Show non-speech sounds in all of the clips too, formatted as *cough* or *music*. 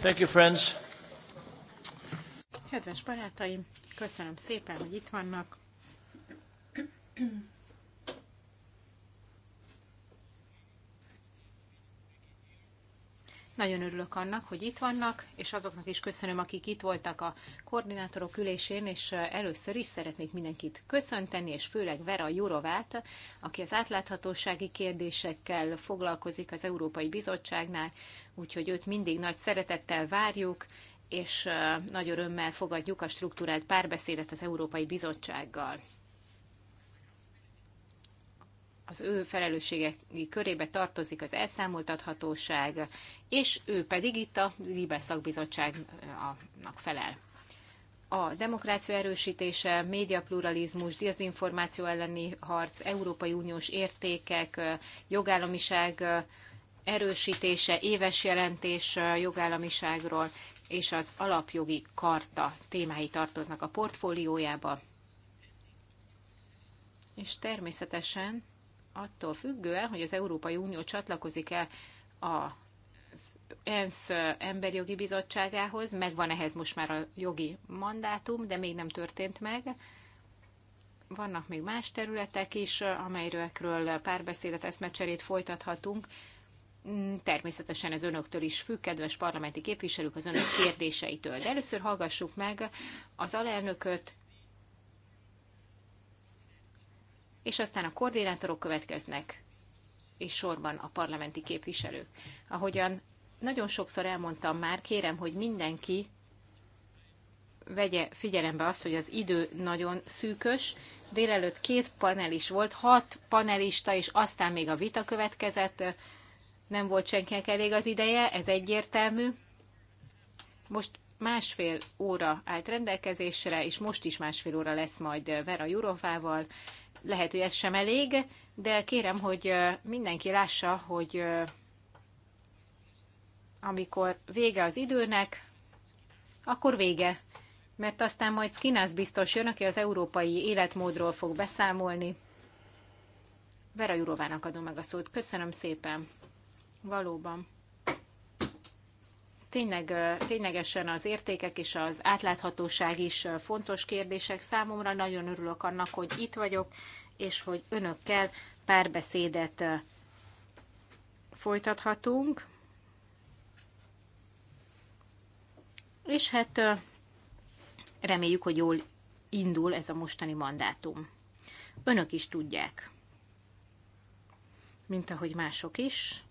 Thank you, friends. Kedves barátaim, köszönöm szépen, hogy itt vannak. Nagyon örülök annak, hogy itt vannak, és azoknak is köszönöm, akik itt voltak a koordinátorok ülésén, és először is szeretnék mindenkit köszönteni, és főleg Vera Jurovát, aki az átláthatósági kérdésekkel foglalkozik az Európai Bizottságnál, úgyhogy őt mindig nagy szeretettel várjuk, és nagy örömmel fogadjuk a struktúrált párbeszédet az Európai Bizottsággal az ő felelősségei körébe tartozik az elszámoltathatóság, és ő pedig itt a Libe szakbizottságnak felel. A demokrácia erősítése, médiapluralizmus, dezinformáció elleni harc, Európai Uniós értékek, jogállamiság erősítése, éves jelentés jogállamiságról és az alapjogi karta témái tartoznak a portfóliójába. És természetesen attól függően, hogy az Európai Unió csatlakozik-e a ENSZ Emberjogi Bizottságához, megvan ehhez most már a jogi mandátum, de még nem történt meg. Vannak még más területek is, amelyről párbeszédet, eszmecserét folytathatunk. Természetesen ez önöktől is függ, kedves parlamenti képviselők, az önök kérdéseitől. De először hallgassuk meg az alelnököt, és aztán a koordinátorok következnek, és sorban a parlamenti képviselők. Ahogyan nagyon sokszor elmondtam már, kérem, hogy mindenki vegye figyelembe azt, hogy az idő nagyon szűkös. Délelőtt két panel is volt, hat panelista, és aztán még a vita következett. Nem volt senkinek elég az ideje, ez egyértelmű. Most másfél óra állt rendelkezésre, és most is másfél óra lesz majd Vera Jurovával, lehet, hogy ez sem elég, de kérem, hogy mindenki lássa, hogy amikor vége az időnek, akkor vége. Mert aztán majd Skinász biztos jön, aki az európai életmódról fog beszámolni. Vera Jurovának adom meg a szót. Köszönöm szépen. Valóban tényleg, ténylegesen az értékek és az átláthatóság is fontos kérdések számomra. Nagyon örülök annak, hogy itt vagyok, és hogy önökkel párbeszédet folytathatunk. És hát reméljük, hogy jól indul ez a mostani mandátum. Önök is tudják, mint ahogy mások is,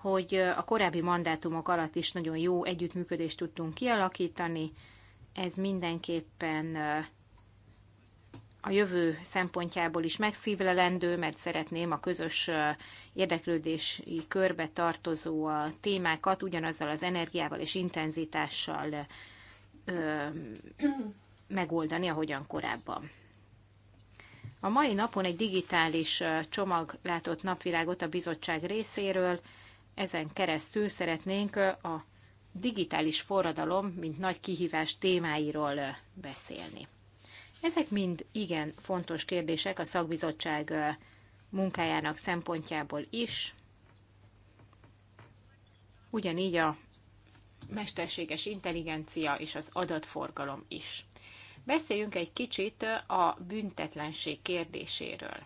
hogy a korábbi mandátumok alatt is nagyon jó együttműködést tudtunk kialakítani. Ez mindenképpen a jövő szempontjából is megszívlelendő, mert szeretném a közös érdeklődési körbe tartozó témákat ugyanazzal az energiával és intenzitással ö, megoldani, ahogyan korábban. A mai napon egy digitális csomag látott napvilágot a bizottság részéről, ezen keresztül szeretnénk a digitális forradalom, mint nagy kihívás témáiról beszélni. Ezek mind igen fontos kérdések a szakbizottság munkájának szempontjából is, ugyanígy a mesterséges intelligencia és az adatforgalom is. Beszéljünk egy kicsit a büntetlenség kérdéséről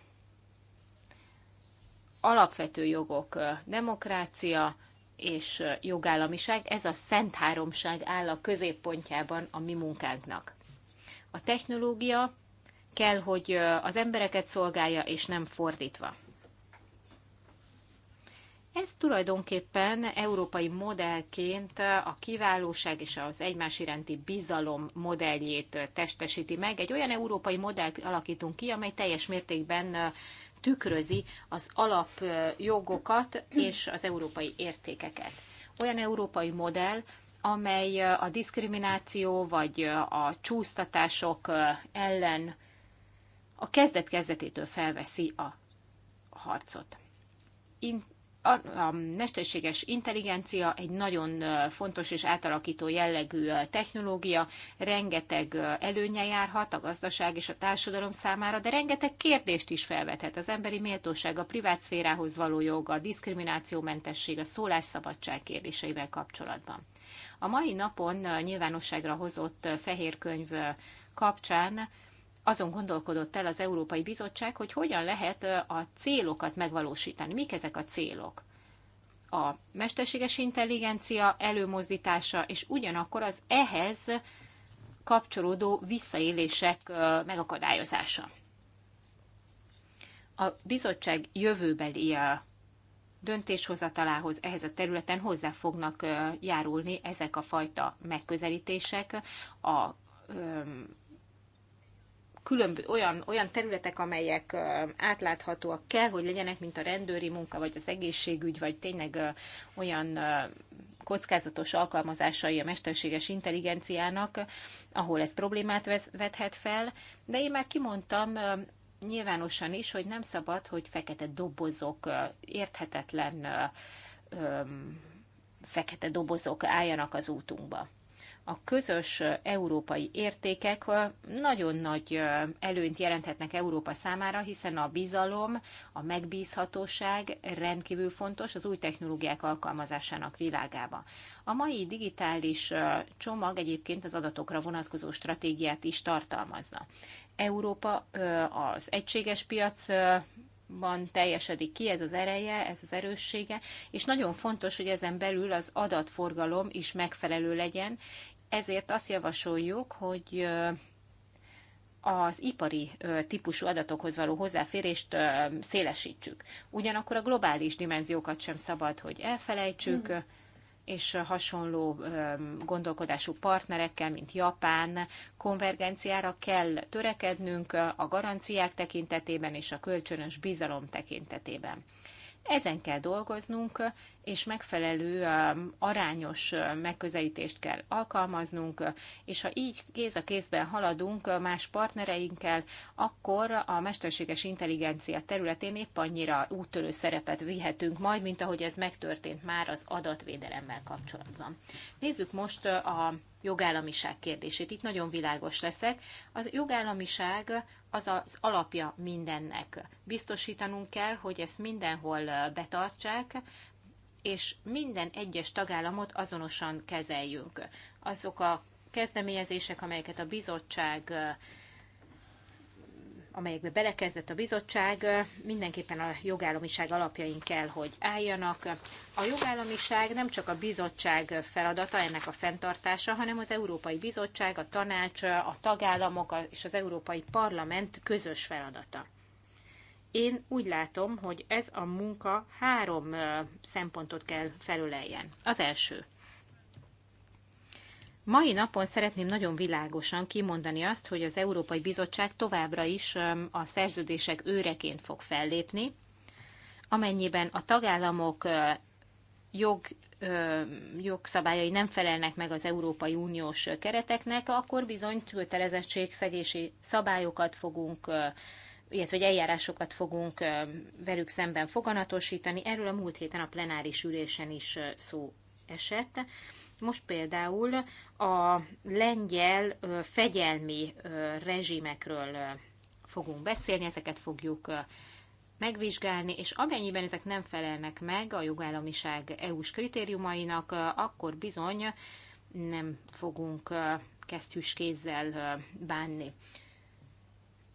alapvető jogok, demokrácia és jogállamiság, ez a Szent Háromság áll a középpontjában a mi munkánknak. A technológia kell, hogy az embereket szolgálja, és nem fordítva. Ez tulajdonképpen európai modellként a kiválóság és az egymás iránti bizalom modelljét testesíti meg. Egy olyan európai modellt alakítunk ki, amely teljes mértékben tükrözi az alapjogokat és az európai értékeket. Olyan európai modell, amely a diszkrimináció vagy a csúsztatások ellen a kezdet-kezdetétől felveszi a harcot a mesterséges intelligencia egy nagyon fontos és átalakító jellegű technológia, rengeteg előnye járhat a gazdaság és a társadalom számára, de rengeteg kérdést is felvethet. Az emberi méltóság, a privátszférához való jog, a diszkriminációmentesség, a szólásszabadság kérdéseivel kapcsolatban. A mai napon nyilvánosságra hozott fehér könyv kapcsán azon gondolkodott el az Európai Bizottság, hogy hogyan lehet a célokat megvalósítani. Mik ezek a célok? A mesterséges intelligencia előmozdítása, és ugyanakkor az ehhez kapcsolódó visszaélések megakadályozása. A bizottság jövőbeli döntéshozatalához ehhez a területen hozzá fognak járulni ezek a fajta megközelítések, a különböző olyan, olyan területek, amelyek átláthatóak kell, hogy legyenek, mint a rendőri munka, vagy az egészségügy, vagy tényleg olyan kockázatos alkalmazásai a mesterséges intelligenciának, ahol ez problémát vethet fel. De én már kimondtam nyilvánosan is, hogy nem szabad, hogy fekete dobozok, érthetetlen fekete dobozok álljanak az útunkba a közös európai értékek nagyon nagy előnyt jelenthetnek Európa számára, hiszen a bizalom, a megbízhatóság rendkívül fontos az új technológiák alkalmazásának világába. A mai digitális csomag egyébként az adatokra vonatkozó stratégiát is tartalmazza. Európa az egységes piac van teljesedik ki, ez az ereje, ez az erőssége, és nagyon fontos, hogy ezen belül az adatforgalom is megfelelő legyen, ezért azt javasoljuk, hogy az ipari típusú adatokhoz való hozzáférést szélesítsük. Ugyanakkor a globális dimenziókat sem szabad, hogy elfelejtsük, mm. és hasonló gondolkodású partnerekkel, mint Japán, konvergenciára kell törekednünk a garanciák tekintetében és a kölcsönös bizalom tekintetében. Ezen kell dolgoznunk, és megfelelő um, arányos um, megközelítést kell alkalmaznunk, és ha így kéz a kézben haladunk uh, más partnereinkkel, akkor a mesterséges intelligencia területén épp annyira úttörő szerepet vihetünk majd, mint ahogy ez megtörtént már az adatvédelemmel kapcsolatban. Nézzük most uh, a jogállamiság kérdését. Itt nagyon világos leszek. Az jogállamiság az az alapja mindennek. Biztosítanunk kell, hogy ezt mindenhol betartsák, és minden egyes tagállamot azonosan kezeljünk. Azok a kezdeményezések, amelyeket a bizottság amelyekbe belekezdett a bizottság, mindenképpen a jogállamiság alapjain kell, hogy álljanak. A jogállamiság nem csak a bizottság feladata, ennek a fenntartása, hanem az Európai Bizottság, a tanács, a tagállamok és az Európai Parlament közös feladata. Én úgy látom, hogy ez a munka három szempontot kell felüleljen. Az első, Mai napon szeretném nagyon világosan kimondani azt, hogy az Európai Bizottság továbbra is a szerződések őreként fog fellépni, amennyiben a tagállamok jog, jogszabályai nem felelnek meg az Európai Uniós kereteknek, akkor bizony kötelezettségszegési szabályokat fogunk illetve eljárásokat fogunk velük szemben foganatosítani. Erről a múlt héten a plenáris ülésen is szó esett. Most például a lengyel fegyelmi rezsimekről fogunk beszélni, ezeket fogjuk megvizsgálni, és amennyiben ezek nem felelnek meg a jogállamiság EU-s kritériumainak, akkor bizony nem fogunk kesztyűs kézzel bánni.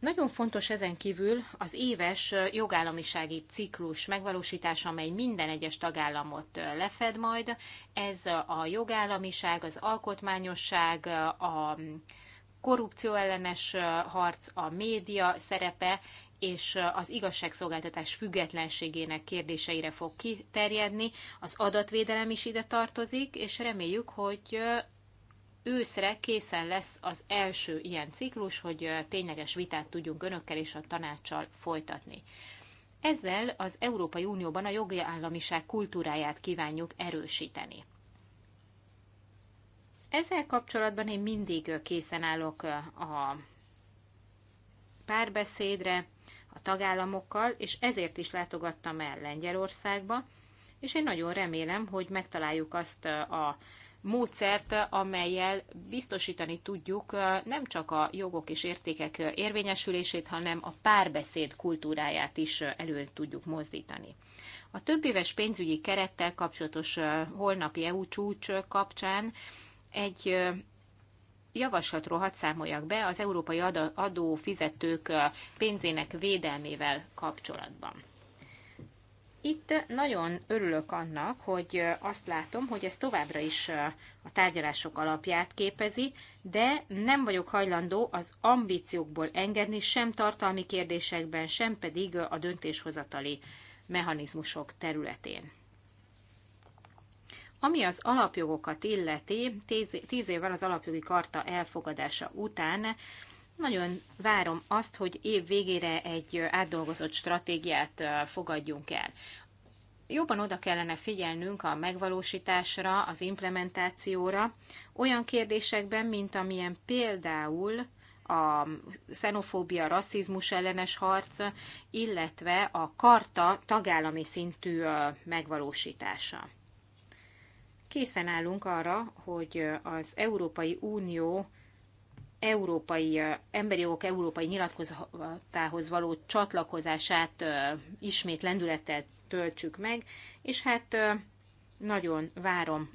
Nagyon fontos ezen kívül az éves jogállamisági ciklus megvalósítása, amely minden egyes tagállamot lefed majd. Ez a jogállamiság, az alkotmányosság, a korrupcióellenes harc, a média szerepe és az igazságszolgáltatás függetlenségének kérdéseire fog kiterjedni. Az adatvédelem is ide tartozik, és reméljük, hogy őszre készen lesz az első ilyen ciklus, hogy tényleges vitát tudjunk önökkel és a tanácssal folytatni. Ezzel az Európai Unióban a jogi államiság kultúráját kívánjuk erősíteni. Ezzel kapcsolatban én mindig készen állok a párbeszédre a tagállamokkal, és ezért is látogattam el Lengyelországba, és én nagyon remélem, hogy megtaláljuk azt a módszert, amelyel biztosítani tudjuk nem csak a jogok és értékek érvényesülését, hanem a párbeszéd kultúráját is elő tudjuk mozdítani. A többéves pénzügyi kerettel kapcsolatos holnapi EU csúcs kapcsán egy javaslatról hadd számoljak be az európai adófizetők pénzének védelmével kapcsolatban. Itt nagyon örülök annak, hogy azt látom, hogy ez továbbra is a tárgyalások alapját képezi, de nem vagyok hajlandó az ambíciókból engedni sem tartalmi kérdésekben, sem pedig a döntéshozatali mechanizmusok területén. Ami az alapjogokat illeti, tíz évvel az alapjogi karta elfogadása után nagyon várom azt, hogy év végére egy átdolgozott stratégiát fogadjunk el. Jobban oda kellene figyelnünk a megvalósításra, az implementációra, olyan kérdésekben, mint amilyen például a xenofóbia, rasszizmus ellenes harc, illetve a karta tagállami szintű megvalósítása. Készen állunk arra, hogy az Európai Unió európai, emberi jogok európai nyilatkozatához való csatlakozását ismét lendülettel töltsük meg, és hát nagyon várom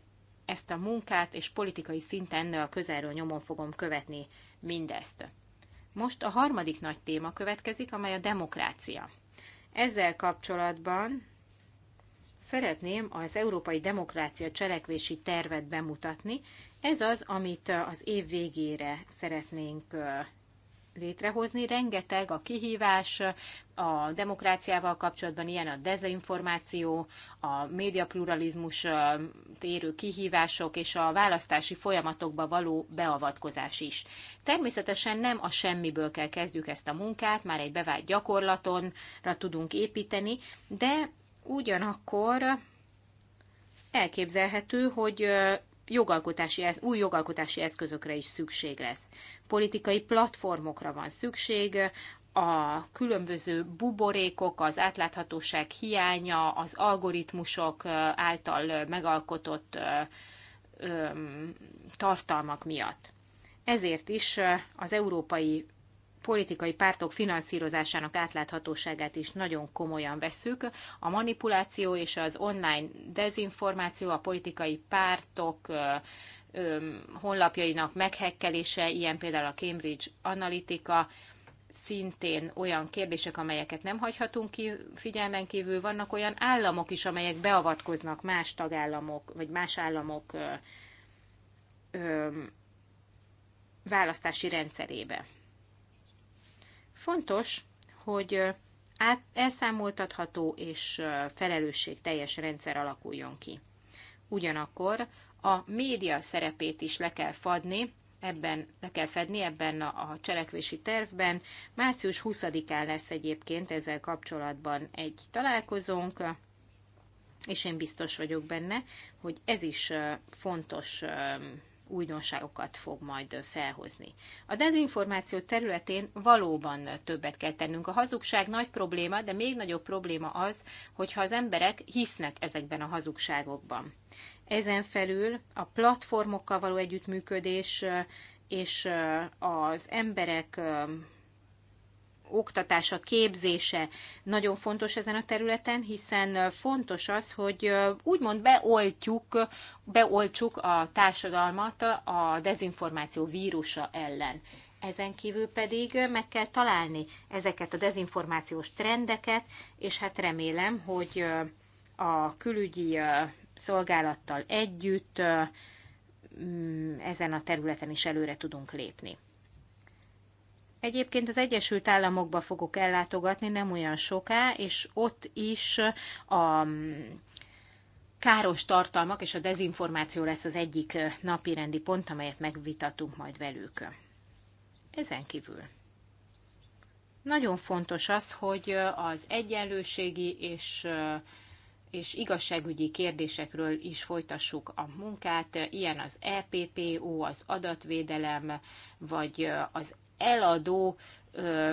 ezt a munkát, és politikai szinten a közelről nyomon fogom követni mindezt. Most a harmadik nagy téma következik, amely a demokrácia. Ezzel kapcsolatban szeretném az Európai Demokrácia Cselekvési Tervet bemutatni, ez az, amit az év végére szeretnénk létrehozni. Rengeteg a kihívás a demokráciával kapcsolatban, ilyen a dezinformáció, a médiapluralizmus térő kihívások és a választási folyamatokba való beavatkozás is. Természetesen nem a semmiből kell kezdjük ezt a munkát, már egy bevált gyakorlatonra tudunk építeni, de ugyanakkor elképzelhető, hogy jogalkotási, új jogalkotási eszközökre is szükség lesz. Politikai platformokra van szükség, a különböző buborékok, az átláthatóság hiánya, az algoritmusok által megalkotott tartalmak miatt. Ezért is az európai politikai pártok finanszírozásának átláthatóságát is nagyon komolyan veszük. A manipuláció és az online dezinformáció, a politikai pártok honlapjainak meghekkelése, ilyen például a Cambridge Analytica, szintén olyan kérdések, amelyeket nem hagyhatunk ki figyelmen kívül. Vannak olyan államok is, amelyek beavatkoznak más tagállamok, vagy más államok ö, ö, választási rendszerébe. Fontos, hogy át, elszámoltatható és felelősség teljes rendszer alakuljon ki. Ugyanakkor a média szerepét is le kell fadni, ebben le kell fedni ebben a, a cselekvési tervben. Március 20-án lesz egyébként ezzel kapcsolatban egy találkozónk, és én biztos vagyok benne, hogy ez is fontos újdonságokat fog majd felhozni. A dezinformáció területén valóban többet kell tennünk. A hazugság nagy probléma, de még nagyobb probléma az, hogyha az emberek hisznek ezekben a hazugságokban. Ezen felül a platformokkal való együttműködés és az emberek oktatása, képzése nagyon fontos ezen a területen, hiszen fontos az, hogy úgymond beoltjuk, beoltsuk a társadalmat a dezinformáció vírusa ellen. Ezen kívül pedig meg kell találni ezeket a dezinformációs trendeket, és hát remélem, hogy a külügyi szolgálattal együtt ezen a területen is előre tudunk lépni. Egyébként az Egyesült Államokba fogok ellátogatni nem olyan soká, és ott is a mm, káros tartalmak és a dezinformáció lesz az egyik napi rendi pont, amelyet megvitatunk majd velük. Ezen kívül. Nagyon fontos az, hogy az egyenlőségi és és igazságügyi kérdésekről is folytassuk a munkát, ilyen az EPPO, az adatvédelem, vagy az eladó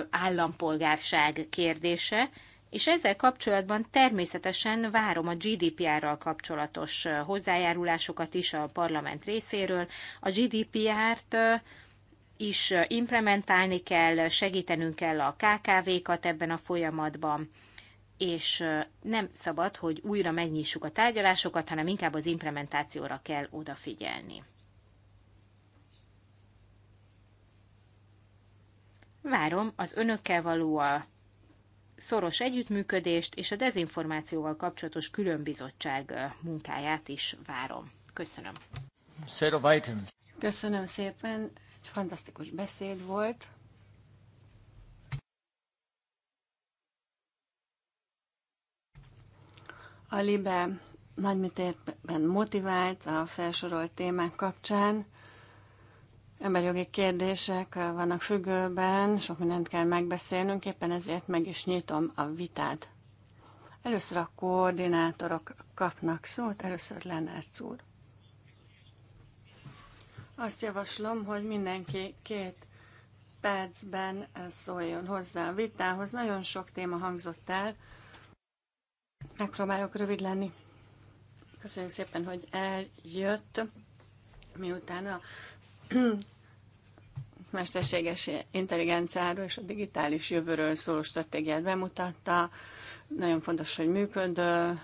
állampolgárság kérdése, és ezzel kapcsolatban természetesen várom a GDPR-ral kapcsolatos hozzájárulásokat is a parlament részéről. A GDPR-t is implementálni kell, segítenünk kell a KKV-kat ebben a folyamatban, és nem szabad, hogy újra megnyissuk a tárgyalásokat, hanem inkább az implementációra kell odafigyelni. Várom az önökkel való a szoros együttműködést és a dezinformációval kapcsolatos különbizottság munkáját is várom. Köszönöm. Köszönöm szépen, egy fantasztikus beszéd volt. A Libe nagymitértben motivált a felsorolt témák kapcsán emberjogi kérdések vannak függőben, sok mindent kell megbeszélnünk, éppen ezért meg is nyitom a vitát. Először a koordinátorok kapnak szót, először Lenárc úr. Azt javaslom, hogy mindenki két percben szóljon hozzá a vitához. Nagyon sok téma hangzott el. Megpróbálok rövid lenni. Köszönjük szépen, hogy eljött, miután a mesterséges intelligenciáról és a digitális jövőről szóló stratégiát bemutatta. Nagyon fontos, hogy működő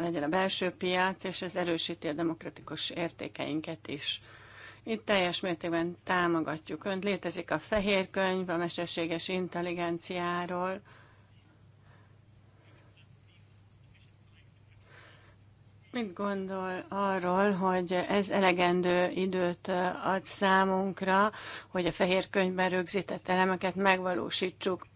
legyen a belső piac, és ez erősíti a demokratikus értékeinket is. Itt teljes mértékben támogatjuk Önt. Létezik a fehér könyv a mesterséges intelligenciáról, Mit gondol arról, hogy ez elegendő időt ad számunkra, hogy a fehér könyvben rögzített elemeket megvalósítsuk?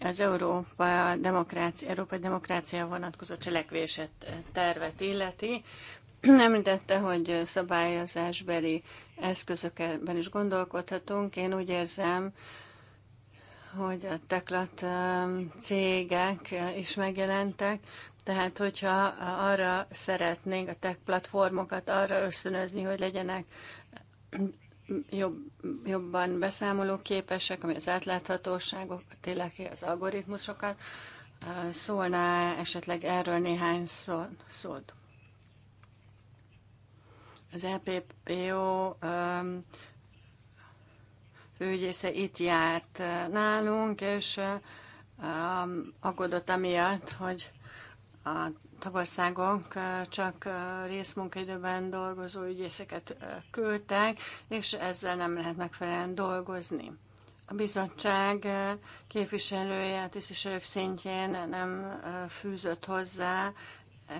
Az Európa demokrácia, Európa demokrácia vonatkozó cselekvéset tervet illeti, *clears throat* Említette, hogy szabályozásbeli eszközökben is gondolkodhatunk. Én úgy érzem, hogy a teklat cégek is megjelentek. Tehát, hogyha arra szeretnénk a tech platformokat arra ösztönözni, hogy legyenek jobb, jobban beszámoló képesek, ami az átláthatóságokat, illeti az algoritmusokat, szólná esetleg erről néhány szót. Az EPPO főügyésze itt járt nálunk, és aggódott amiatt, hogy a tagországok csak részmunkaidőben dolgozó ügyészeket küldtek, és ezzel nem lehet megfelelően dolgozni. A bizottság képviselője, tisztviselők szintjén nem fűzött hozzá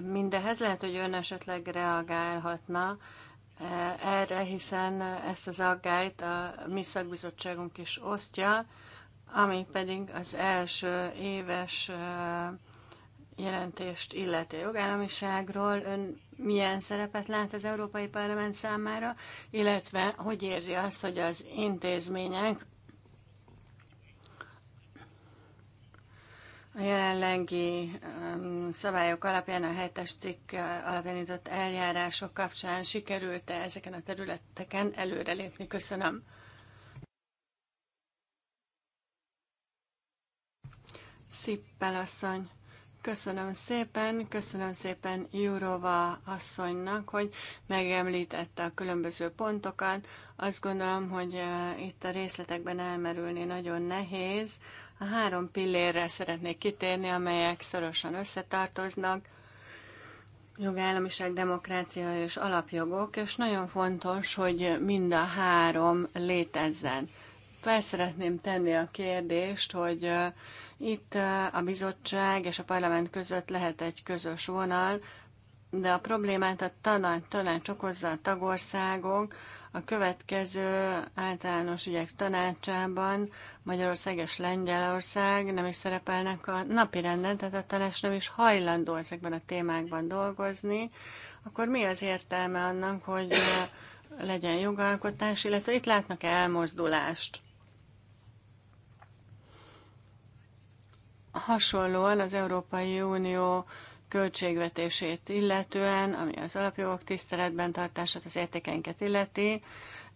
mindehez. Lehet, hogy ön esetleg reagálhatna erre, hiszen ezt az aggályt a mi szakbizottságunk is osztja, ami pedig az első éves jelentést illető a jogállamiságról. Ön milyen szerepet lát az Európai Parlament számára, illetve hogy érzi azt, hogy az intézmények a jelenlegi um, szabályok alapján, a helyettes cikk alapján indított eljárások kapcsán sikerült-e ezeken a területeken előrelépni? Köszönöm. Szippel asszony. Köszönöm szépen, köszönöm szépen Jurova asszonynak, hogy megemlítette a különböző pontokat. Azt gondolom, hogy eh, itt a részletekben elmerülni nagyon nehéz. A három pillérre szeretnék kitérni, amelyek szorosan összetartoznak. Jogállamiság, demokrácia és alapjogok, és nagyon fontos, hogy mind a három létezzen. Fel szeretném tenni a kérdést, hogy eh, itt a bizottság és a parlament között lehet egy közös vonal, de a problémát a tanács, tanács okozza a tagországok. A következő általános ügyek tanácsában Magyarország és Lengyelország nem is szerepelnek a napi renden, tehát a tanács nem is hajlandó ezekben a témákban dolgozni. Akkor mi az értelme annak, hogy legyen jogalkotás, illetve itt látnak -e elmozdulást? Hasonlóan az Európai Unió költségvetését illetően, ami az alapjogok tiszteletben tartását, az értékeinket illeti,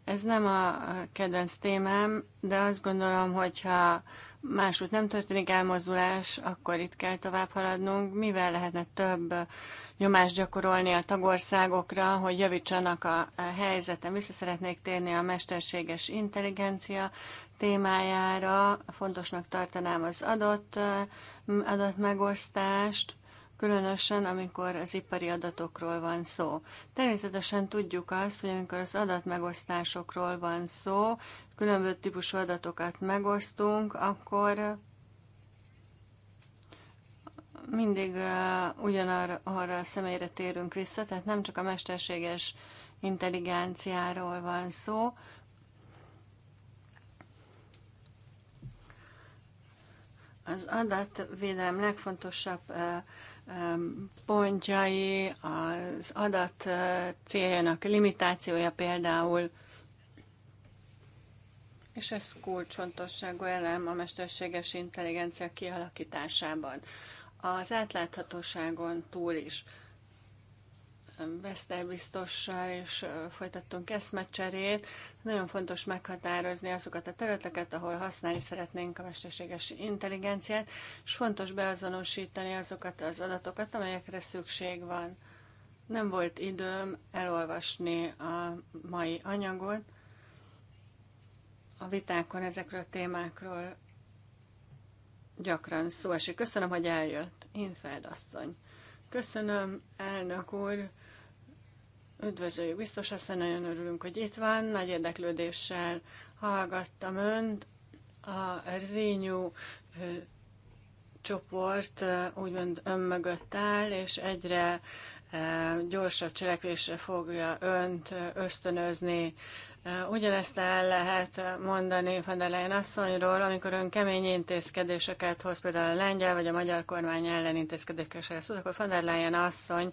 ez nem a kedvenc témám, de azt gondolom, hogyha másút nem történik elmozdulás, akkor itt kell tovább haladnunk. Mivel lehetne több nyomást gyakorolni a tagországokra, hogy javítsanak a helyzeten. Vissza szeretnék térni a mesterséges intelligencia témájára. Fontosnak tartanám az adott adatmegosztást, különösen amikor az ipari adatokról van szó. Természetesen tudjuk azt, hogy amikor az adatmegosztásokról van szó, különböző típusú adatokat megosztunk, akkor mindig uh, ugyanarra arra a személyre térünk vissza, tehát nem csak a mesterséges intelligenciáról van szó. Az adatvédelem legfontosabb uh, pontjai, az adat céljának limitációja például, és ez kulcsfontosságú elem a mesterséges intelligencia kialakításában az átláthatóságon túl is. Veszter biztossal és folytattunk eszmecserét. Nagyon fontos meghatározni azokat a területeket, ahol használni szeretnénk a mesterséges intelligenciát, és fontos beazonosítani azokat az adatokat, amelyekre szükség van. Nem volt időm elolvasni a mai anyagot. A vitákon ezekről a témákról gyakran szó esik. Köszönöm, hogy eljött. Én feldasszony. Köszönöm, elnök úr. Üdvözöljük biztos, aztán nagyon örülünk, hogy itt van. Nagy érdeklődéssel hallgattam önt. A Rényú csoport úgymond ön mögött áll, és egyre gyorsabb cselekvésre fogja önt ösztönözni Eh, ugyanezt el lehet mondani van asszonyról, amikor ön kemény intézkedéseket hoz, például a lengyel vagy a magyar kormány ellen intézkedéseket hoz, akkor van asszony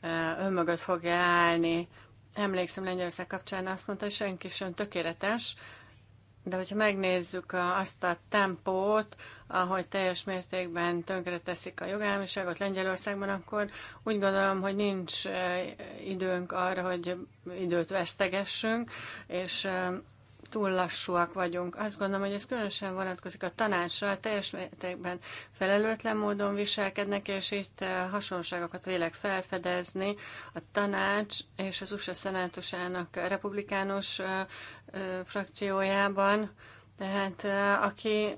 eh, önmagad fogja állni. Emlékszem Lengyelország kapcsán azt mondta, hogy senki sem tökéletes, de hogyha megnézzük azt a tempót, ahogy teljes mértékben tönkreteszik a jogállamiságot Lengyelországban, akkor úgy gondolom, hogy nincs eh, időnk arra, hogy időt vesztegessünk, és eh, túl lassúak vagyunk. Azt gondolom, hogy ez különösen vonatkozik a tanácsra, teljes mértékben felelőtlen módon viselkednek, és itt eh, hasonlóságokat vélek felfedezni. A tanács és az USA szenátusának republikánus eh, eh, frakciójában tehát aki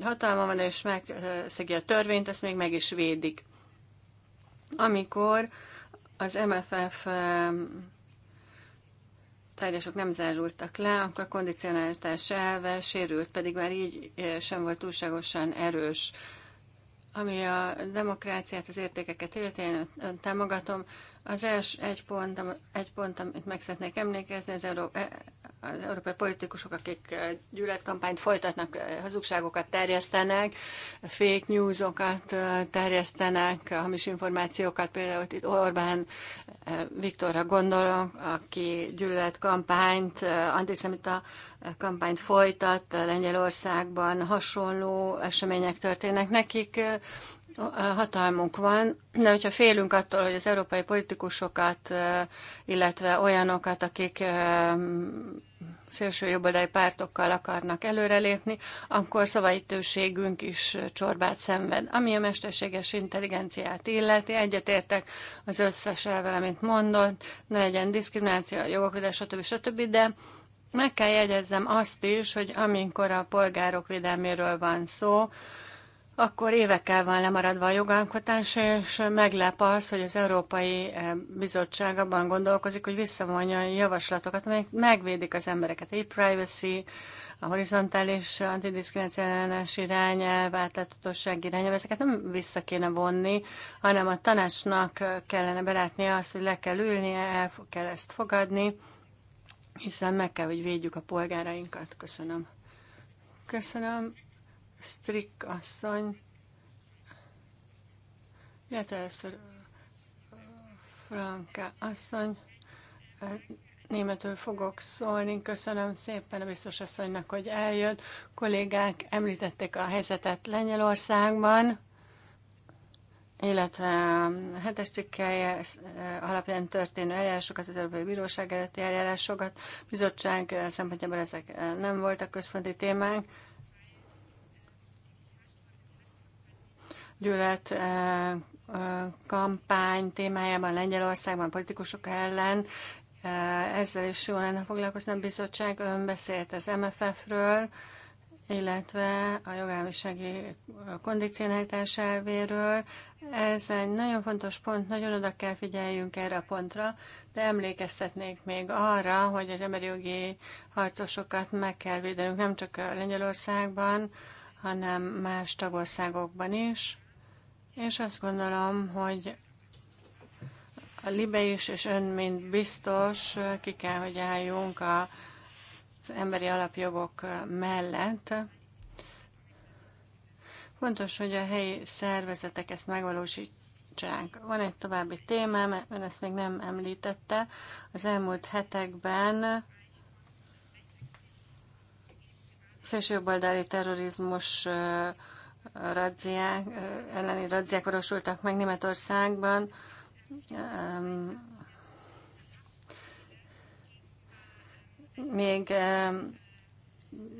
hatalma van és megszegi a törvényt, ezt még meg is védik. Amikor az MFF tárgyások nem zárultak le, akkor a kondicionálitás elve sérült, pedig már így eh, sem volt túlságosan erős. Ami a demokráciát, az értékeket illeti, én ön támogatom, az első egy pont, egy pont amit meg szeretnék emlékezni, az, Euró- e, az európai politikusok, akik e, gyűlöletkampányt folytatnak, e, hazugságokat terjesztenek, fake newsokat terjesztenek, hamis információkat, például itt Orbán Viktorra gondolok, aki gyűlöletkampányt, antiszemita kampányt folytat Lengyelországban, hasonló események történnek nekik hatalmunk van, de hogyha félünk attól, hogy az európai politikusokat, illetve olyanokat, akik szélső jobboldali pártokkal akarnak előrelépni, akkor szavaitőségünk is csorbát szenved. Ami a mesterséges intelligenciát illeti, egyetértek az összes elvel, amit mondott, ne legyen diszkrimináció, jogokvédelem, stb. stb., de meg kell jegyezzem azt is, hogy amikor a polgárok védelméről van szó, akkor évekkel van lemaradva a jogalkotás, és meglep az, hogy az Európai eh, Bizottság abban gondolkozik, hogy visszavonja a javaslatokat, amelyek megvédik az embereket. A privacy, a horizontális antidiskrimináció ellenes irányelv, átláthatóság irányelv, ezeket nem vissza kéne vonni, hanem a tanácsnak kellene belátni azt, hogy le kell ülnie, el kell ezt fogadni, hiszen meg kell, hogy védjük a polgárainkat. Köszönöm. Köszönöm. Strik asszony, illetve először Franka asszony, németül fogok szólni. Köszönöm szépen a biztos asszonynak, hogy eljött. Kollégák említették a helyzetet Lengyelországban, illetve a hetes cikkelje alapján történő eljárásokat, az Európai Bíróság előtti eljárásokat, bizottság szempontjából ezek nem voltak központi témák. gyűlölet kampány témájában Lengyelországban politikusok ellen. Ezzel is jól lenne foglalkozni a bizottság. Ön beszélt az MFF-ről, illetve a jogállamisági kondicionálitás elvéről. Ez egy nagyon fontos pont, nagyon oda kell figyeljünk erre a pontra, de emlékeztetnék még arra, hogy az emberi jogi harcosokat meg kell védenünk nem csak Lengyelországban, hanem más tagországokban is. És azt gondolom, hogy a Libe is, és ön, mint biztos, ki kell, hogy álljunk az emberi alapjogok mellett. Fontos, hogy a helyi szervezetek ezt megvalósítsák. Van egy további témám, ön ezt még nem említette. Az elmúlt hetekben szélsőjobboldali terrorizmus radziák, eh, elleni radziák orosultak meg Németországban. Még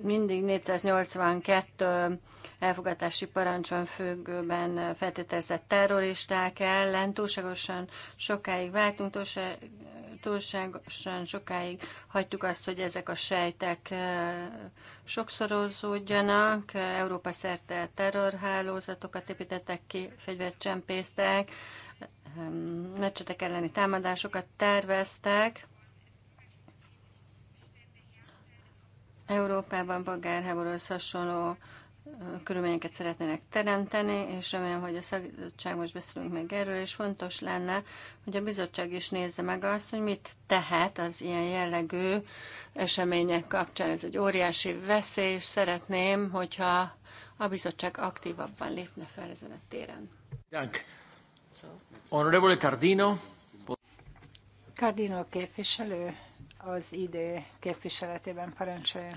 mindig 482 elfogadási parancson függőben feltételezett terroristák ellen túlságosan sokáig vártunk, túlságosan túlságosan sokáig hagytuk azt, hogy ezek a sejtek eh, sokszorozódjanak. Európa szerte terrorhálózatokat építettek ki, fegyvert csempésztek, ehm, meccsetek elleni támadásokat terveztek. Európában polgárháborúhoz hasonló körülményeket szeretnének teremteni, és remélem, hogy a szakbizottság most beszélünk meg erről, és fontos lenne, hogy a bizottság is nézze meg azt, hogy mit tehet az ilyen jellegű események kapcsán. Ez egy óriási veszély, és szeretném, hogyha a bizottság aktívabban lépne fel ezen a téren. Dank. Honorable Cardino. Cardino képviselő az idő képviseletében parancsolja.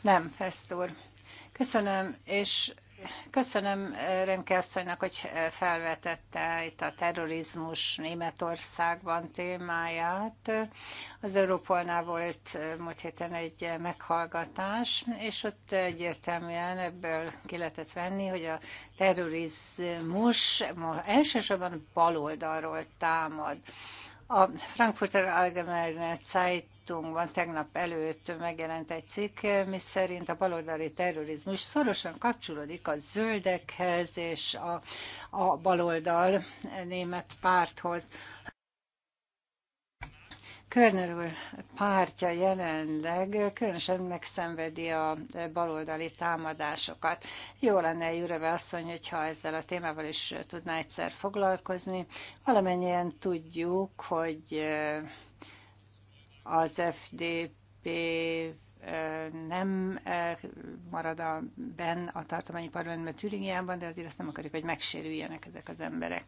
Nem, Fesztor. Köszönöm, és köszönöm Remke asszonynak, hogy felvetette itt a terrorizmus Németországban témáját. Az Európolnál volt múlt héten egy meghallgatás, és ott egyértelműen ebből ki lehetett venni, hogy a terrorizmus elsősorban baloldalról támad. A Frankfurter Allgemeine Zeitungban tegnap előtt megjelent egy cikk, miszerint a baloldali terrorizmus szorosan kapcsolódik a zöldekhez és a, a baloldal német párthoz. Körner úr pártja jelenleg különösen megszenvedi a baloldali támadásokat. Jó lenne Jüreve asszony, hogyha ezzel a témával is tudná egyszer foglalkozni. Valamennyien tudjuk, hogy eh, az FDP eh, nem eh, marad a, ben a tartományi parlamentben Türingiában, de azért azt nem akarjuk, hogy megsérüljenek ezek az emberek.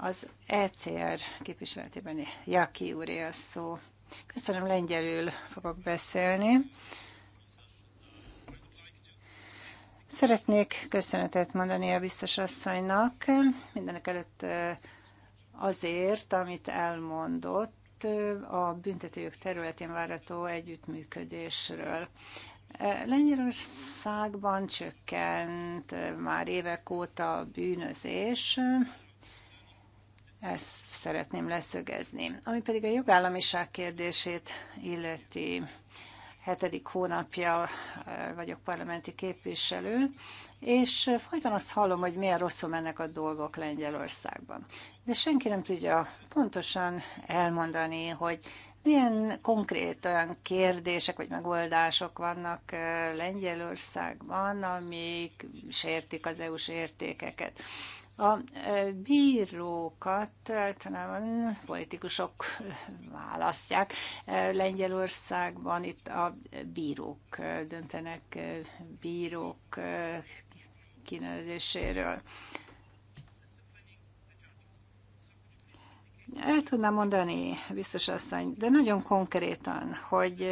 Az ECR képviseletében Jaki úré a szó. Köszönöm, lengyelül fogok beszélni. Szeretnék köszönetet mondani a biztos asszonynak, mindenek előtt azért, amit elmondott a büntetőjog területén várató együttműködésről. Lengyelországban csökkent már évek óta a bűnözés, ezt szeretném leszögezni. Ami pedig a jogállamiság kérdését illeti, hetedik hónapja vagyok parlamenti képviselő, és folyton azt hallom, hogy milyen rosszul mennek a dolgok Lengyelországban. De senki nem tudja pontosan elmondani, hogy milyen konkrét olyan kérdések vagy megoldások vannak Lengyelországban, amik sértik az EU-s értékeket. A bírókat általában politikusok választják. Lengyelországban itt a bírók döntenek, bírók kinevezéséről. El tudnám mondani, biztos asszony, de nagyon konkrétan, hogy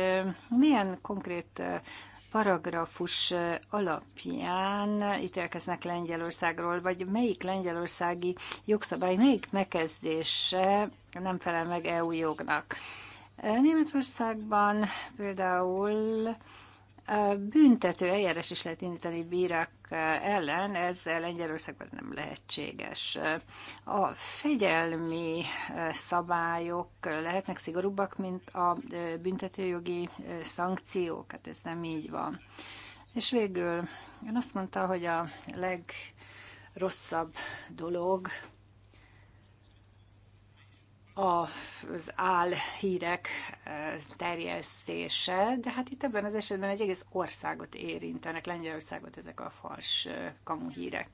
milyen konkrét paragrafus alapján ítélkeznek Lengyelországról, vagy melyik lengyelországi jogszabály, melyik megkezdése nem felel meg EU jognak. Németországban például Büntető eljárás is lehet indítani bírák eh, ellen, ez Lengyelországban nem lehetséges. A fegyelmi eh, szabályok eh, lehetnek szigorúbbak, mint a büntetőjogi szankciók, hát ez nem így van. És végül én azt mondta, hogy a legrosszabb dolog, az álhírek terjesztése, de hát itt ebben az esetben egy egész országot érintenek, Lengyelországot ezek a fals hírek.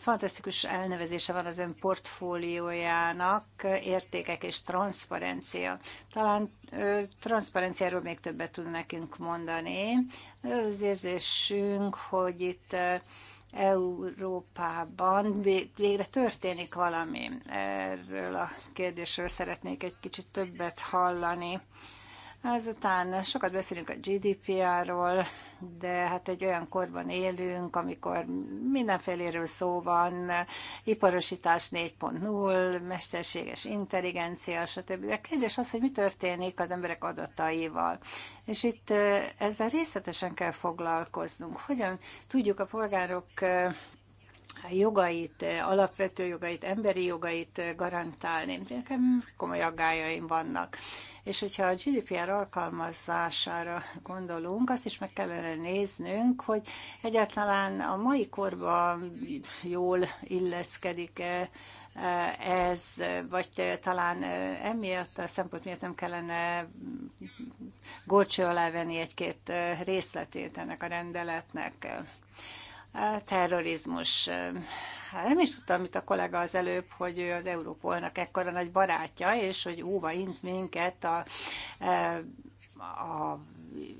Fantasztikus elnevezése van az ön portfóliójának, értékek és transzparencia. Talán transzparenciáról még többet tud nekünk mondani. Az érzésünk, hogy itt Európában végre történik valami. Erről a kérdésről szeretnék egy kicsit többet hallani. Ezután hát sokat beszélünk a GDPR-ról, de hát egy olyan korban élünk, amikor mindenféléről szó van, iparosítás 4.0, mesterséges intelligencia, stb. De kérdés az, hogy mi történik az emberek adataival. És itt ezzel részletesen kell foglalkoznunk. Hogyan tudjuk a polgárok jogait, alapvető jogait, emberi jogait garantálni. Nekem komoly aggájaim vannak. És hogyha a GDPR alkalmazására gondolunk, azt is meg kellene néznünk, hogy egyáltalán a mai korban jól illeszkedik-e e, ez, vagy talán e, emiatt a szempont miatt nem kellene gorcső alá venni egy-két e, részletét ennek a rendeletnek terrorizmus. Hát nem is tudtam, mit a kollega az előbb, hogy ő az Európolnak ekkora nagy barátja, és hogy óva int minket a, e, a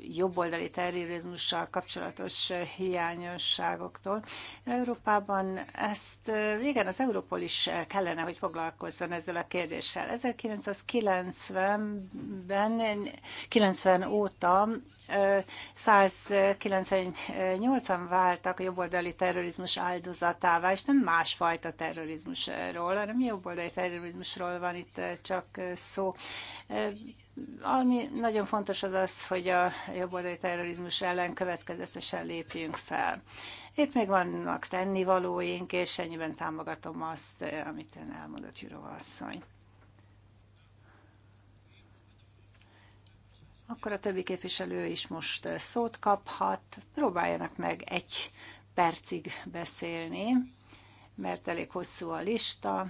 jobboldali terrorizmussal kapcsolatos hiányosságoktól. Európában ezt igen, az Európol is kellene, hogy foglalkozzon ezzel a kérdéssel. 1990-ben, 90 óta 198-an váltak a jobboldali terrorizmus áldozatává, és nem másfajta terrorizmusról, hanem jobboldali terrorizmusról van itt csak szó. Ami nagyon fontos az az, hogy a jobboldali terrorizmus ellen következetesen lépjünk fel. Itt még vannak tennivalóink, és ennyiben támogatom azt, amit ön elmondott, Jurova asszony. Akkor a többi képviselő is most szót kaphat. Próbáljanak meg egy percig beszélni, mert elég hosszú a lista.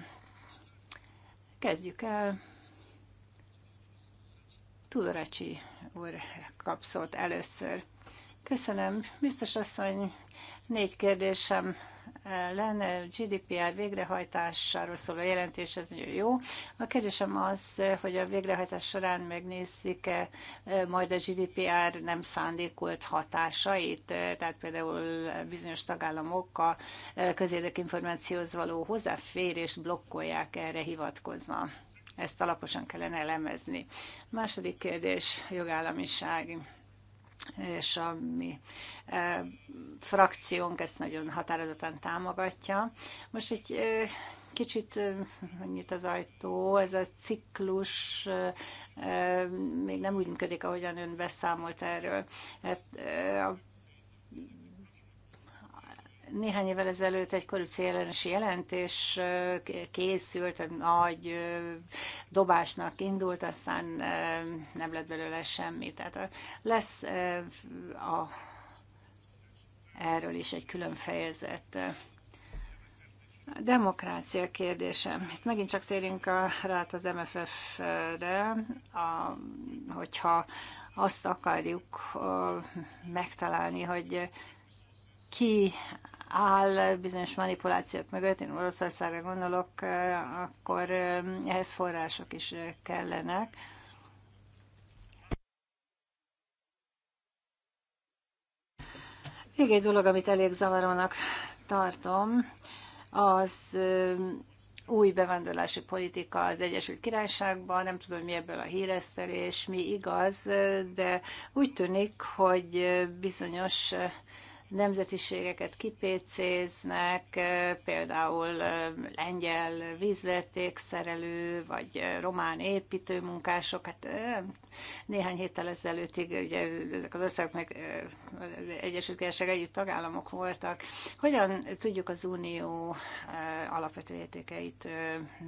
Kezdjük el. Tudorecsi úr kap szót először. Köszönöm. Biztos asszony, négy kérdésem lenne. GDPR végrehajtásáról szóló jelentés, ez nagyon jó. A kérdésem az, hogy a végrehajtás során megnézzük-e majd a GDPR nem szándékolt hatásait, tehát például bizonyos tagállamok a közérdek információhoz való hozzáférést blokkolják erre hivatkozva. Ezt alaposan kellene elemezni. második kérdés, jogállamiság és a mi e, frakciónk ezt nagyon határozottan támogatja. Most egy e, kicsit e, nyit az ajtó, ez a ciklus e, e, még nem úgy működik, ahogyan ön beszámolt erről. Hát, e, a néhány évvel ezelőtt egy korrupciós jelentés készült, egy nagy dobásnak indult, aztán nem lett belőle semmi. Tehát lesz a, erről is egy külön fejezet. A demokrácia kérdése. Itt megint csak térünk rá az MFF-re, a, hogyha azt akarjuk megtalálni, hogy ki áll bizonyos manipulációk mögött, én Oroszországra gondolok, akkor ehhez források is kellenek. Még egy dolog, amit elég zavarónak tartom, az új bevándorlási politika az Egyesült Királyságban, nem tudom, mi ebből a híresztelés, mi igaz, de úgy tűnik, hogy bizonyos nemzetiségeket kipécéznek, például lengyel vízvertékszerelő, vagy román építőmunkások. Hát néhány héttel ezelőttig ugye ezek az országok meg Egyesült Királyság együtt tagállamok voltak. Hogyan tudjuk az unió alapvető értékeit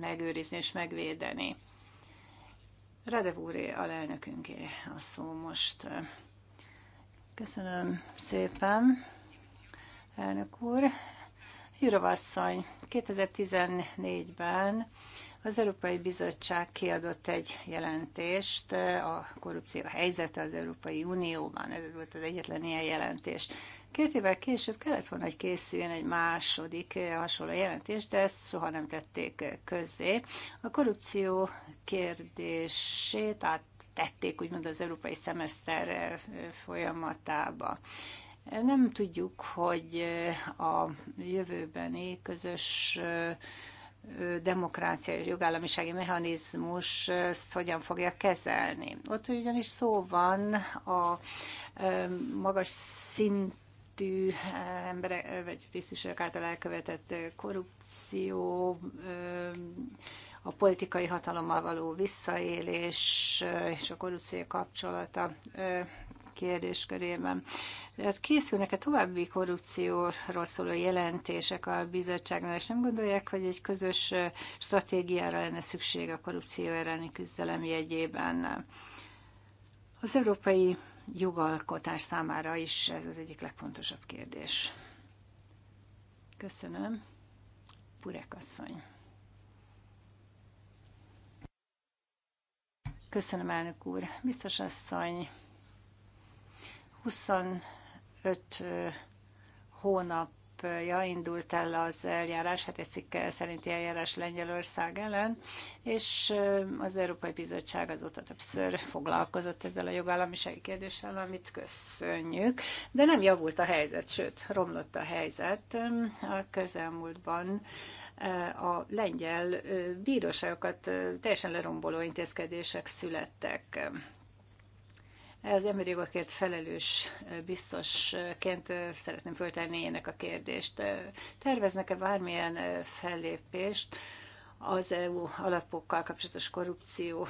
megőrizni és megvédeni? Radev úré alelnökünké a szó most. Köszönöm szépen, elnök úr. Jurovasszony, 2014-ben az Európai Bizottság kiadott egy jelentést, a korrupció helyzete az Európai Unióban, ez volt az egyetlen ilyen jelentés. Két évvel később kellett volna, hogy készüljön egy második hasonló jelentés, de ezt soha nem tették közzé. A korrupció kérdését át tették, úgymond az európai szemeszter eh, folyamatába. Eh, nem tudjuk, hogy eh, a jövőbeni közös demokrácia és jogállamisági mechanizmus ezt hogyan fogja kezelni. Ott ugyanis szó van a magas szintű emberek, vagy tisztviselők által elkövetett korrupció a politikai hatalommal való visszaélés és a korrupció kapcsolata kérdéskörében. Hát készülnek-e további korrupcióról szóló jelentések a bizottságnál, és nem gondolják, hogy egy közös stratégiára lenne szükség a korrupció elleni küzdelem jegyében? Az európai jogalkotás számára is ez az egyik legfontosabb kérdés. Köszönöm. Purek asszony. Köszönöm, elnök úr. Biztos asszony, 25 hónapja indult el az eljárás, hát egy cikke szerinti eljárás Lengyelország ellen, és az Európai Bizottság azóta többször foglalkozott ezzel a jogállamisági kérdéssel, amit köszönjük, de nem javult a helyzet, sőt, romlott a helyzet a közelmúltban a lengyel bíróságokat teljesen leromboló intézkedések születtek. Az emberi jogokért felelős biztosként szeretném föltenni ennek a kérdést. Terveznek-e bármilyen fellépést az EU alapokkal kapcsolatos korrupció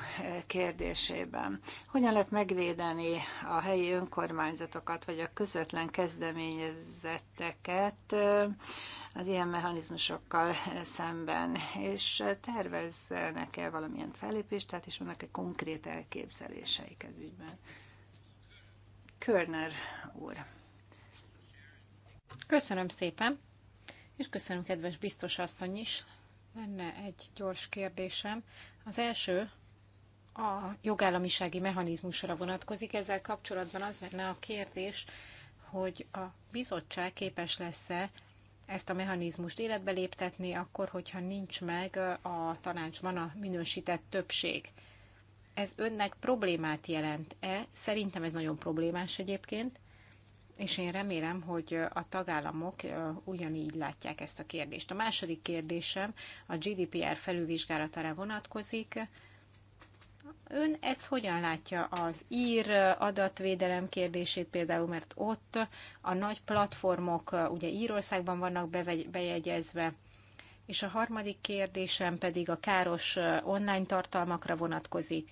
kérdésében? Hogyan lehet megvédeni a helyi önkormányzatokat, vagy a közvetlen kezdeményezetteket az ilyen mechanizmusokkal szemben, és terveznek-e valamilyen fellépést, tehát is vannak-e konkrét elképzeléseik ez ügyben. Körner úr. Köszönöm szépen, és köszönöm kedves biztos asszony is. Lenne egy gyors kérdésem. Az első a jogállamisági mechanizmusra vonatkozik. Ezzel kapcsolatban az lenne a kérdés, hogy a bizottság képes lesz-e ezt a mechanizmust életbe léptetni, akkor, hogyha nincs meg a tanácsban a minősített többség. Ez önnek problémát jelent-e? Szerintem ez nagyon problémás egyébként, és én remélem, hogy a tagállamok ugyanígy látják ezt a kérdést. A második kérdésem a GDPR felülvizsgálatára vonatkozik. Ön ezt hogyan látja az ír adatvédelem kérdését például, mert ott a nagy platformok uh, ugye Írországban vannak bejegyezve, és a harmadik kérdésem pedig a káros uh, online tartalmakra vonatkozik.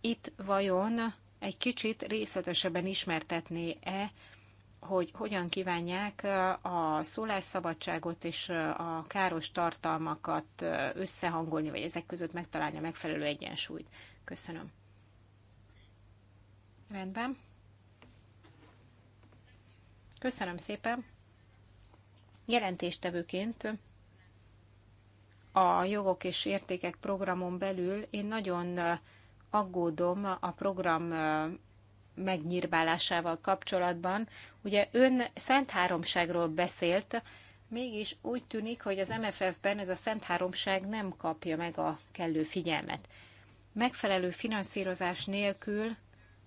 Itt vajon egy kicsit részletesebben ismertetné-e hogy hogyan kívánják a szólásszabadságot és a káros tartalmakat összehangolni, vagy ezek között megtalálni a megfelelő egyensúlyt. Köszönöm. Rendben. Köszönöm szépen. Jelentéstevőként a jogok és értékek programon belül én nagyon aggódom a program megnyírbálásával kapcsolatban. Ugye ön Szent Háromságról beszélt, mégis úgy tűnik, hogy az MFF-ben ez a Szent Háromság nem kapja meg a kellő figyelmet. Megfelelő finanszírozás nélkül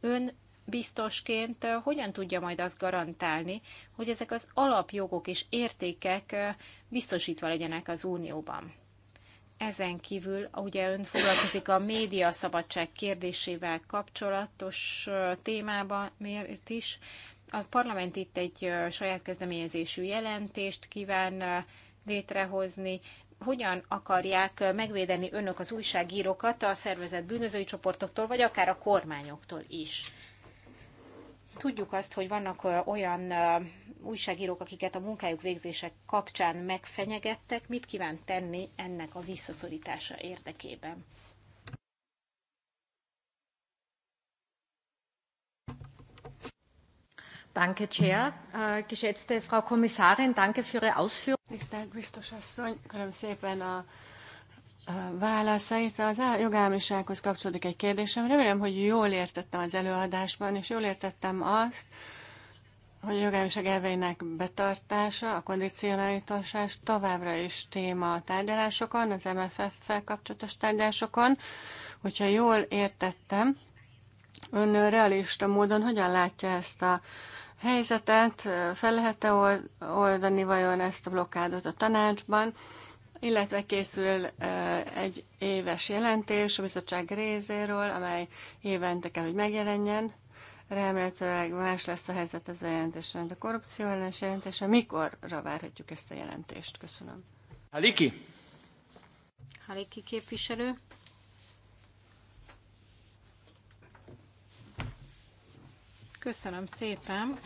ön biztosként hogyan tudja majd azt garantálni, hogy ezek az alapjogok és értékek biztosítva legyenek az Unióban? Ezen kívül ugye ön foglalkozik a média szabadság kérdésével kapcsolatos témában miért is. A parlament itt egy saját kezdeményezésű jelentést kíván létrehozni. Hogyan akarják megvédeni önök az újságírókat a szervezett bűnözői csoportoktól, vagy akár a kormányoktól is? Tudjuk azt, hogy vannak olyan újságírók, akiket a munkájuk végzése kapcsán megfenyegettek. Mit kíván tenni ennek a visszaszorítása érdekében? Danke, Chair. Äh, geschätzte Frau Kommissarin, danke für Ihre Ausführungen. köszönöm szépen a válaszait. Az jogállamisághoz kapcsolódik egy kérdésem. Remélem, hogy jól értettem az előadásban, és jól értettem azt, hogy a jogállamiság elveinek betartása, a kondicionalitás továbbra is téma a tárgyalásokon, az MFF-fel kapcsolatos tárgyalásokon. Hogyha jól értettem, ön realista módon hogyan látja ezt a helyzetet, fel lehet-e oldani vajon ezt a blokkádot a tanácsban, illetve készül egy éves jelentés a bizottság részéről, amely évente kell, hogy megjelenjen. Remélhetőleg más lesz a helyzet ez a jelentés, mint a korrupció ellenes jelentése. Mikorra várhatjuk ezt a jelentést? Köszönöm. Haliki! Haliki képviselő. Köszönöm szépen.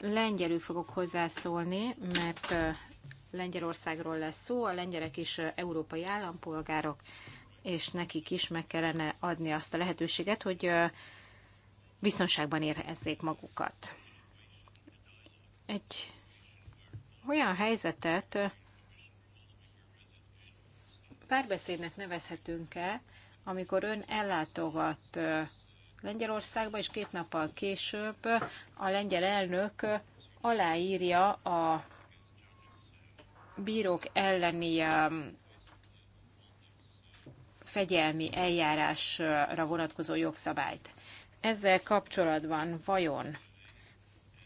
Lengyelül fogok hozzászólni, mert Lengyelországról lesz szó, a lengyelek is európai állampolgárok, és nekik is meg kellene adni azt a lehetőséget, hogy biztonságban érezzék magukat. Egy olyan helyzetet párbeszédnek nevezhetünk-e, amikor ön ellátogat Lengyelországba, és két nappal később a lengyel elnök aláírja a bírók elleni um, fegyelmi eljárásra vonatkozó jogszabályt. Ezzel kapcsolatban vajon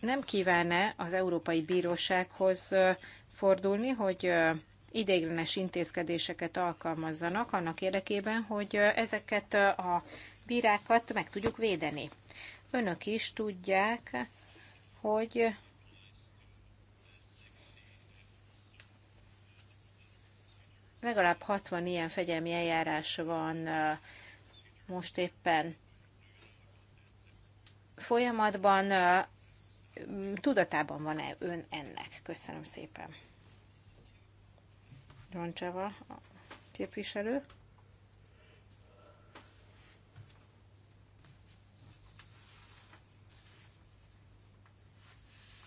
nem kívánne az Európai Bírósághoz uh, fordulni, hogy uh, ideiglenes intézkedéseket alkalmazzanak annak érdekében, hogy uh, ezeket a bírákat meg tudjuk védeni. Önök is tudják, hogy legalább 60 ilyen fegyelmi eljárás van most éppen folyamatban. Tudatában van-e ön ennek? Köszönöm szépen. Roncseva képviselő.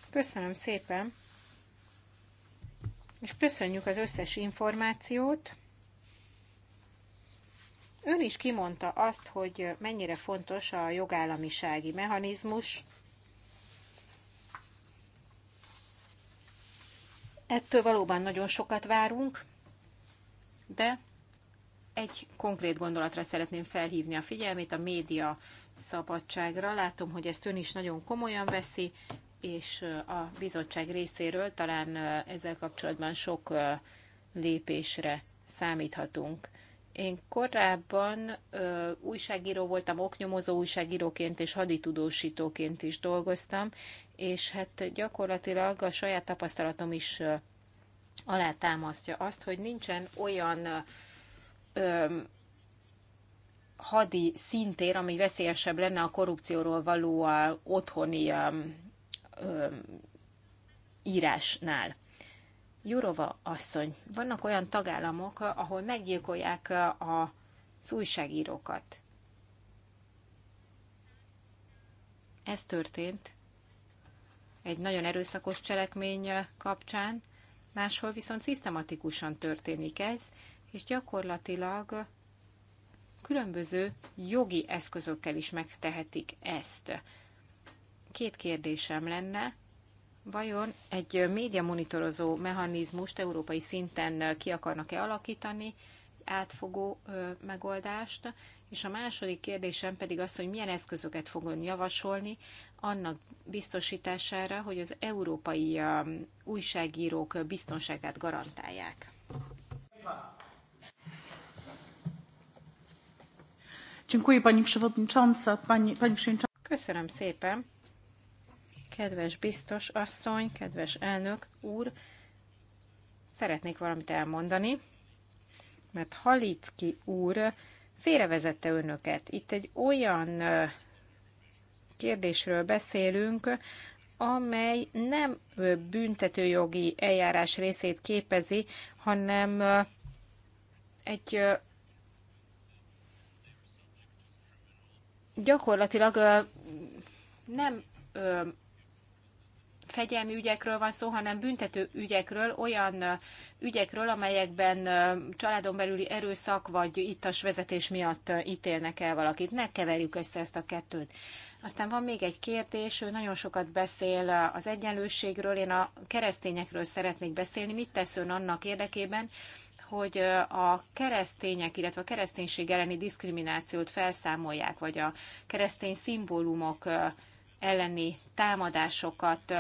Köszönöm szépen és köszönjük az összes információt. Ön is kimondta azt, hogy mennyire fontos a jogállamisági mechanizmus. Ettől valóban nagyon sokat várunk, de egy konkrét gondolatra szeretném felhívni a figyelmét, a média szabadságra. Látom, hogy ezt ön is nagyon komolyan veszi, és a bizottság részéről talán ezzel kapcsolatban sok lépésre számíthatunk. Én korábban ö, újságíró voltam, oknyomozó újságíróként és haditudósítóként is dolgoztam, és hát gyakorlatilag a saját tapasztalatom is ö, alátámasztja azt, hogy nincsen olyan ö, hadi szintér, ami veszélyesebb lenne a korrupcióról való a otthoni írásnál. Jurova asszony, vannak olyan tagállamok, ahol meggyilkolják a újságírókat. Ez történt egy nagyon erőszakos cselekmény kapcsán, máshol viszont szisztematikusan történik ez, és gyakorlatilag különböző jogi eszközökkel is megtehetik ezt. Két kérdésem lenne. Vajon egy média monitorozó mechanizmust európai szinten ki akarnak-e alakítani, egy átfogó megoldást? És a második kérdésem pedig az, hogy milyen eszközöket fog ön javasolni annak biztosítására, hogy az európai újságírók biztonságát garantálják. Köszönöm szépen. Kedves biztos asszony, kedves elnök úr, szeretnék valamit elmondani, mert Halicki úr félrevezette önöket. Itt egy olyan kérdésről beszélünk, amely nem büntetőjogi eljárás részét képezi, hanem egy gyakorlatilag nem fegyelmi ügyekről van szó, hanem büntető ügyekről, olyan ügyekről, amelyekben családon belüli erőszak vagy ittas vezetés miatt ítélnek el valakit. Ne keverjük össze ezt a kettőt. Aztán van még egy kérdés, ő nagyon sokat beszél az egyenlőségről, én a keresztényekről szeretnék beszélni. Mit tesz ön annak érdekében, hogy a keresztények, illetve a kereszténység elleni diszkriminációt felszámolják, vagy a keresztény szimbólumok elleni támadásokat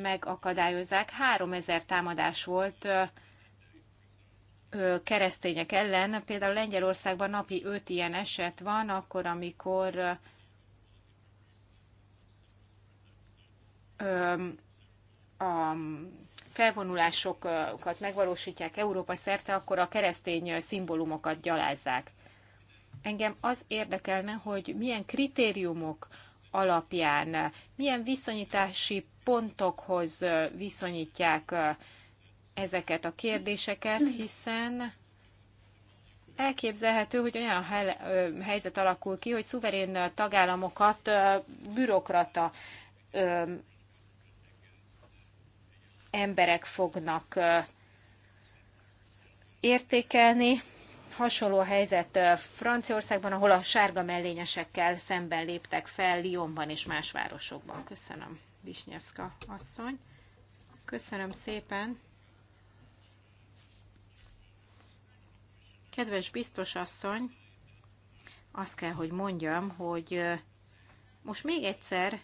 megakadályozzák. 3000 támadás volt keresztények ellen. Például Lengyelországban napi 5 ilyen eset van, akkor, amikor a felvonulásokat megvalósítják Európa szerte, akkor a keresztény szimbólumokat gyalázzák. Engem az érdekelne, hogy milyen kritériumok alapján, milyen viszonyítási pontokhoz viszonyítják ezeket a kérdéseket, hiszen elképzelhető, hogy olyan helyzet alakul ki, hogy szuverén tagállamokat bürokrata emberek fognak értékelni. Hasonló helyzet Franciaországban, ahol a sárga mellényesekkel szemben léptek fel Lyonban és más városokban. Köszönöm. Visnyevska asszony. Köszönöm szépen. Kedves biztos asszony, azt kell, hogy mondjam, hogy most még egyszer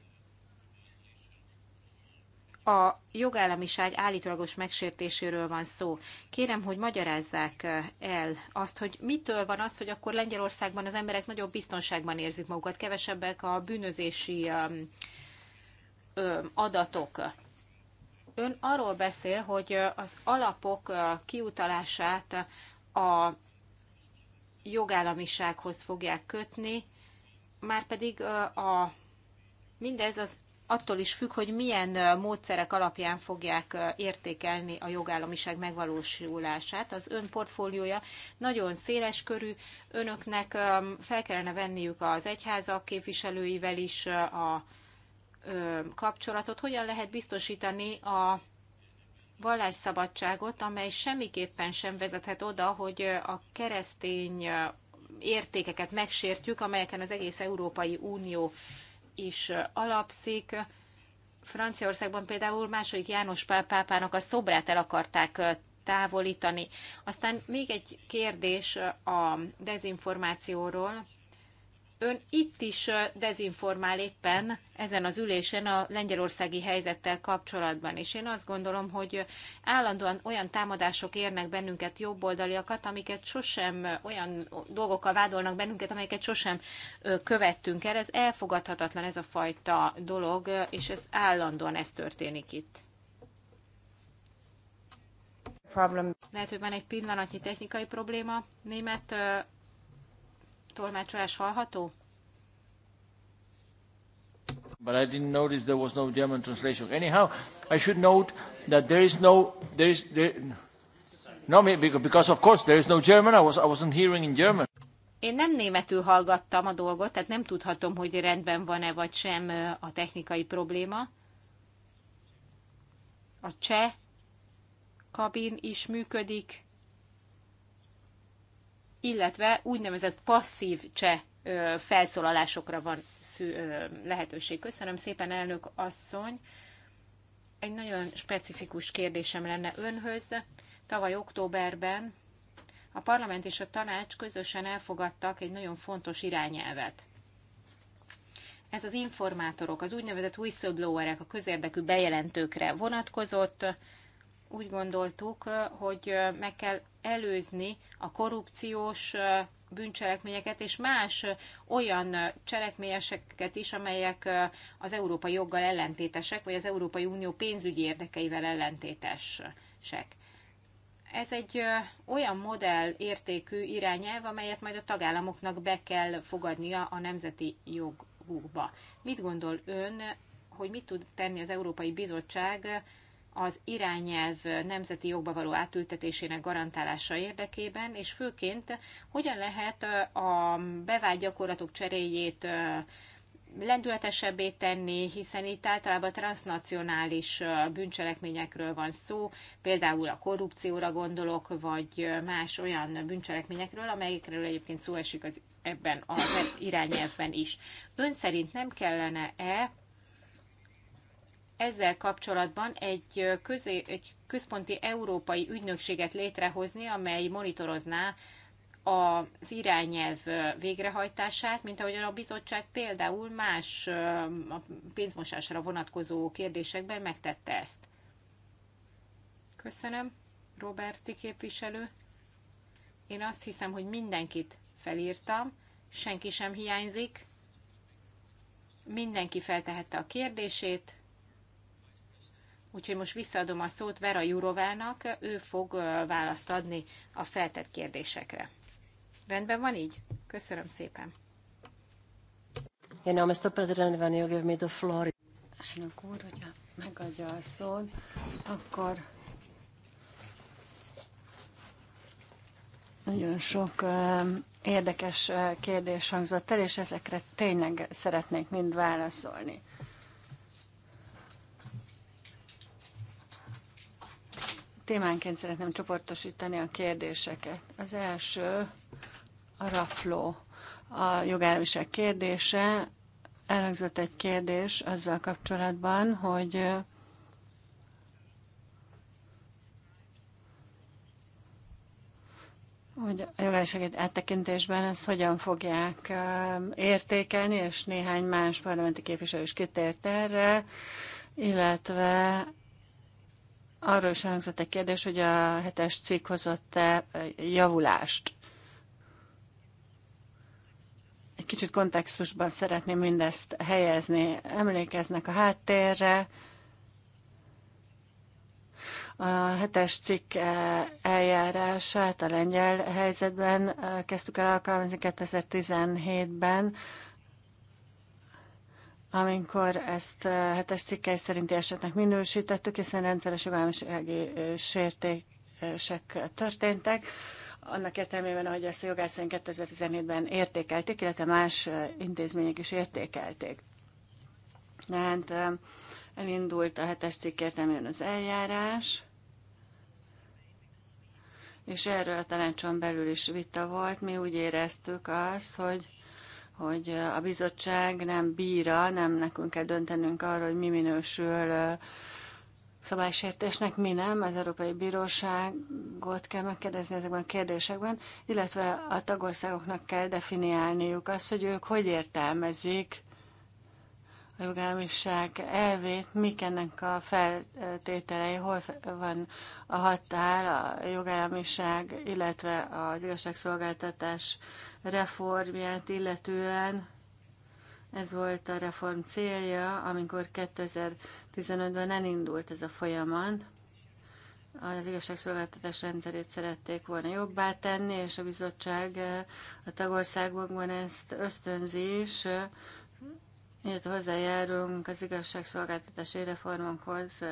a jogállamiság állítólagos megsértéséről van szó. Kérem, hogy magyarázzák el azt, hogy mitől van az, hogy akkor Lengyelországban az emberek nagyobb biztonságban érzik magukat, kevesebbek a bűnözési adatok. Ön arról beszél, hogy az alapok kiutalását a jogállamisághoz fogják kötni, már pedig a, mindez az attól is függ, hogy milyen módszerek alapján fogják értékelni a jogállamiság megvalósulását. Az ön portfóliója nagyon széles körű, önöknek fel kellene venniük az egyházak képviselőivel is a kapcsolatot hogyan lehet biztosítani a vallásszabadságot, amely semmiképpen sem vezethet oda, hogy a keresztény értékeket megsértjük, amelyeken az egész Európai Unió is alapszik. Franciaországban például második János Pál pápának a szobrát el akarták távolítani. Aztán még egy kérdés a dezinformációról. Ön itt is dezinformál éppen ezen az ülésen a lengyelországi helyzettel kapcsolatban, és én azt gondolom, hogy állandóan olyan támadások érnek bennünket, jobboldaliakat, amiket sosem, olyan dolgokkal vádolnak bennünket, amelyeket sosem követtünk el. Ez elfogadhatatlan ez a fajta dolog, és ez állandóan ez történik itt. Problem. Lehet, hogy van egy pillanatnyi technikai probléma német tolmácsolás hallható? But I didn't notice there was no German translation. Anyhow, I should note that there is no there is there, no because of course there is no German. I was I wasn't hearing in German. Én nem németül hallgattam a dolgot, tehát nem tudhatom, hogy rendben van-e vagy sem a technikai probléma. A cseh kabin is működik illetve úgynevezett passzív cseh felszólalásokra van lehetőség. Köszönöm szépen, elnök asszony. Egy nagyon specifikus kérdésem lenne önhöz. Tavaly októberben a parlament és a tanács közösen elfogadtak egy nagyon fontos irányelvet. Ez az informátorok, az úgynevezett whistleblowerek, a közérdekű bejelentőkre vonatkozott. Úgy gondoltuk, hogy meg kell előzni a korrupciós bűncselekményeket és más olyan cselekményeseket is, amelyek az európai joggal ellentétesek, vagy az Európai Unió pénzügyi érdekeivel ellentétesek. Ez egy olyan modell értékű irányelv, amelyet majd a tagállamoknak be kell fogadnia a nemzeti jogukba. Mit gondol ön, hogy mit tud tenni az Európai Bizottság az irányelv nemzeti jogba való átültetésének garantálása érdekében, és főként hogyan lehet a bevált gyakorlatok cseréjét lendületesebbé tenni, hiszen itt általában transnacionális bűncselekményekről van szó, például a korrupcióra gondolok, vagy más olyan bűncselekményekről, amelyekről egyébként szó esik az, ebben az irányelvben is. Ön szerint nem kellene-e ezzel kapcsolatban egy, közé, egy központi európai ügynökséget létrehozni, amely monitorozná az irányelv végrehajtását, mint ahogyan a bizottság például más pénzmosásra vonatkozó kérdésekben megtette ezt. Köszönöm, Roberti képviselő. Én azt hiszem, hogy mindenkit felírtam, senki sem hiányzik, mindenki feltehette a kérdését, Úgyhogy most visszaadom a szót Vera Jurovának, ő fog választ adni a feltett kérdésekre. Rendben van így? Köszönöm szépen. Én a Mr. President, when give me the floor. Elnök úr, hogyha megadja a szót, akkor Nagyon sok érdekes kérdés hangzott el, és ezekre tényleg szeretnék mind válaszolni. Témánként szeretném csoportosítani a kérdéseket. Az első a rafló, a jogállamiság kérdése. Elhangzott egy kérdés azzal kapcsolatban, hogy hogy a jogállamiságét áttekintésben ezt hogyan fogják um, értékelni, és néhány más parlamenti képviselő is kitért erre, illetve Arról is hangzott egy kérdés, hogy a hetes cikk hozott-e javulást. Egy kicsit kontextusban szeretném mindezt helyezni. Emlékeznek a háttérre, a hetes cikk eljárását a lengyel helyzetben kezdtük el alkalmazni 2017-ben amikor ezt eh, hetes cikkely szerinti esetnek minősítettük, hiszen rendszeres jogállamisági sértések történtek, annak értelmében, ahogy ezt a jogászaink 2017-ben értékelték, illetve más eh, intézmények is értékelték. Tehát eh, elindult a hetes cikk értelmében az eljárás, és erről a tanácson belül is vita volt. Mi úgy éreztük azt, hogy hogy a bizottság nem bíra, nem nekünk kell döntenünk arra, hogy mi minősül szabálysértésnek, mi nem. Az Európai Bíróságot kell megkérdezni ezekben a kérdésekben, illetve a tagországoknak kell definiálniuk azt, hogy ők hogy értelmezik a jogállamiság elvét, mik ennek a feltételei, hol van a határ a jogállamiság, illetve az igazságszolgáltatás reformját illetően. Ez volt a reform célja, amikor 2015-ben elindult ez a folyamat. Az igazságszolgáltatás rendszerét szerették volna jobbá tenni, és a bizottság a tagországokban ezt ösztönzi is, illetve hozzájárulunk az igazságszolgáltatási reformunkhoz,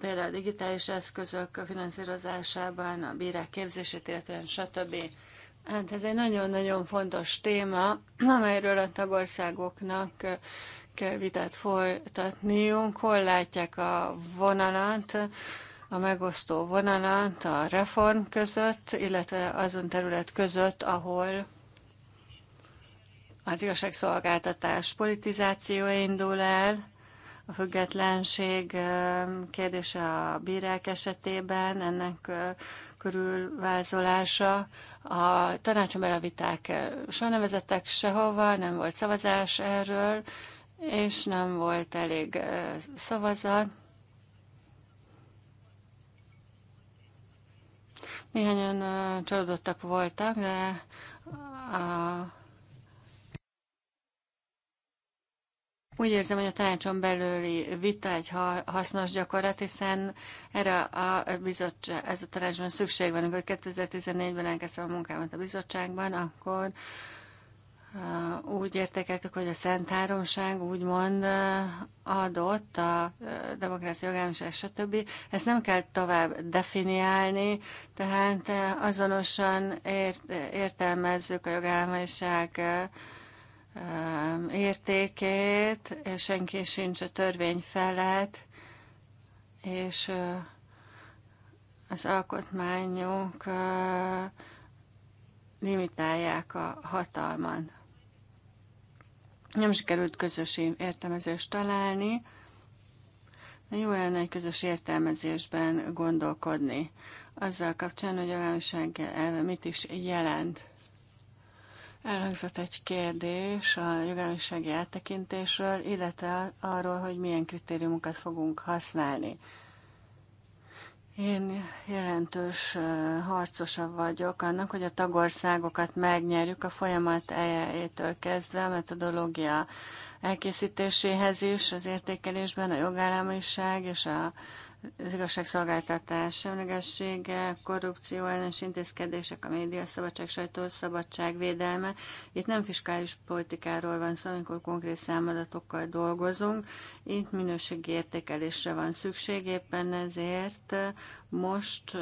például a digitális eszközök a finanszírozásában, a bírák képzését, illetően stb. Hát ez egy nagyon-nagyon fontos téma, amelyről a tagországoknak kell vitát folytatniunk, hol látják a vonalat, a megosztó vonalat a reform között, illetve azon terület között, ahol az igazságszolgáltatás politizációja indul el, a függetlenség kérdése a bírák esetében, ennek körülvázolása. A tanácsom a viták soha nem vezettek sehova, nem volt szavazás erről, és nem volt elég szavazat. Néhányan csalódottak voltak, de a Úgy érzem, hogy a tanácson belüli vita egy hasznos gyakorlat, hiszen erre a bizottság, ez a tanácsban szükség van. Amikor 2014-ben elkezdtem a munkámat a bizottságban, akkor uh, úgy értékeltük, hogy a Szent Háromság úgymond uh, adott, a uh, demokrácia jogállamiság, stb. Ezt nem kell tovább definiálni, tehát azonosan ért, értelmezzük a jogállamiság Um, értékét, senki sincs a törvény felett, és uh, az alkotmányok uh, limitálják a hatalman. Nem sikerült közös értelmezést találni, de jó lenne egy közös értelmezésben gondolkodni azzal kapcsán, hogy a elve mit is jelent. Elhangzott egy kérdés a jogállamisági áttekintésről, illetve arról, hogy milyen kritériumokat fogunk használni. Én jelentős harcosa vagyok annak, hogy a tagországokat megnyerjük a folyamat elejétől kezdve, a metodológia elkészítéséhez is, az értékelésben a jogállamiság és a az igazságszolgáltatás semlegessége, korrupció ellenes intézkedések, a sajtó szabadság védelme. Itt nem fiskális politikáról van szó, amikor konkrét számadatokkal dolgozunk. Itt minőségi értékelésre van szükség, éppen ezért most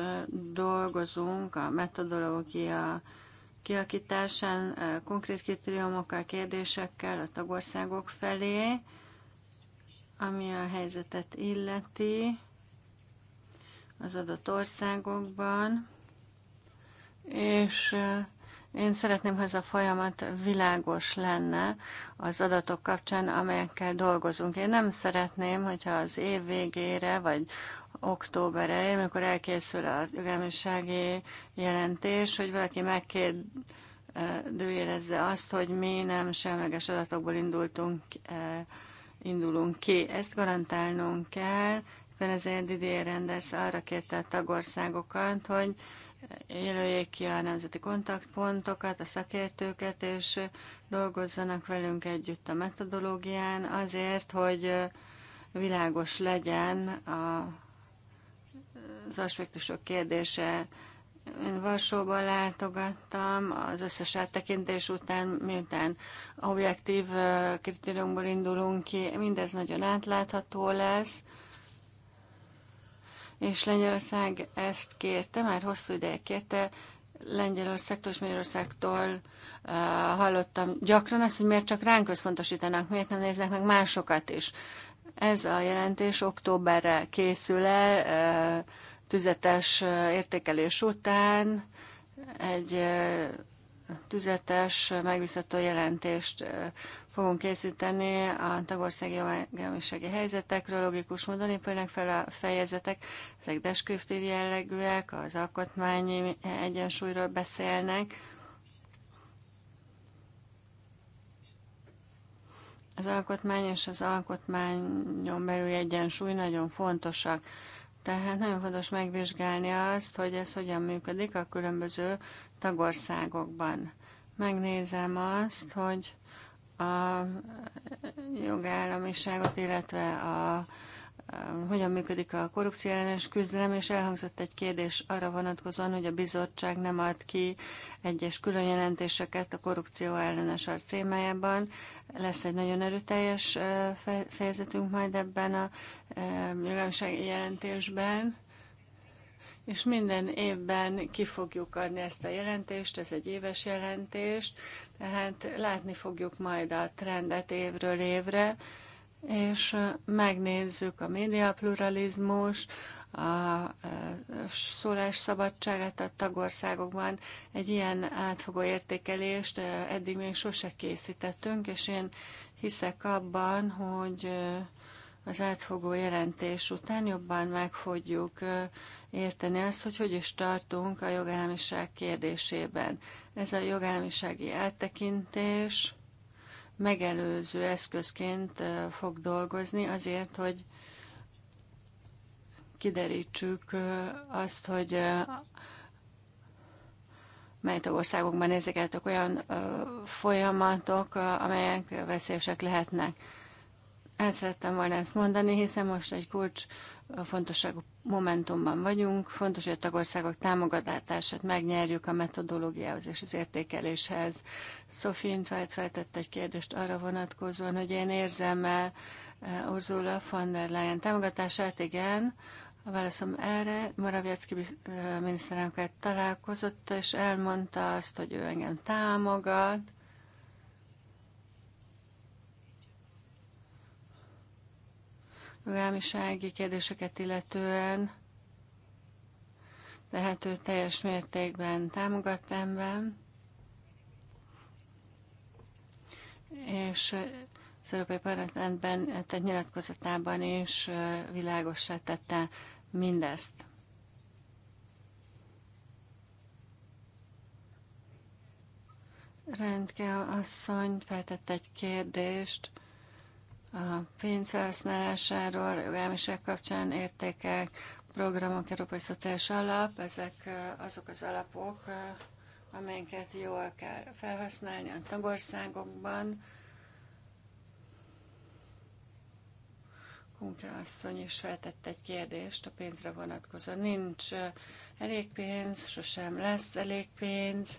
dolgozunk a metodológia kialakításán, konkrét kritériumokkal, kérdésekkel a tagországok felé, ami a helyzetet illeti az adott országokban, és én szeretném, ha ez a folyamat világos lenne az adatok kapcsán, amelyekkel dolgozunk. Én nem szeretném, hogyha az év végére, vagy október elején, amikor elkészül a jogállamisági jelentés, hogy valaki megkérdőjelezze azt, hogy mi nem semleges adatokból indultunk, indulunk ki. Ezt garantálnunk kell, Éppen ezért Didier rendes arra kérte a tagországokat, hogy jelöljék ki a nemzeti kontaktpontokat, a szakértőket, és dolgozzanak velünk együtt a metodológián azért, hogy világos legyen a, az aspektusok kérdése. Én Varsóba látogattam, az összes áttekintés után, miután objektív kritériumból indulunk ki, mindez nagyon átlátható lesz, és Lengyelország ezt kérte, már hosszú ideje kérte, Lengyelországtól és Magyarországtól uh, hallottam gyakran azt, hogy miért csak ránk összpontosítanak, miért nem néznek meg másokat is. Ez a jelentés októberre készül el, uh, tüzetes értékelés után egy uh, tüzetes megbízható jelentést fogunk készíteni a tagországi jogállamisági helyzetekről, logikus módon épülnek fel a fejezetek, ezek deskriptív jellegűek, az alkotmányi egyensúlyról beszélnek. Az alkotmány és az alkotmányon belüli egyensúly nagyon fontosak. Tehát nagyon fontos megvizsgálni azt, hogy ez hogyan működik a különböző tagországokban. Megnézem azt, hogy a jogállamiságot, illetve a, hogyan működik a korrupció ellenes küzdelem, és elhangzott egy kérdés arra vonatkozóan, hogy a bizottság nem ad ki egyes külön jelentéseket a korrupció ellenes arc témájában. Lesz egy nagyon erőteljes fejezetünk majd ebben a jogállamisági jelentésben és minden évben ki fogjuk adni ezt a jelentést, ez egy éves jelentést, tehát látni fogjuk majd a trendet évről évre, és megnézzük a médiapluralizmus, a szólásszabadságát a tagországokban. Egy ilyen átfogó értékelést eddig még sose készítettünk, és én hiszek abban, hogy az átfogó jelentés után jobban meg fogjuk érteni azt, hogy hogy is tartunk a jogállamiság kérdésében. Ez a jogállamisági áttekintés megelőző eszközként fog dolgozni azért, hogy kiderítsük azt, hogy mely tagországokban érzékeltek olyan folyamatok, amelyek veszélyesek lehetnek. El szerettem volna ezt mondani, hiszen most egy kulcs fontosságú momentumban vagyunk, fontos, hogy a tagországok támogatását megnyerjük a metodológiához és az értékeléshez. Sofint felt, feltett egy kérdést arra vonatkozóan, hogy én érzem-e e, Ursula von der Leyen támogatását, igen, a válaszom erre, Moravjacki e, miniszterelnöket találkozott, és elmondta azt, hogy ő engem támogat, jogállamisági kérdéseket illetően, tehát ő teljes mértékben támogat ember, és az Európai Parlamentben tett nyilatkozatában is világosra tette mindezt. Rendke asszony feltette egy kérdést a pénz felhasználásáról, jogállamiság kapcsán értékek, programok, Európai Szociális Alap, ezek azok az alapok, amelyeket jól kell felhasználni a tagországokban. Kunke asszony is feltett egy kérdést a pénzre vonatkozóan. Nincs elég pénz, sosem lesz elég pénz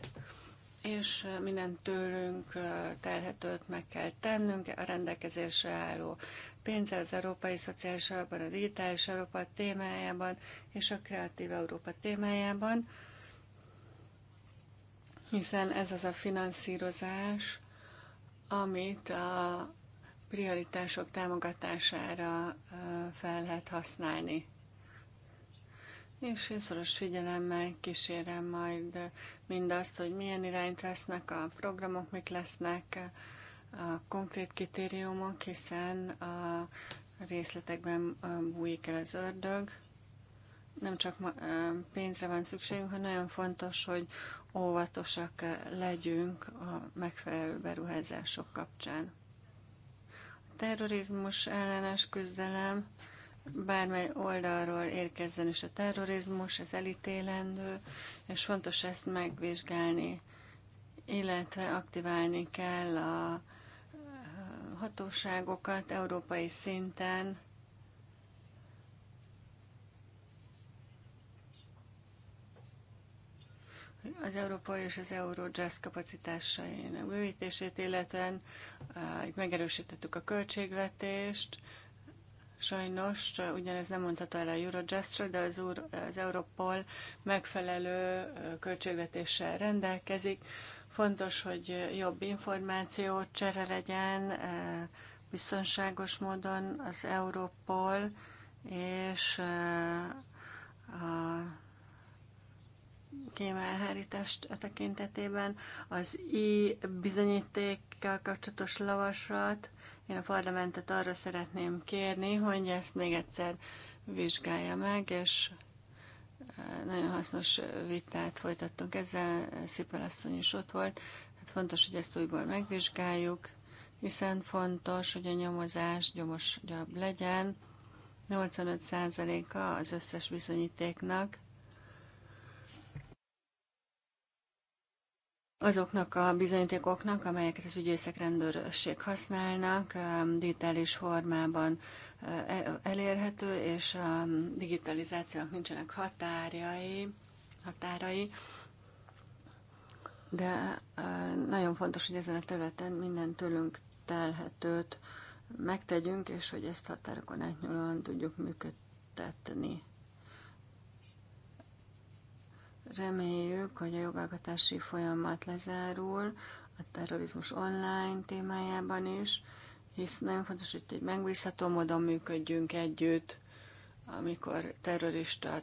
és minden tőlünk telhetőt meg kell tennünk a rendelkezésre álló pénzzel az Európai Szociális Alapban, a Digitális Európa témájában és a Kreatív Európa témájában, hiszen ez az a finanszírozás, amit a prioritások támogatására fel lehet használni. És én szoros figyelemmel kísérem majd mindazt, hogy milyen irányt vesznek a programok, mik lesznek a konkrét kritériumok, hiszen a részletekben bújik el az ördög. Nem csak pénzre van szükségünk, hanem nagyon fontos, hogy óvatosak legyünk a megfelelő beruházások kapcsán. A terrorizmus ellenes küzdelem bármely oldalról érkezzen is a terrorizmus, ez elítélendő, és fontos ezt megvizsgálni, illetve aktiválni kell a hatóságokat európai szinten, az európai és az Eurojust kapacitásainak bővítését, illetve megerősítettük a költségvetést, Sajnos ugyanez nem mondható el a Eurojustról, de az, úr, az Europol megfelelő költségvetéssel rendelkezik. Fontos, hogy jobb információ csere legyen biztonságos módon az Europol és a kémelhárítást tekintetében az i bizonyítékkal kapcsolatos lavasat, én a parlamentet arra szeretném kérni, hogy ezt még egyszer vizsgálja meg, és e, nagyon hasznos vitát folytattunk ezzel, Szipel asszony is ott volt, Hát fontos, hogy ezt újból megvizsgáljuk, hiszen fontos, hogy a nyomozás gyomosabb legyen. 85%-a az összes bizonyítéknak azoknak a bizonyítékoknak, amelyeket az ügyészek rendőrség használnak, um, digitális formában uh, e-, elérhető, és a digitalizációnak nincsenek határjai, határai, de uh, nagyon fontos, hogy ezen a területen minden tőlünk telhetőt megtegyünk, és hogy ezt határokon átnyúlóan tudjuk működtetni. Reméljük, hogy a jogalkotási folyamat lezárul a terrorizmus online témájában is, hisz nagyon fontos, hogy egy megbízható módon működjünk együtt, amikor terrorista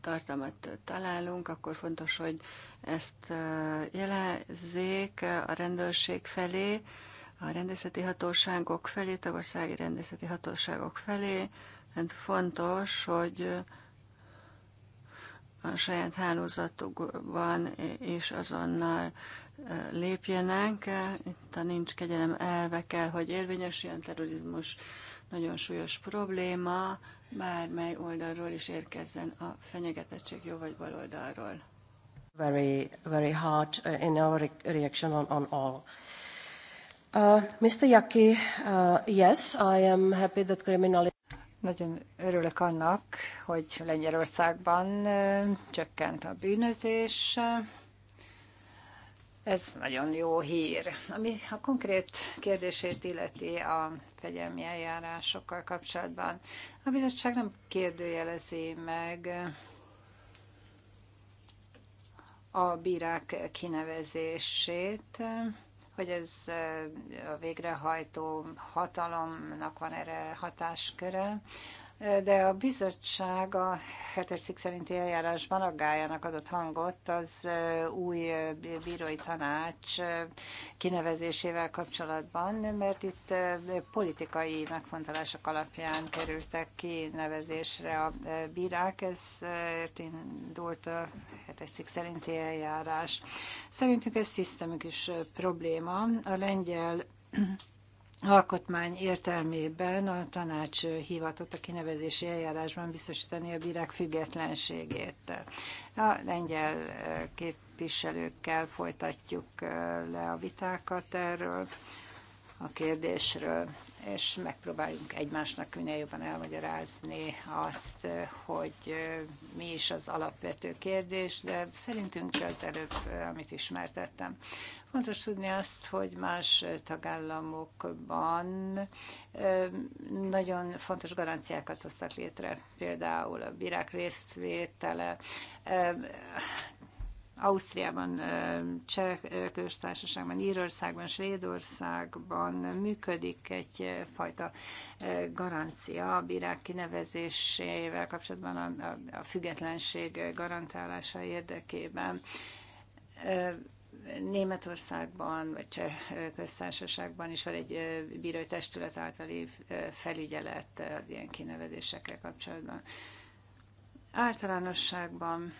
tartalmat találunk, akkor fontos, hogy ezt jelezzék a rendőrség felé, a rendészeti hatóságok felé, tagországi rendészeti hatóságok felé. Tehát fontos, hogy a saját hálózatukban, és azonnal lépjenek. Itt a nincs kegyelem elve kell, hogy érvényesüljön. Terrorizmus nagyon súlyos probléma, bármely oldalról is érkezzen a fenyegetettség jó vagy bal oldalról. Very, very hard uh, in our reaction on, on all. Uh, Mr. Yaki, uh, yes, I am happy that criminal nagyon örülök annak, hogy Lengyelországban csökkent a bűnözés. Ez nagyon jó hír. Ami a konkrét kérdését illeti a fegyelmi eljárásokkal kapcsolatban, a bizottság nem kérdőjelezi meg a bírák kinevezését hogy ez a végrehajtó hatalomnak van erre hatásköre, de a bizottság a 7 cikk szerinti eljárásban aggájának adott hangot az új bírói tanács kinevezésével kapcsolatban, mert itt politikai megfontolások alapján kerültek kinevezésre a bírák, ezért indult a 7 cikk szerinti eljárás. Szerintük ez is probléma. A lengyel alkotmány értelmében a tanács hivatott a kinevezési eljárásban biztosítani a bírák függetlenségét. A lengyel képviselőkkel folytatjuk eh, le a vitákat erről a kérdésről és megpróbáljunk egymásnak minél jobban elmagyarázni azt, hogy mi is az alapvető kérdés, de szerintünk az előbb, amit ismertettem. Fontos tudni azt, hogy más tagállamokban nagyon fontos garanciákat hoztak létre, például a bírák részvétele, Ausztriában, Cseh köztársaságban, Írországban, Svédországban működik egyfajta garancia a bírák kinevezésével kapcsolatban a, a, a függetlenség garantálása érdekében. Németországban, vagy Cseh köztársaságban is van egy bírói testület általi felügyelet az ilyen kinevezésekkel kapcsolatban. Általánosságban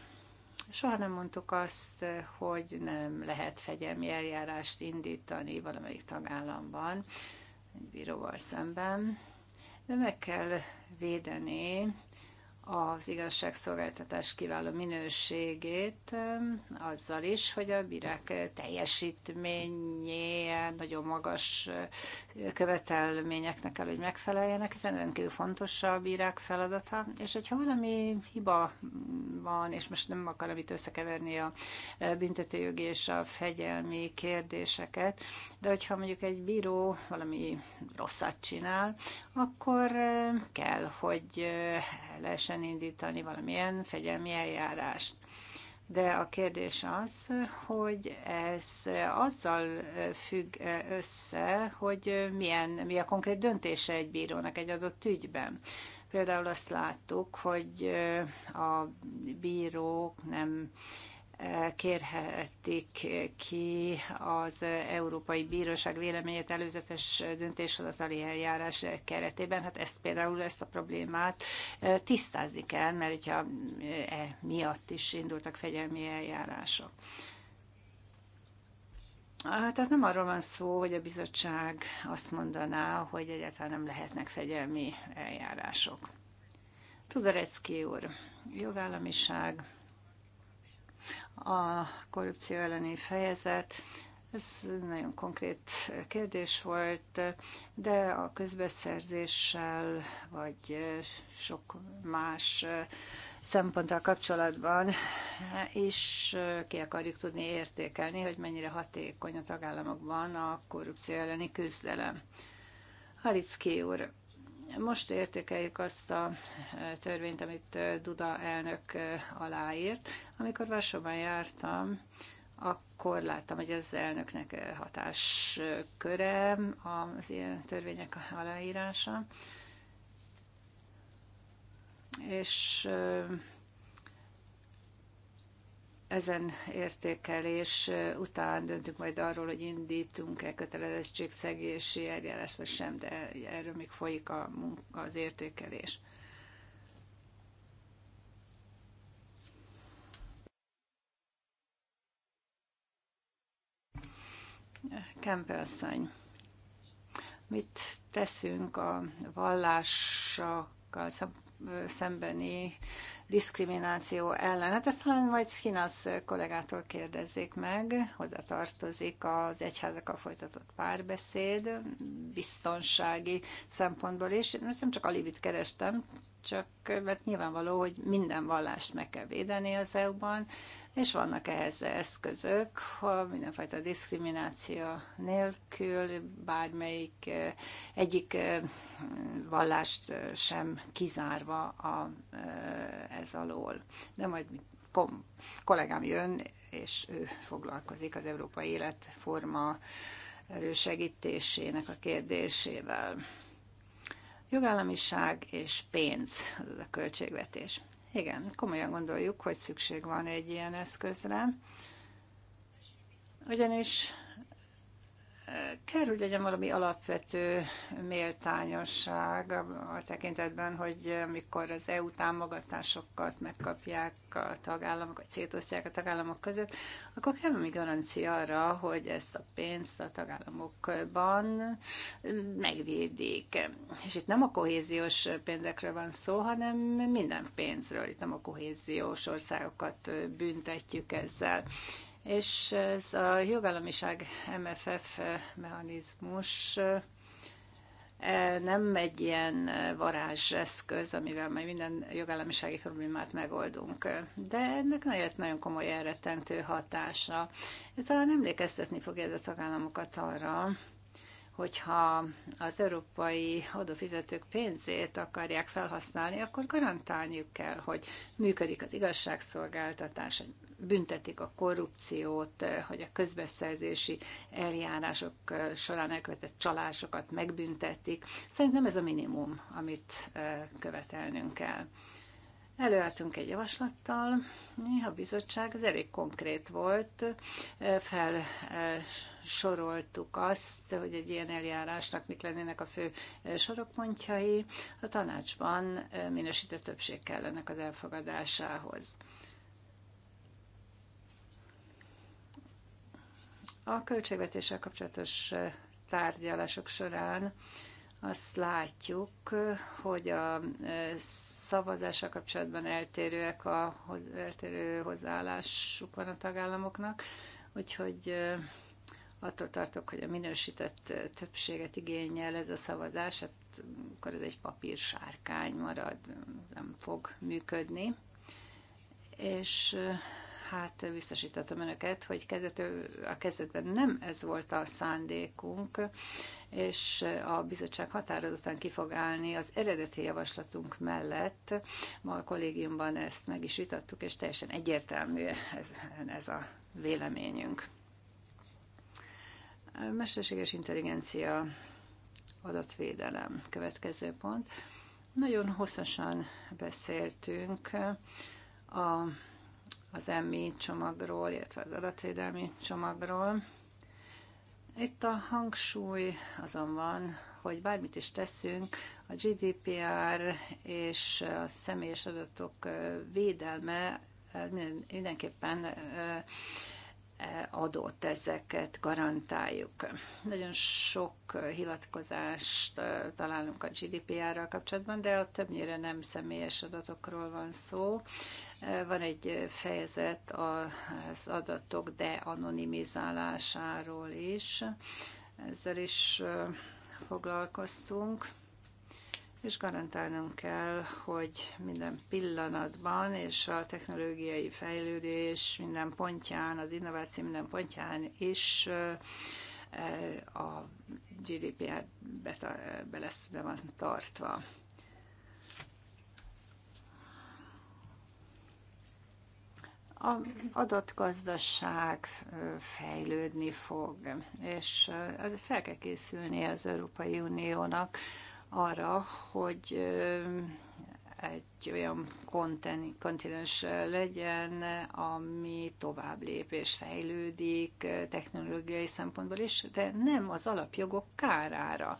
Soha nem mondtuk azt, hogy nem lehet fegyelmi eljárást indítani valamelyik tagállamban, egy bíróval szemben, de meg kell védeni az igazságszolgáltatás kiváló minőségét azzal is, hogy a bírák teljesítményé nagyon magas követelményeknek kell, hogy megfeleljenek, hiszen rendkívül fontos a bírák feladata, és hogyha valami hiba van, és most nem akarom itt összekeverni a büntetőjogi és a fegyelmi kérdéseket, de hogyha mondjuk egy bíró valami rosszat csinál, akkor kell, hogy lehessen indítani valamilyen fegyelmi eljárást. De a kérdés az, hogy ez azzal függ össze, hogy milyen, mi a konkrét döntése egy bírónak egy adott ügyben. Például azt láttuk, hogy a bírók nem kérhetik ki az Európai Bíróság véleményét előzetes döntéshozatali eljárás keretében. Hát ezt például ezt a problémát tisztázni kell, mert hogyha e miatt is indultak fegyelmi eljárások. Tehát nem arról van szó, hogy a bizottság azt mondaná, hogy egyáltalán nem lehetnek fegyelmi eljárások. Tudorecki úr, jogállamiság, a korrupció elleni fejezet. Ez nagyon konkrét kérdés volt, de a közbeszerzéssel vagy sok más szemponttal kapcsolatban is ki akarjuk tudni értékelni, hogy mennyire hatékony a tagállamokban a korrupció elleni küzdelem. Haricki úr, most értékeljük azt a e, törvényt, amit e, Duda elnök e, aláírt. Amikor Varsóban jártam, akkor láttam, hogy az elnöknek hatásköre az ilyen törvények aláírása. És ezen értékelés után döntünk majd arról, hogy indítunk-e kötelezettségszegési eljárás, vagy sem, de erről még folyik a munka, az értékelés. Kempelszany. Mit teszünk a vallásokkal szembeni diszkrimináció ellen. Hát ezt talán majd Sinasz kollégától kérdezzék meg, hozzátartozik az egyházakkal folytatott párbeszéd, biztonsági szempontból is. Most nem csak alibit kerestem, csak mert nyilvánvaló, hogy minden vallást meg kell védeni az EU-ban, és vannak ehhez eszközök, ha mindenfajta diszkrimináció nélkül bármelyik eh, egyik eh, vallást eh, sem kizárva a, ez alól. De majd kom, kollégám jön, és ő foglalkozik az európai életforma elősegítésének a kérdésével. Jogállamiság és pénz, az a költségvetés igen, komolyan gondoljuk, hogy szükség van egy ilyen eszközre, ugyanis kell, hogy legyen valami alapvető méltányosság a tekintetben, hogy amikor az EU támogatásokat megkapják a tagállamok, vagy szétosztják a tagállamok között, akkor kell valami garancia arra, hogy ezt a pénzt a tagállamokban megvédik. És itt nem a kohéziós pénzekről van szó, hanem minden pénzről. Itt nem a kohéziós országokat büntetjük ezzel és ez a jogállamiság MFF mechanizmus e, nem egy ilyen varázseszköz, amivel majd minden jogállamisági problémát megoldunk. De ennek nagyon, nagyon komoly elrettentő hatása. Ez talán emlékeztetni fogja ez a tagállamokat arra, hogyha az európai adófizetők pénzét akarják felhasználni, akkor garantálniuk kell, hogy működik az igazságszolgáltatás, büntetik a korrupciót, eh, hogy a közbeszerzési eljárások eh, során elkövetett csalásokat megbüntetik. Szerintem ez a minimum, amit eh, követelnünk kell. Előálltunk egy javaslattal, a bizottság ez elég konkrét volt, felsoroltuk azt, hogy egy ilyen eljárásnak mik lennének a fő sorokpontjai, a tanácsban minősített többség kell ennek az elfogadásához. A költségvetéssel kapcsolatos tárgyalások során azt látjuk, hogy a szavazással kapcsolatban eltérőek a eltérő hozzáállásuk van a tagállamoknak, úgyhogy attól tartok, hogy a minősített többséget igényel ez a szavazás, hát akkor ez egy papírsárkány marad, nem fog működni. És hát biztosítottam önöket, hogy kezdető, a kezdetben nem ez volt a szándékunk, és a bizottság határozottan ki fog állni az eredeti javaslatunk mellett. Ma a kollégiumban ezt meg is vitattuk, és teljesen egyértelmű ez, ez a véleményünk. A mesterséges intelligencia adatvédelem következő pont. Nagyon hosszasan beszéltünk a az EMI csomagról, illetve az adatvédelmi csomagról. Itt a hangsúly azon van, hogy bármit is teszünk, a GDPR és a személyes adatok védelme mindenképpen adót, ezeket garantáljuk. Nagyon sok hivatkozást találunk a GDPR-ral kapcsolatban, de a többnyire nem személyes adatokról van szó. Van egy fejezet az adatok de-anonimizálásáról is, ezzel is foglalkoztunk és garantálnunk kell, hogy minden pillanatban és a technológiai fejlődés minden pontján, az innováció minden pontján is eh, a GDPR be lesz be van tartva. A adott gazdaság eh, fejlődni fog, és eh, fel kell készülni az Európai Uniónak arra, hogy egy olyan kontinens legyen, ami tovább lép és fejlődik technológiai szempontból is, de nem az alapjogok kárára.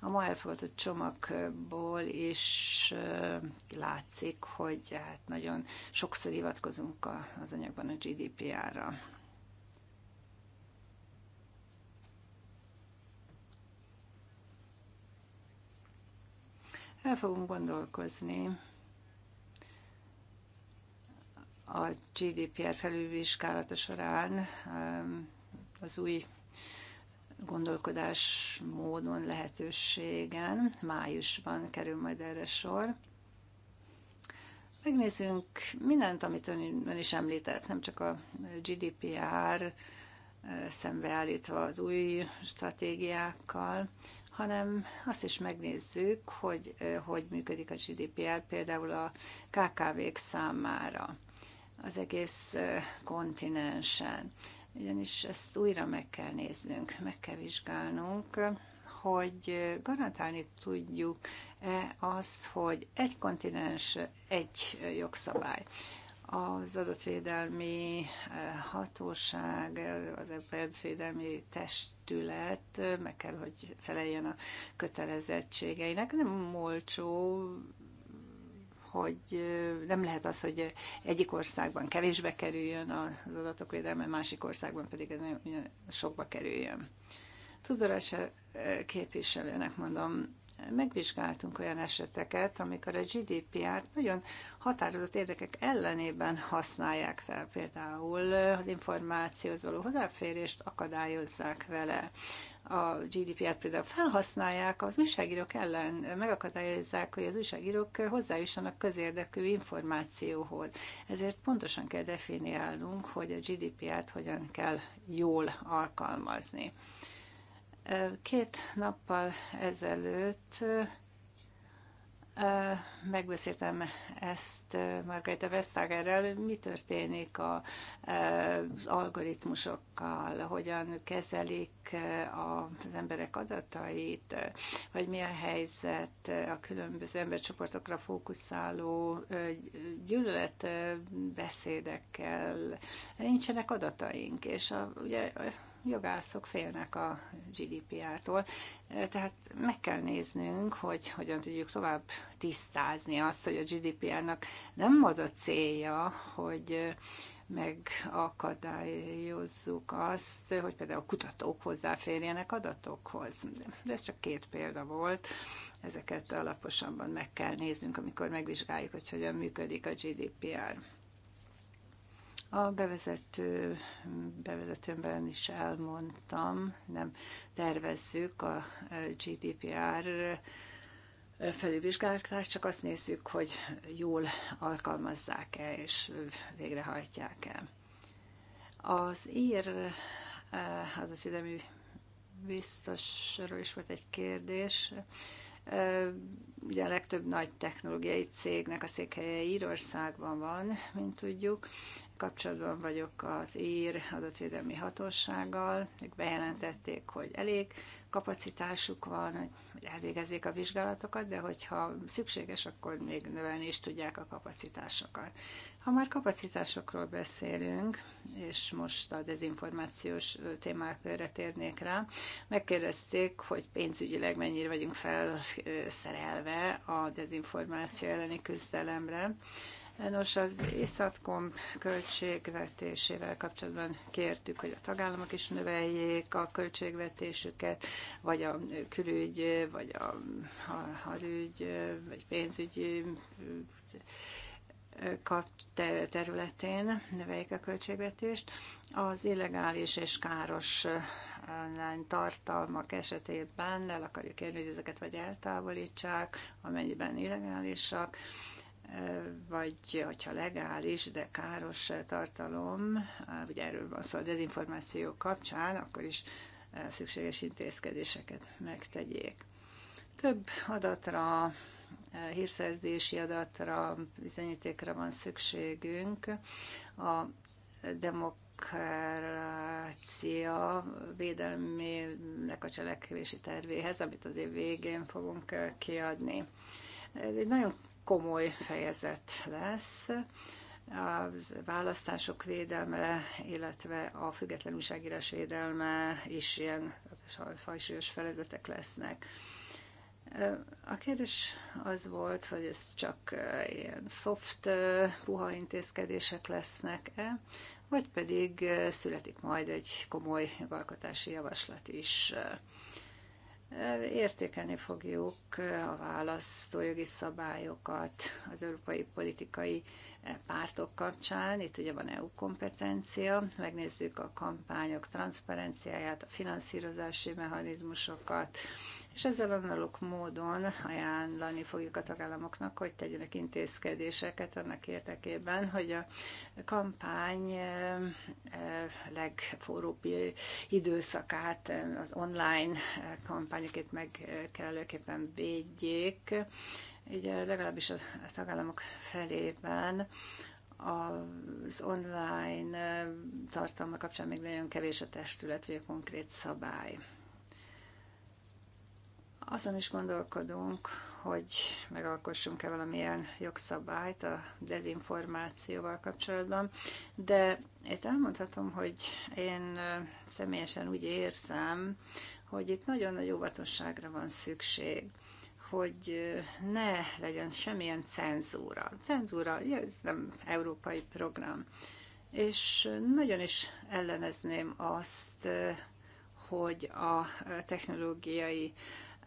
A ma elfogadott csomagból is látszik, hogy hát nagyon sokszor hivatkozunk az anyagban a GDPR-ra. El fogunk gondolkozni a GDPR felülvizsgálata során um, az új gondolkodás módon lehetőségen. Májusban kerül majd erre sor. Megnézzünk mindent, amit ön, ön is említett, nem csak a GDPR, szembeállítva az új stratégiákkal, hanem azt is megnézzük, hogy hogy működik a GDPR például a KKV-k számára az egész kontinensen. Ugyanis ezt újra meg kell néznünk, meg kell vizsgálnunk, hogy garantálni tudjuk-e azt, hogy egy kontinens, egy jogszabály az adatvédelmi eh, hatóság, az adatvédelmi testület eh, meg kell, hogy feleljen a kötelezettségeinek. Nem olcsó, hogy eh, nem lehet az, hogy egyik országban kevésbe kerüljön az adatok védelme, másik országban pedig sokba kerüljön. Tudorás képviselőnek mondom, megvizsgáltunk olyan eseteket, amikor a GDPR-t nagyon határozott érdekek ellenében használják fel, például az információhoz való hozzáférést akadályozzák vele. A GDPR-t például felhasználják az újságírók ellen, megakadályozzák, hogy az újságírók hozzájussanak közérdekű információhoz. Ezért pontosan kell definiálnunk, hogy a GDPR-t hogyan kell jól alkalmazni. Két nappal ezelőtt megbeszéltem ezt Margarita Vestagerrel, mi történik a, az algoritmusokkal, hogyan kezelik az emberek adatait, vagy mi a helyzet a különböző embercsoportokra fókuszáló gyűlöletbeszédekkel. Nincsenek adataink, és a, ugye jogászok félnek a GDPR-tól, eh, tehát meg kell néznünk, hogy hogyan tudjuk tovább tisztázni azt, hogy a GDPR-nak nem az a célja, hogy eh, megakadályozzuk azt, hogy például a kutatók hozzáférjenek adatokhoz. De ez csak két példa volt. Ezeket alaposabban meg kell néznünk, amikor megvizsgáljuk, hogy hogyan működik a GDPR. A bevezető, bevezetőmben is elmondtam, nem tervezzük a GDPR felülvizsgálatást, csak azt nézzük, hogy jól alkalmazzák-e és végrehajtják-e. Az ír az a biztosról is volt egy kérdés. Ugye a legtöbb nagy technológiai cégnek a székhelye Írországban van, mint tudjuk. Kapcsolatban vagyok az Ír adatvédelmi hatósággal, ők bejelentették, hogy elég kapacitásuk van, hogy elvégezzék a vizsgálatokat, de hogyha szükséges, akkor még növelni is tudják a kapacitásokat. Ha már kapacitásokról beszélünk, és most a dezinformációs témákra térnék rá, megkérdezték, hogy pénzügyileg mennyire vagyunk felszerelve a dezinformáció elleni küzdelemre. Nos, az ISZATKOM költségvetésével kapcsolatban kértük, hogy a tagállamok is növeljék a költségvetésüket, vagy a külügy, vagy a hadügy, vagy pénzügyi kap területén növeljék a költségvetést. Az illegális és káros online tartalmak esetében el akarjuk érni, hogy ezeket vagy eltávolítsák, amennyiben illegálisak, vagy hogyha legális, de káros tartalom, vagy erről van szó a dezinformáció kapcsán, akkor is e, szükséges intézkedéseket megtegyék. Több adatra, e, hírszerzési adatra, bizonyítékra van szükségünk. A demokrácia védelmének a cselekvési tervéhez, amit az év végén fogunk e, kiadni. Ez egy nagyon komoly fejezet lesz a választások védelme, illetve a független újságírás védelme is ilyen fajsúlyos feladatok lesznek. A kérdés az volt, hogy ez csak ilyen soft, puha intézkedések lesznek-e, vagy pedig születik majd egy komoly jogalkotási javaslat is. Értékelni fogjuk a választójogi szabályokat az európai politikai pártok kapcsán, itt ugye van EU kompetencia, megnézzük a kampányok transzparenciáját, a finanszírozási mechanizmusokat, és ezzel analóg módon ajánlani fogjuk a tagállamoknak, hogy tegyenek intézkedéseket annak érdekében, hogy a kampány eh, eh, legforróbb időszakát eh, az online kampányokat meg kellőképpen védjék, így legalábbis a tagállamok felében az online tartalma kapcsán még nagyon kevés a testület, vagy a konkrét szabály. Azon is gondolkodunk, hogy megalkossunk-e valamilyen jogszabályt a dezinformációval kapcsolatban, de itt elmondhatom, hogy én személyesen úgy érzem, hogy itt nagyon nagy óvatosságra van szükség hogy ne legyen semmilyen cenzúra. Cenzúra, ez nem európai program. És nagyon is ellenezném azt, hogy a technológiai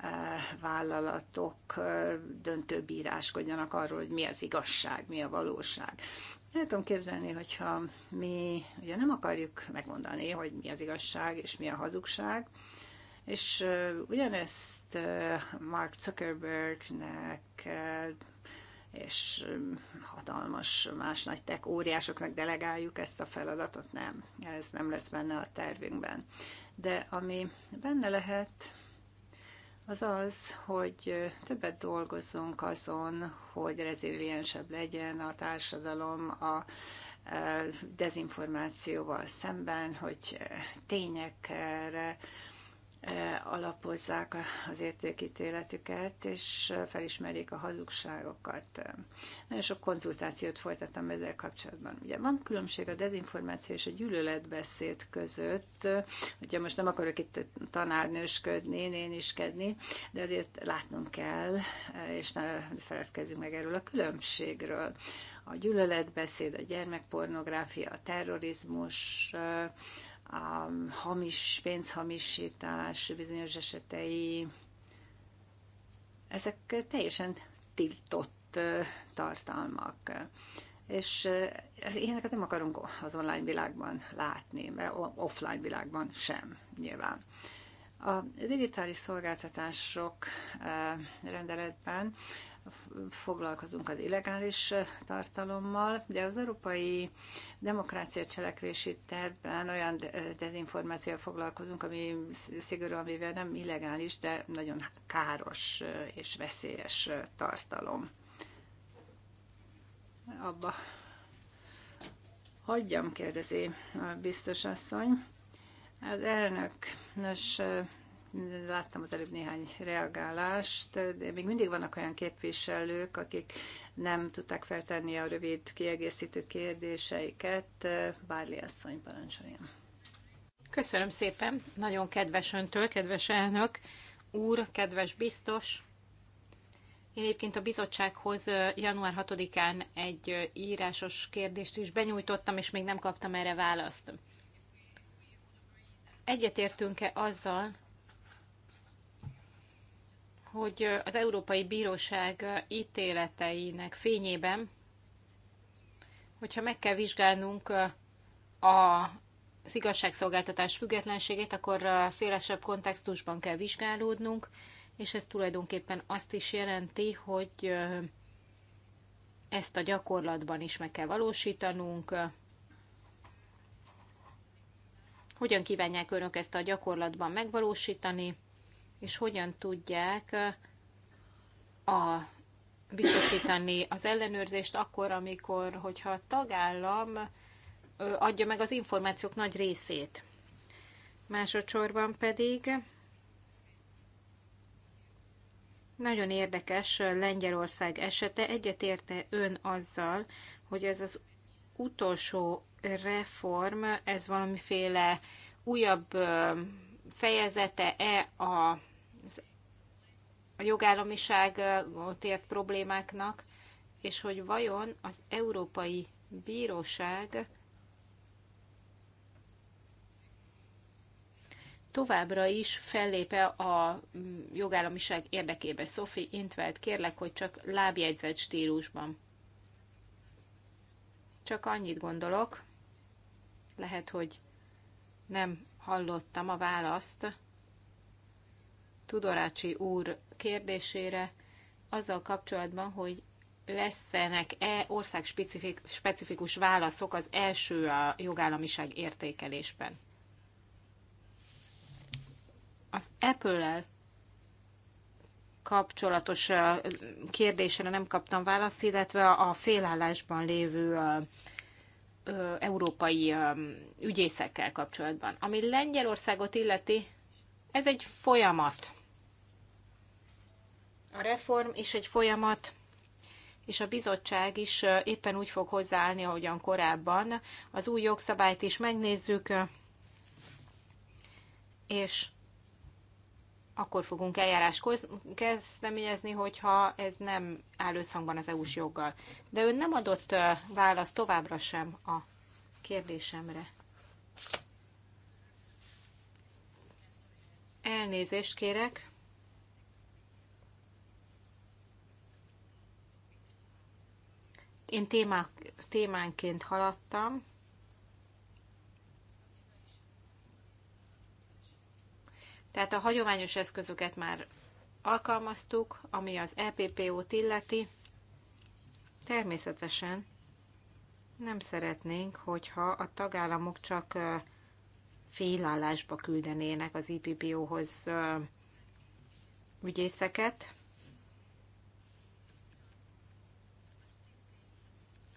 E, vállalatok e, döntő bíráskodjanak arról, hogy mi az igazság, mi a valóság. El tudom képzelni, hogyha mi ugye nem akarjuk megmondani, hogy mi az igazság és mi a hazugság, és e, ugyanezt Mark Zuckerbergnek és hatalmas más nagy tech óriásoknak delegáljuk ezt a feladatot, nem. Ez nem lesz benne a tervünkben. De ami benne lehet, az az, hogy többet dolgozunk azon, hogy reziliensebb legyen a társadalom a e, dezinformációval szemben, hogy tényekre E, alapozzák az értékítéletüket, és e, felismerik a hazugságokat. E, nagyon sok konzultációt folytattam ezzel kapcsolatban. Ugye van különbség a dezinformáció és a gyűlöletbeszéd között, ugye most nem akarok itt tanárnősködni, néniskedni, de azért látnunk kell, és ne feledkezzünk meg erről a különbségről. A gyűlöletbeszéd, a gyermekpornográfia, a terrorizmus, a hamis pénzhamisítás bizonyos esetei, ezek teljesen tiltott tartalmak. És ilyeneket nem akarunk az online világban látni, mert offline világban sem nyilván. A digitális szolgáltatások rendeletben foglalkozunk az illegális tartalommal, de az európai demokrácia cselekvési tervben olyan dezinformációval foglalkozunk, ami szigorúan véve nem illegális, de nagyon káros és veszélyes tartalom. Abba hagyjam, kérdezi a biztos asszony. Az elnök, nos, Láttam az előbb néhány reagálást, de még mindig vannak olyan képviselők, akik nem tudták feltenni a rövid kiegészítő kérdéseiket. Bárli asszony parancsoljon. Köszönöm szépen, nagyon kedves öntől, kedves elnök úr, kedves biztos. Én egyébként a bizottsághoz január 6-án egy írásos kérdést is benyújtottam, és még nem kaptam erre választ. Egyetértünk-e azzal, hogy az Európai Bíróság ítéleteinek fényében, hogyha meg kell vizsgálnunk a az igazságszolgáltatás függetlenségét, akkor szélesebb kontextusban kell vizsgálódnunk, és ez tulajdonképpen azt is jelenti, hogy ezt a gyakorlatban is meg kell valósítanunk. Hogyan kívánják önök ezt a gyakorlatban megvalósítani? és hogyan tudják a biztosítani az ellenőrzést akkor, amikor, hogyha a tagállam adja meg az információk nagy részét. Másodszorban pedig nagyon érdekes Lengyelország esete. Egyetérte ön azzal, hogy ez az utolsó reform, ez valamiféle újabb fejezete-e a a jogállamiságot ért problémáknak, és hogy vajon az Európai Bíróság továbbra is fellépe a mm, jogállamiság érdekébe. Sophie Intvelt, kérlek, hogy csak lábjegyzett stílusban. Csak annyit gondolok, lehet, hogy nem hallottam a választ Tudorácsi úr kérdésére azzal kapcsolatban, hogy lesznek-e országspecifikus válaszok az első a jogállamiság értékelésben. Az Apple-el kapcsolatos kérdésre nem kaptam választ, illetve a félállásban lévő európai ügyészekkel kapcsolatban. Ami Lengyelországot illeti, ez egy folyamat. A reform is egy folyamat, és a bizottság is éppen úgy fog hozzáállni, ahogyan korábban. Az új jogszabályt is megnézzük, és akkor fogunk eljárás kezdeményezni, hogyha ez nem áll összhangban az EU-s joggal. De ő nem adott választ továbbra sem a kérdésemre. Elnézést kérek. én témák, témánként haladtam. Tehát a hagyományos eszközöket már alkalmaztuk, ami az EPPO-t illeti. Természetesen nem szeretnénk, hogyha a tagállamok csak félállásba küldenének az IPPO-hoz e ügyészeket.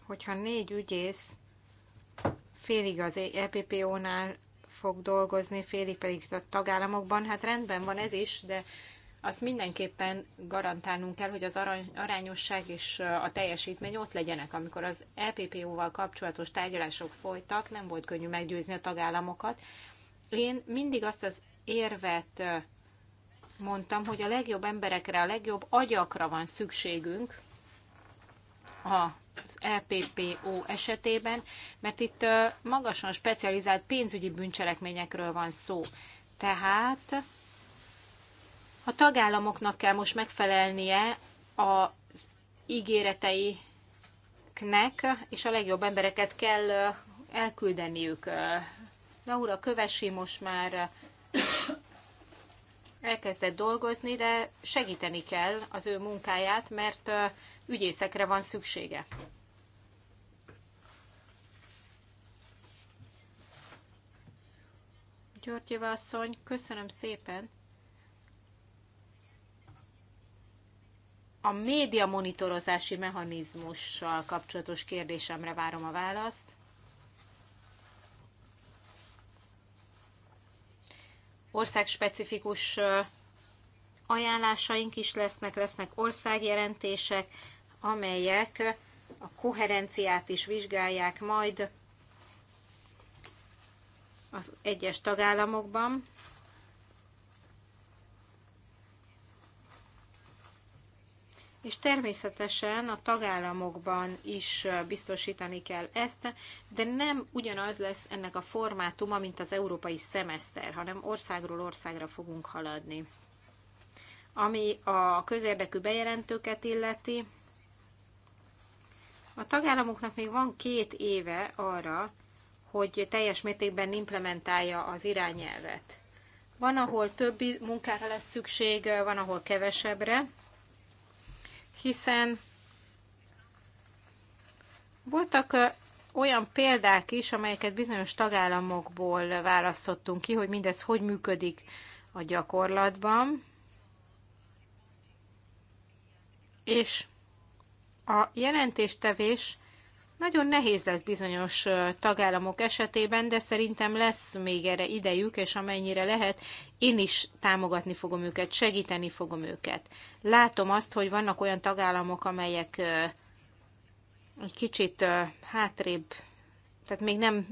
hogyha négy ügyész félig az EPPO-nál fog dolgozni, félig pedig a tagállamokban, hát rendben van ez is, de azt mindenképpen garantálnunk kell, hogy az arányosság és a teljesítmény ott legyenek. Amikor az EPPO-val kapcsolatos tárgyalások folytak, nem volt könnyű meggyőzni a tagállamokat. Én mindig azt az érvet mondtam, hogy a legjobb emberekre, a legjobb agyakra van szükségünk, az EPPO esetében, mert itt magasan specializált pénzügyi bűncselekményekről van szó. Tehát a tagállamoknak kell most megfelelnie az ígéreteiknek, és a legjobb embereket kell elküldeniük. Laura kövessi most már elkezdett dolgozni, de segíteni kell az ő munkáját, mert ügyészekre van szüksége. Györgyéva asszony, köszönöm szépen. A média monitorozási mechanizmussal kapcsolatos kérdésemre várom a választ. országspecifikus ajánlásaink is lesznek, lesznek országjelentések, amelyek a koherenciát is vizsgálják majd az egyes tagállamokban. és természetesen a tagállamokban is biztosítani kell ezt, de nem ugyanaz lesz ennek a formátuma, mint az európai szemeszter, hanem országról országra fogunk haladni. Ami a közérdekű bejelentőket illeti, a tagállamoknak még van két éve arra, hogy teljes mértékben implementálja az irányelvet. Van, ahol többi munkára lesz szükség, van, ahol kevesebbre hiszen voltak olyan példák is, amelyeket bizonyos tagállamokból választottunk ki, hogy mindez hogy működik a gyakorlatban. És a jelentéstevés nagyon nehéz lesz bizonyos tagállamok esetében, de szerintem lesz még erre idejük, és amennyire lehet, én is támogatni fogom őket, segíteni fogom őket. Látom azt, hogy vannak olyan tagállamok, amelyek egy kicsit hátrébb, tehát még nem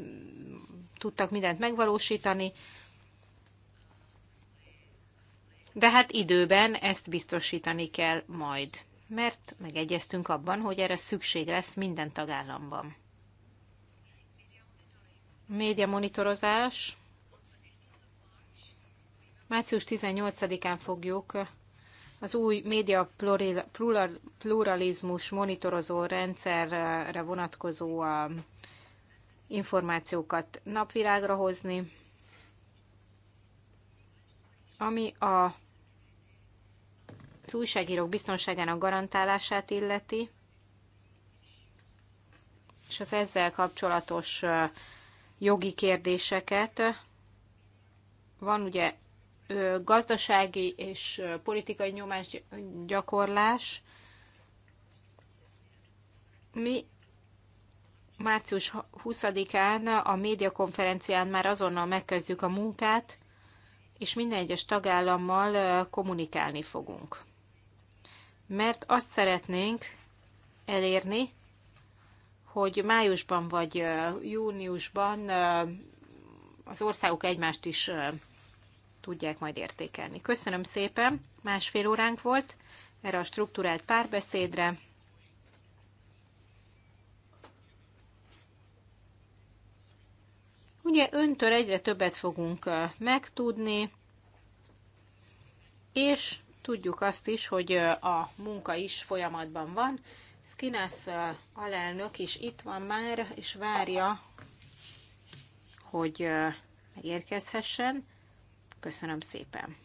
tudtak mindent megvalósítani, de hát időben ezt biztosítani kell majd mert megegyeztünk abban, hogy erre szükség lesz minden tagállamban. Média monitorozás. Március 18-án fogjuk az új média pluralizmus monitorozó rendszerre vonatkozó információkat napvilágra hozni, ami a az újságírók biztonságának garantálását illeti, és az ezzel kapcsolatos jogi kérdéseket. Van ugye gazdasági és politikai nyomás gyakorlás. Mi március 20-án a médiakonferencián már azonnal megkezdjük a munkát, és minden egyes tagállammal kommunikálni fogunk mert azt szeretnénk elérni, hogy májusban vagy júniusban az országok egymást is tudják majd értékelni. Köszönöm szépen, másfél óránk volt erre a struktúrált párbeszédre. Ugye öntől egyre többet fogunk megtudni, és Tudjuk azt is, hogy a munka is folyamatban van. Skinas alelnök is itt van már, és várja, hogy megérkezhessen. Köszönöm szépen!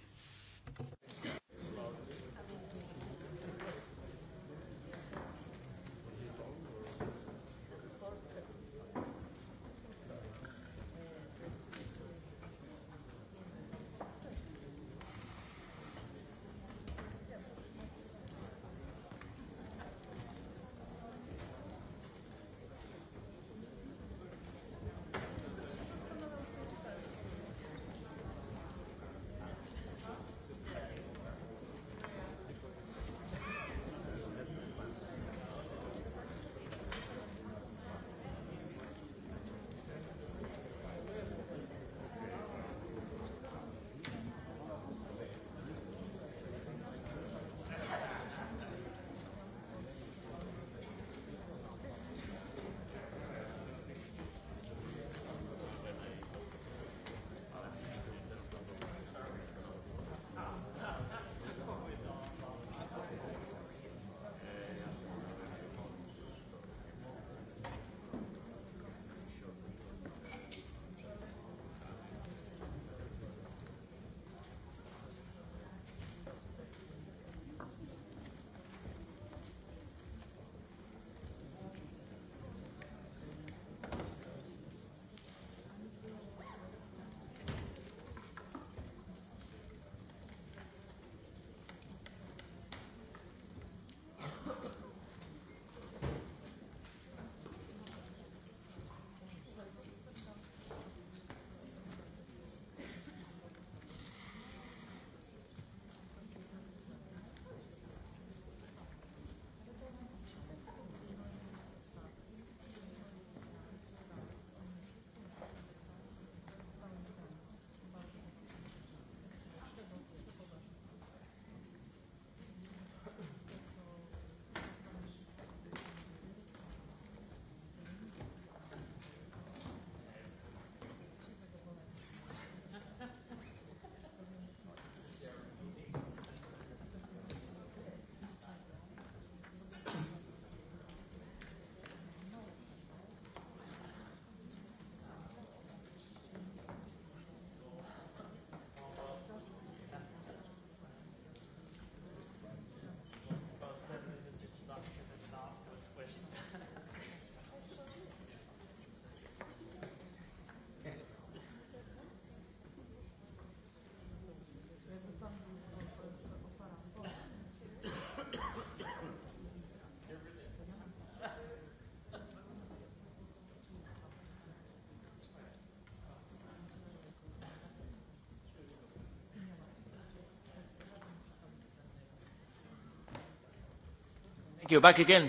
You're back again.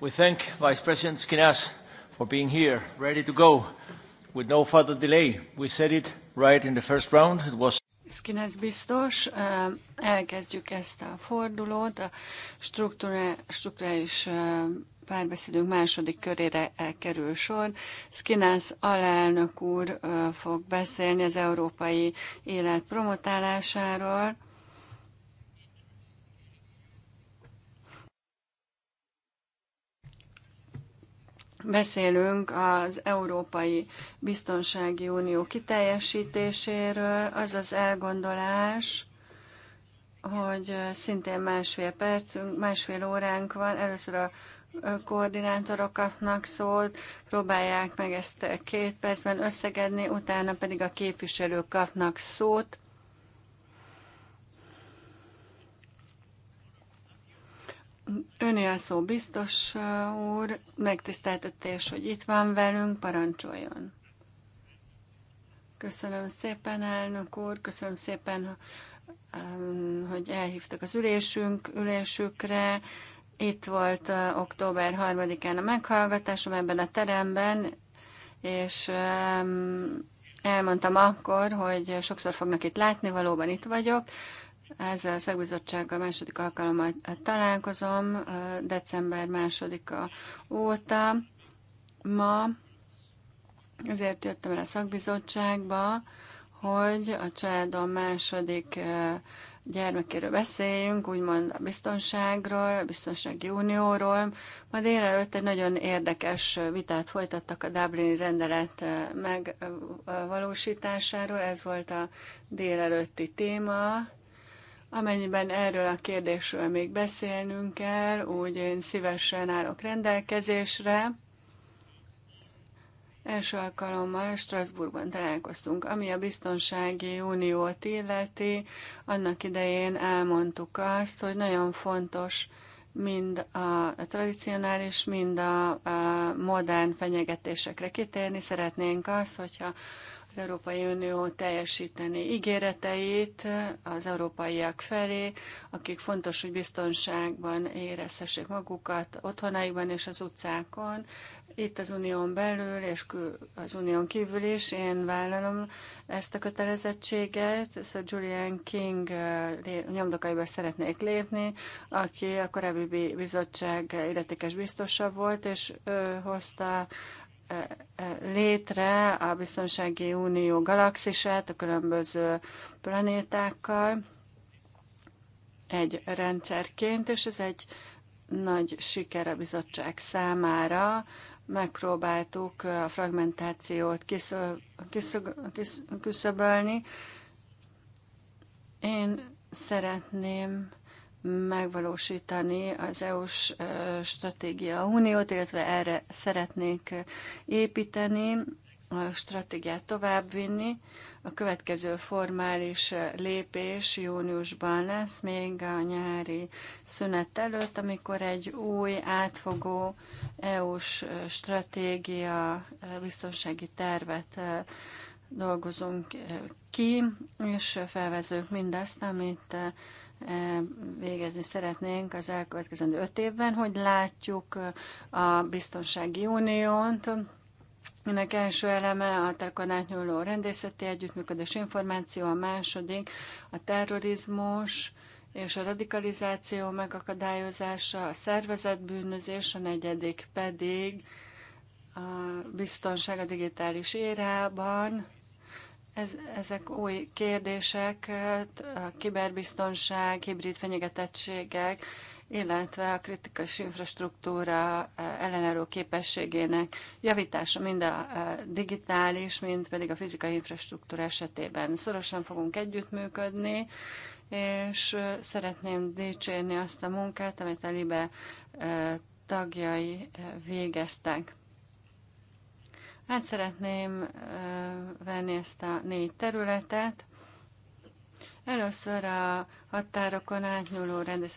We thank Vice President Skinas for being here, ready to go, with no further delay. We said it right in the first round. It was Skinas biztos, eh, elkezdjük ezt a fordulót, a struktúrális eh, párbeszédünk második körére eh, kerül sor. Skinas alelnök úr fog beszélni az európai élet promotálásáról. Beszélünk az Európai Biztonsági Unió kiteljesítéséről, az az elgondolás, hogy szintén másfél percünk, másfél óránk van. Először a koordinátorok kapnak szót, próbálják meg ezt két percben összegedni, utána pedig a képviselők kapnak szót. Öné szó biztos uh, úr, megtiszteltetés, hogy itt van velünk, parancsoljon. Köszönöm szépen, elnök úr, köszönöm szépen, um, hogy elhívtak az ülésünk, ülésükre. Itt volt uh, október 3-án a meghallgatásom ebben a teremben, és um, elmondtam akkor, hogy sokszor fognak itt látni, valóban itt vagyok. Ezzel a szakbizottsággal második alkalommal találkozom, december másodika óta. Ma ezért jöttem el a szakbizottságba, hogy a családom második gyermekéről beszéljünk, úgymond a biztonságról, a biztonsági unióról. Ma délelőtt egy nagyon érdekes vitát folytattak a Dublini rendelet megvalósításáról. Ez volt a délelőtti téma. Amennyiben erről a kérdésről még beszélnünk kell, úgy én szívesen állok rendelkezésre. Első alkalommal Strasbourgban találkoztunk, ami a biztonsági uniót illeti. Annak idején elmondtuk azt, hogy nagyon fontos mind a tradicionális, mind a modern fenyegetésekre kitérni. Szeretnénk azt, hogyha az Európai Unió teljesíteni ígéreteit az európaiak felé, akik fontos, hogy biztonságban érezhessék magukat otthonaikban és az utcákon. Itt az unión belül és az unión kívül is én vállalom ezt a kötelezettséget. Szóval Julian King nyomdokaiba szeretnék lépni, aki a korábbi bizottság illetékes biztosa volt, és ő hozta létre a Biztonsági Unió galaxisát a különböző planétákkal egy rendszerként, és ez egy nagy siker a bizottság számára. Megpróbáltuk a fragmentációt kiszö, kiszö, kiszö, Én szeretném megvalósítani az EU-s stratégia uniót, illetve erre szeretnék építeni, a stratégiát továbbvinni. A következő formális lépés júniusban lesz, még a nyári szünet előtt, amikor egy új, átfogó EU-s stratégia biztonsági tervet dolgozunk ki, és felvezők mindazt, amit végezni szeretnénk az elkövetkezendő öt évben, hogy látjuk a biztonsági uniónt, ennek első eleme a terkon átnyúló rendészeti együttműködés információ, a második a terrorizmus és a radikalizáció megakadályozása, a szervezetbűnözés, a negyedik pedig a biztonság a digitális érában, ez, ezek új kérdések, a kiberbiztonság, hibrid fenyegetettségek, illetve a kritikus infrastruktúra ellenálló képességének javítása mind a digitális, mind pedig a fizikai infrastruktúra esetében. Szorosan fogunk együttműködni, és szeretném dicsérni azt a munkát, amit a LIBE tagjai végeztek. Át szeretném venni ezt a négy területet. Először a határokon átnyúló egy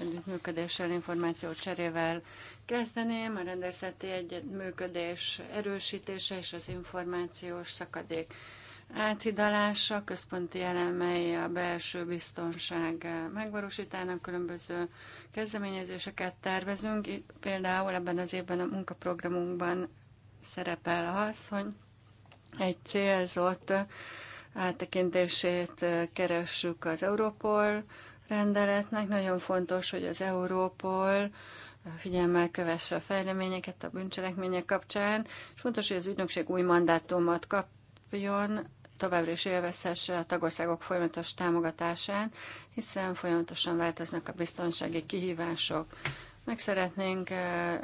együttműködéssel, információ cserével kezdeném. A rendészeti együttműködés erősítése és az információs szakadék áthidalása, központi elemei a belső biztonság megvalósítának különböző kezdeményezéseket tervezünk. Itt például ebben az évben a munkaprogramunkban szerepel az, hogy egy célzott áttekintését keressük az Európol rendeletnek. Nagyon fontos, hogy az Európol figyelmel kövesse a fejleményeket a bűncselekmények kapcsán, és fontos, hogy az ügynökség új mandátumot kapjon, továbbra is élvezhesse a tagországok folyamatos támogatásán, hiszen folyamatosan változnak a biztonsági kihívások. Meg szeretnénk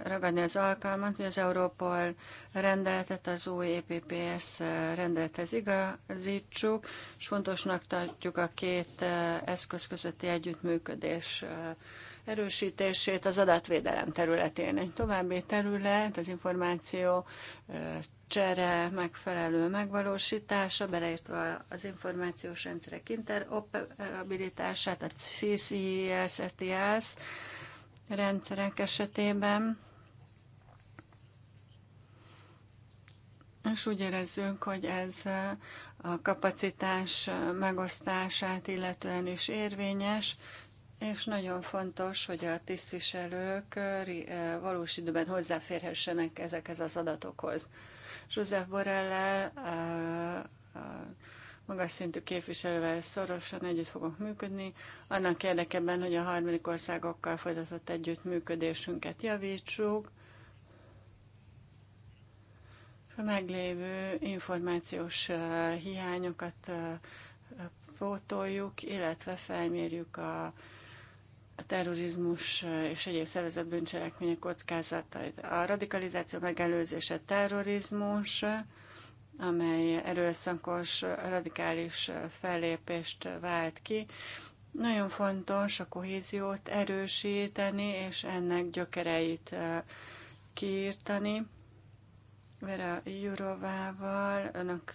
ragadni az alkalmat, hogy az Európol rendeletet az új EPPS rendelethez igazítsuk, és fontosnak tartjuk a két eszköz közötti együttműködés erősítését az adatvédelem területén. Egy további terület az információ csere megfelelő megvalósítása, beleértve az információs rendszerek interoperabilitását, a CCIS, ETIAS, rendszerek esetében, és úgy érezzük, hogy ez a kapacitás megosztását illetően is érvényes, és nagyon fontos, hogy a tisztviselők valós időben hozzáférhessenek ezekhez az adatokhoz. József Borrell magas szintű képviselővel szorosan együtt fogok működni, annak érdekében, hogy a harmadik országokkal folytatott együttműködésünket javítsuk, a meglévő információs eh, hiányokat eh, pótoljuk, illetve felmérjük a, a terrorizmus eh, és egyéb szervezett bűncselekmények kockázatait. A radikalizáció megelőzése terrorizmus, amely erőszakos, radikális fellépést vált ki. Nagyon fontos a kohéziót erősíteni, és ennek gyökereit kiírtani. Vera Jurovával önök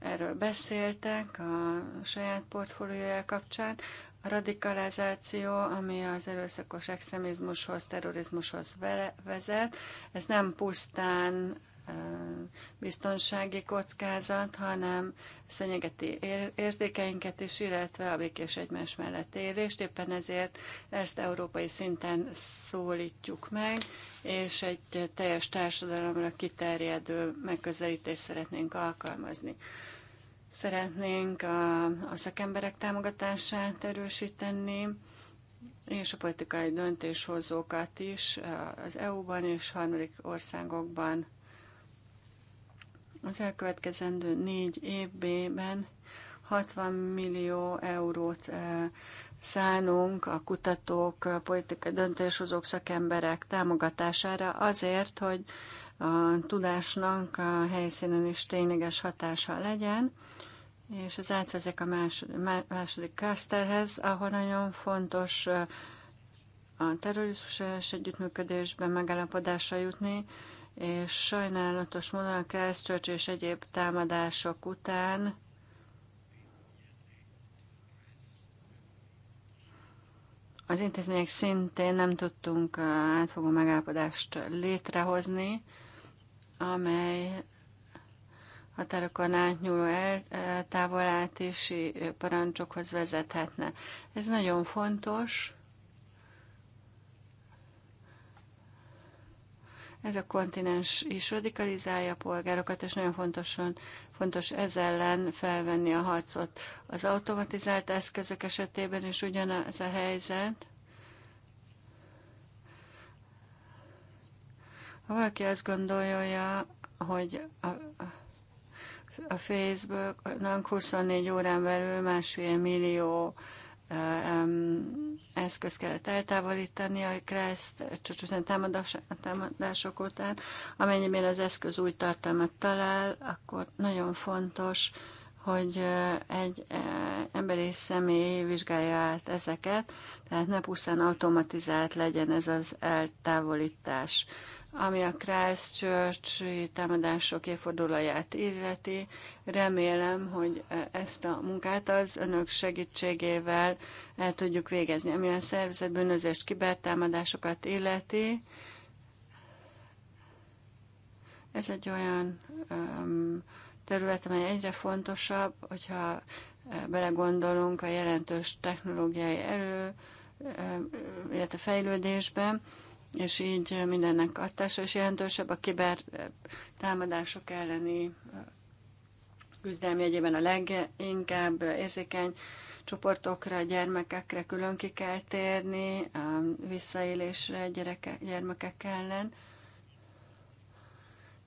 erről beszéltek a saját portfóliója kapcsán. A radikalizáció, ami az erőszakos extrémizmushoz, terrorizmushoz vezet, ez nem pusztán biztonsági kockázat, hanem fenyegeti értékeinket is, illetve a békés egymás mellett élést. Éppen ezért ezt európai szinten szólítjuk meg, és egy teljes társadalomra kiterjedő megközelítést szeretnénk alkalmazni. Szeretnénk a, a szakemberek támogatását erősíteni, és a politikai döntéshozókat is az EU-ban és harmadik országokban az elkövetkezendő négy évben 60 millió eurót eh, szánunk a kutatók, a politikai döntéshozók, szakemberek támogatására azért, hogy a tudásnak a helyszínen is tényleges hatása legyen, és ez átvezek a második, második ahol nagyon fontos eh, a terrorizmus és együttműködésben megállapodásra jutni, és sajnálatos módon a Christchurch és egyéb támadások után az intézmények szintén nem tudtunk átfogó megállapodást létrehozni, amely határokon átnyúló eltávolátési parancsokhoz vezethetne. Ez nagyon fontos. Ez a kontinens is radikalizálja a polgárokat, és nagyon fontosan, fontos ez ellen felvenni a harcot. Az automatizált eszközök esetében is ugyanaz a helyzet. Ha valaki azt gondolja, hogy a, a Facebook 24 órán belül másfél millió eszköz kellett eltávolítani a Kreszt csúcs támadások után. Amennyiben az eszköz új tartalmat talál, akkor nagyon fontos, hogy egy emberi személy vizsgálja át ezeket, tehát ne pusztán automatizált legyen ez az eltávolítás ami a christchurch támadások évfordulóját illeti. Remélem, hogy e, ezt a munkát az önök segítségével el tudjuk végezni. Ami a szervezet bűnözést, kibertámadásokat illeti, ez egy olyan um, terület, amely egyre fontosabb, hogyha e, belegondolunk a jelentős technológiai erő, e, illetve fejlődésben és így mindennek hatása is jelentősebb. A kiber eh, támadások elleni eh, küzdelem egyében a leginkább érzékeny csoportokra, gyermekekre külön ki kell térni, visszaélésre gyereke, gyermekek ellen.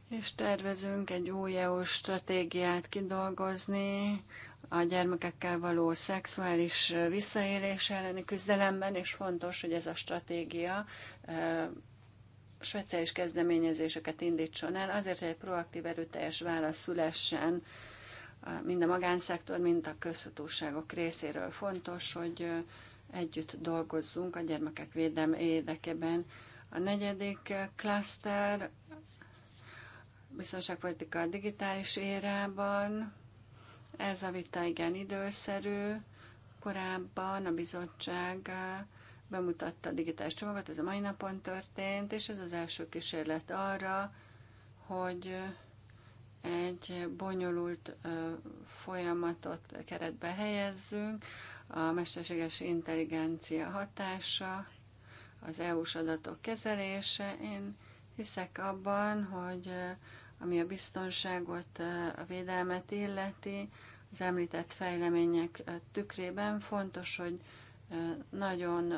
És tervezünk egy új EU stratégiát kidolgozni, a gyermekekkel való szexuális visszaélés elleni küzdelemben, és fontos, hogy ez a stratégia speciális kezdeményezéseket indítson el, azért, hogy egy proaktív, erőteljes válasz szülessen mind a magánszektor, mind a közhatóságok részéről. Fontos, hogy együtt dolgozzunk a gyermekek védelme érdekében. A negyedik klaszter biztonságpolitika a digitális érában, ez a vita igen időszerű. Korábban a bizottság bemutatta a digitális csomagot, ez a mai napon történt, és ez az első kísérlet arra, hogy egy bonyolult folyamatot keretbe helyezzünk, a mesterséges intelligencia hatása, az EU-s adatok kezelése. Én hiszek abban, hogy ami a biztonságot, a védelmet illeti, az említett fejlemények tükrében fontos, hogy nagyon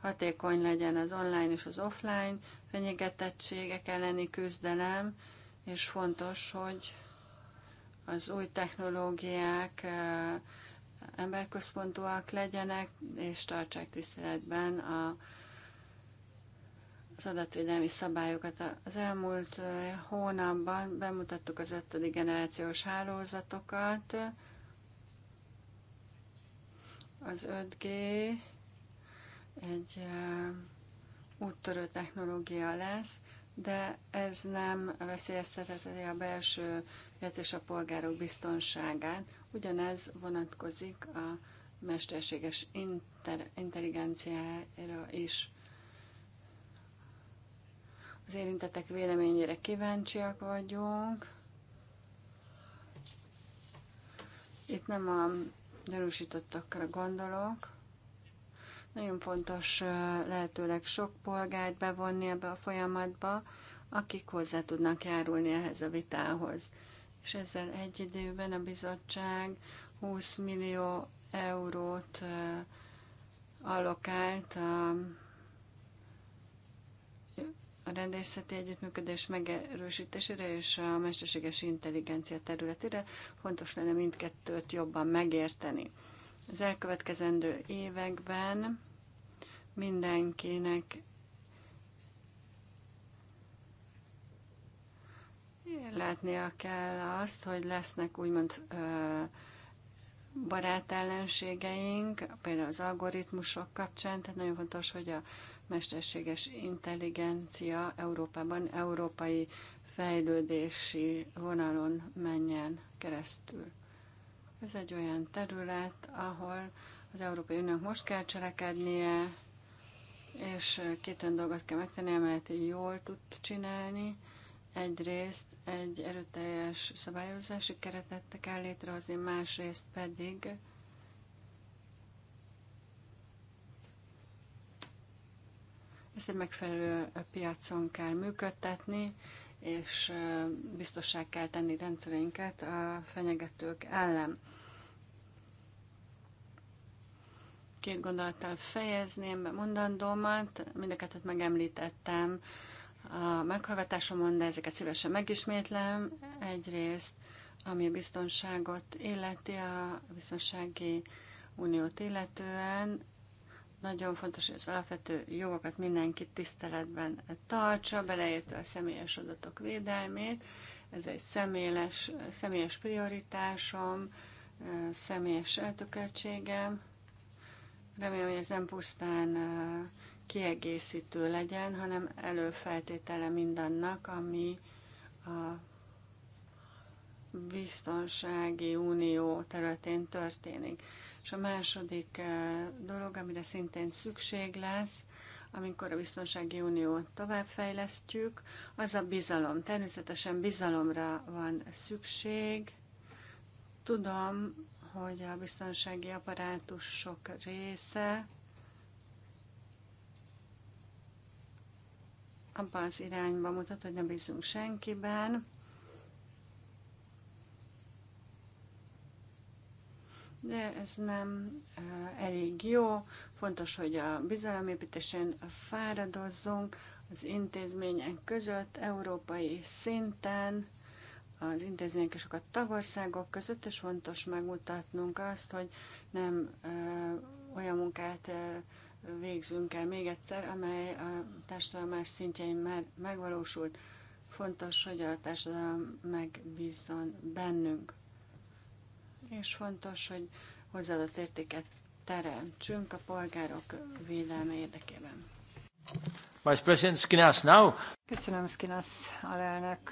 hatékony legyen az online és az offline fenyegetettségek elleni küzdelem, és fontos, hogy az új technológiák emberközpontúak legyenek, és tartsák tiszteletben a az adatvédelmi szabályokat. Az elmúlt hónapban bemutattuk az ötödik generációs hálózatokat, az 5G egy úttörő technológia lesz, de ez nem veszélyezteteti a belső élet és a polgárok biztonságát. Ugyanez vonatkozik a mesterséges inter- intelligenciára is. Az érintettek véleményére kíváncsiak vagyunk. Itt nem a gyanúsítottakra gondolok. Nagyon fontos lehetőleg sok polgárt bevonni ebbe a folyamatba, akik hozzá tudnak járulni ehhez a vitához. És ezzel egy időben a bizottság 20 millió eurót allokált a a rendészeti együttműködés megerősítésére és a mesterséges intelligencia területére fontos lenne mindkettőt jobban megérteni. Az elkövetkezendő években mindenkinek látnia kell azt, hogy lesznek úgymond barátellenségeink, például az algoritmusok kapcsán, tehát nagyon fontos, hogy a mesterséges intelligencia Európában európai fejlődési vonalon menjen keresztül. Ez egy olyan terület, ahol az Európai Uniónak most kell cselekednie, és két olyan dolgot kell megtenni, amelyet jól tud csinálni. Egyrészt egy erőteljes szabályozási keretet kell létrehozni, másrészt pedig Ezt egy megfelelő piacon kell működtetni, és biztosság kell tenni rendszereinket a fenyegetők ellen. Két gondolattal fejezném mondandómat, mind a kettőt megemlítettem a meghallgatásomon, de ezeket szívesen megismétlem. Egyrészt, ami a biztonságot illeti, a biztonsági uniót illetően, nagyon fontos, hogy az alapvető jogokat mindenki tiszteletben tartsa, beleértve a személyes adatok védelmét. Ez egy személyes, személyes prioritásom, személyes eltökeltségem. Remélem, hogy ez nem pusztán kiegészítő legyen, hanem előfeltétele mindannak, ami a biztonsági unió területén történik. És a második eh, dolog, amire szintén szükség lesz, amikor a biztonsági uniót továbbfejlesztjük, az a bizalom. Természetesen bizalomra van szükség. Tudom, hogy a biztonsági apparátus sok része abban az irányba mutat, hogy ne bízunk senkiben, de ez nem elég jó. Fontos, hogy a bizalomépítésén fáradozzunk az intézmények között, európai szinten, az intézmények és a tagországok között, és fontos megmutatnunk azt, hogy nem olyan munkát végzünk el még egyszer, amely a társadalom más szintjein már megvalósult. Fontos, hogy a társadalom megbízzon bennünk és fontos, hogy hozzáadott értéket teremtsünk a polgárok védelme érdekében. Vice President Skinas, now. Köszönöm, Skinas alelnök.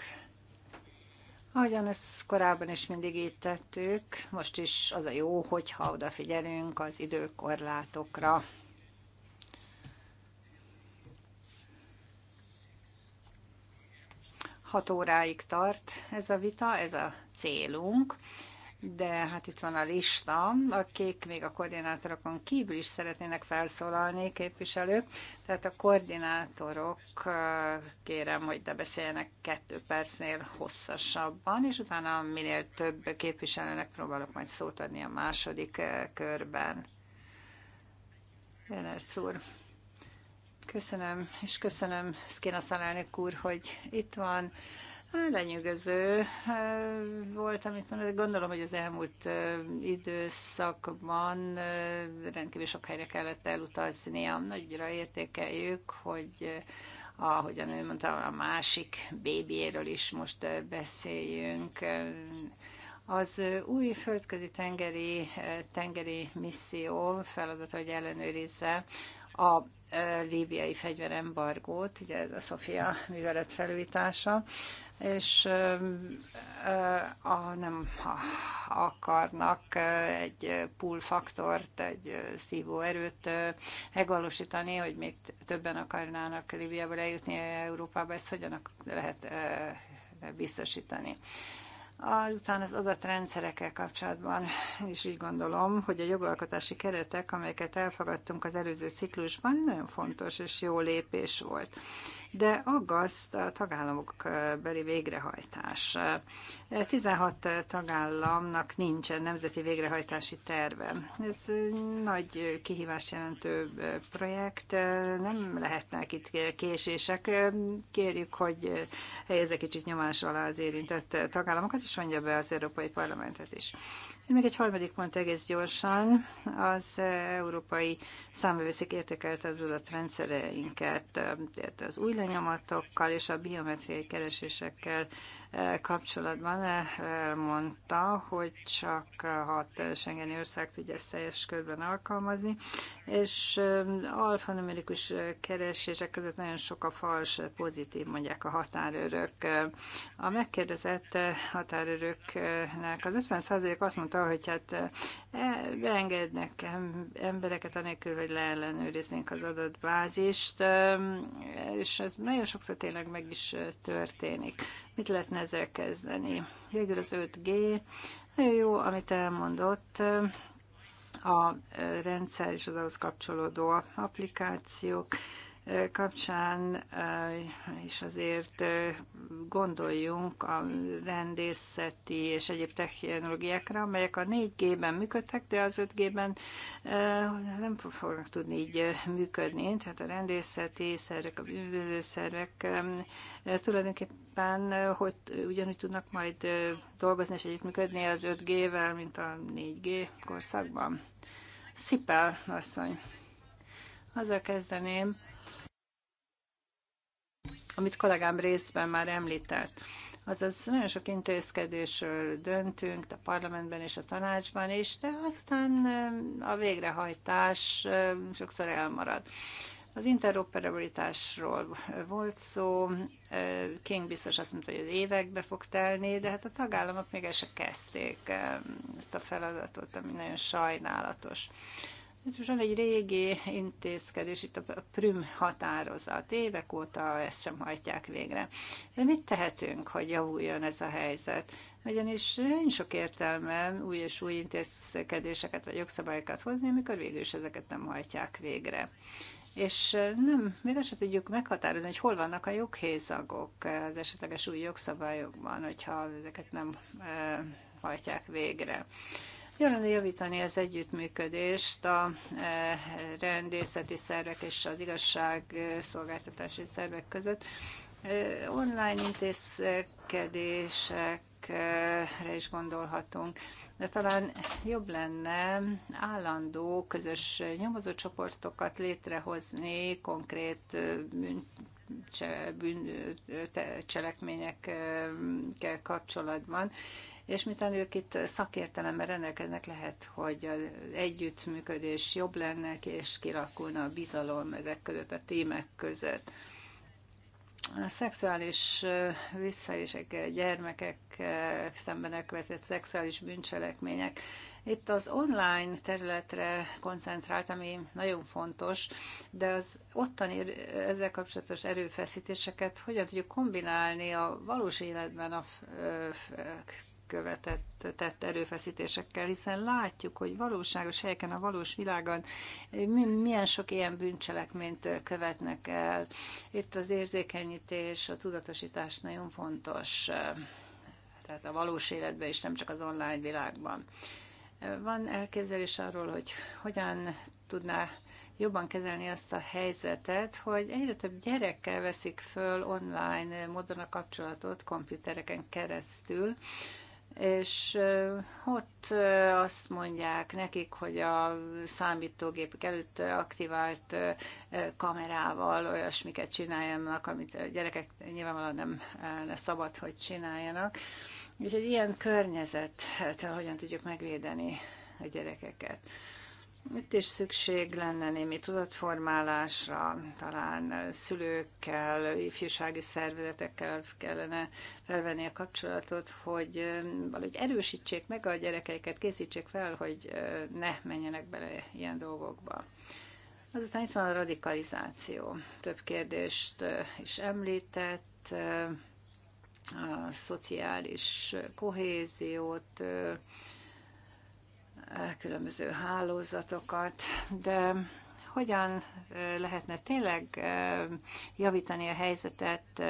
Ahogyan ezt korábban is mindig így tettük, most is az a jó, hogyha odafigyelünk az időkorlátokra. Hat óráig tart ez a vita, ez a célunk, de hát itt van a lista, akik még a koordinátorokon kívül is szeretnének felszólalni, képviselők, tehát a koordinátorok kérem, hogy de beszéljenek kettő percnél hosszasabban, és utána minél több képviselőnek próbálok majd szót adni a második körben. Jelensz úr. Köszönöm, és köszönöm Szkina Szalelnök úr, hogy itt van lenyűgöző volt, amit mondod. Gondolom, hogy az elmúlt időszakban rendkívül sok helyre kellett elutaznia. Nagyra értékeljük, hogy ahogyan ő mondta, a másik bébiéről is most beszéljünk. Az új földközi tengeri, tengeri misszió feladata, hogy ellenőrizze a líbiai fegyverembargót, ugye ez a Sofia művelet felújítása, és a, nem akarnak egy pull faktort, egy szívó erőt megvalósítani, hogy még többen akarnának Líbiából eljutni Európába, ezt hogyan lehet biztosítani. Azután az adatrendszerekkel kapcsolatban is úgy gondolom, hogy a jogalkotási keretek, amelyeket elfogadtunk az előző ciklusban, nagyon fontos és jó lépés volt de aggaszt a tagállamok beli végrehajtás. 16 tagállamnak nincsen nemzeti végrehajtási terve. Ez nagy kihívást jelentő projekt, nem lehetnek itt késések. Kérjük, hogy helyezze kicsit nyomás alá az érintett tagállamokat, és mondja be az Európai Parlamentet is. Még egy harmadik pont egész gyorsan. Az e, európai számbevőszék értékelte az adatrendszereinket, e, az új lenyomatokkal és a biometriai keresésekkel e, kapcsolatban mondta, hogy csak hat Schengeni ország tudja ezt teljes körben alkalmazni és alfanumerikus keresések között nagyon sok a fals pozitív, mondják a határőrök. A megkérdezett határőröknek az 50% azt mondta, hogy hát e, beengednek embereket anélkül, hogy leellenőriznénk az adatbázist, és ez nagyon sokszor tényleg meg is történik. Mit lehetne ezzel kezdeni? Végül az 5G, nagyon jó, amit elmondott, a rendszer és az ahhoz kapcsolódó applikációk kapcsán is eh, azért eh, gondoljunk a rendészeti és egyéb technológiákra, amelyek a 4G-ben működtek, de az 5G-ben eh, nem fognak tudni így működni. Tehát a rendészeti szervek, a bűnözőszervek tulajdonképpen hogy ugyanúgy tudnak majd dolgozni és együttműködni az 5G-vel, mint a 4G korszakban. Szipel asszony. Azzal kezdeném, amit kollégám részben már említett. Azaz nagyon sok intézkedésről döntünk a parlamentben és a tanácsban is, de aztán a végrehajtás sokszor elmarad. Az interoperabilitásról volt szó, King biztos azt mondta, hogy az évekbe fog telni, de hát a tagállamok még el se kezdték ezt a feladatot, ami nagyon sajnálatos. Ez van egy régi intézkedés, itt a prüm határozat. Évek óta ezt sem hajtják végre. De mit tehetünk, hogy javuljon ez a helyzet? Ugyanis nincs sok értelme új és új intézkedéseket vagy jogszabályokat hozni, amikor végül is ezeket nem hajtják végre. És nem, még azt tudjuk meghatározni, hogy hol vannak a joghézagok az esetleges új jogszabályokban, hogyha ezeket nem e, hajtják végre. Jó lenne javítani az együttműködést a e, rendészeti szervek és az igazságszolgáltatási szervek között. E, online intézkedésekre is gondolhatunk, de talán jobb lenne állandó közös nyomozócsoportokat létrehozni konkrét e, bűncselekményekkel kapcsolatban, és miután ők itt szakértelemben rendelkeznek, lehet, hogy az együttműködés jobb lenne, és kilakulna a bizalom ezek között, a témák között. A szexuális visszaések, gyermekek szemben elkövetett szexuális bűncselekmények. Itt az online területre koncentrált, ami nagyon fontos, de az ottani ezzel kapcsolatos erőfeszítéseket hogyan tudjuk kombinálni a valós életben a elkövetett tett erőfeszítésekkel, hiszen látjuk, hogy valóságos helyeken, a valós világon milyen sok ilyen bűncselekményt követnek el. Itt az érzékenyítés, a tudatosítás nagyon fontos, tehát a valós életben is, nem csak az online világban. Van elképzelés arról, hogy hogyan tudná jobban kezelni azt a helyzetet, hogy egyre több gyerekkel veszik föl online módon a kapcsolatot komputereken keresztül, és ott azt mondják nekik, hogy a számítógépek előtt aktivált kamerával olyasmiket csináljanak, amit a gyerekek nyilvánvalóan nem ne szabad, hogy csináljanak. Úgyhogy ilyen környezettől hogyan tudjuk megvédeni a gyerekeket. Itt is szükség lenne némi tudatformálásra, talán szülőkkel, ifjúsági szervezetekkel kellene felvenni a kapcsolatot, hogy valahogy erősítsék meg a gyerekeiket, készítsék fel, hogy ne menjenek bele ilyen dolgokba. Azután itt van a radikalizáció. Több kérdést is említett, a szociális kohéziót, különböző hálózatokat, de hogyan lehetne tényleg javítani a helyzetet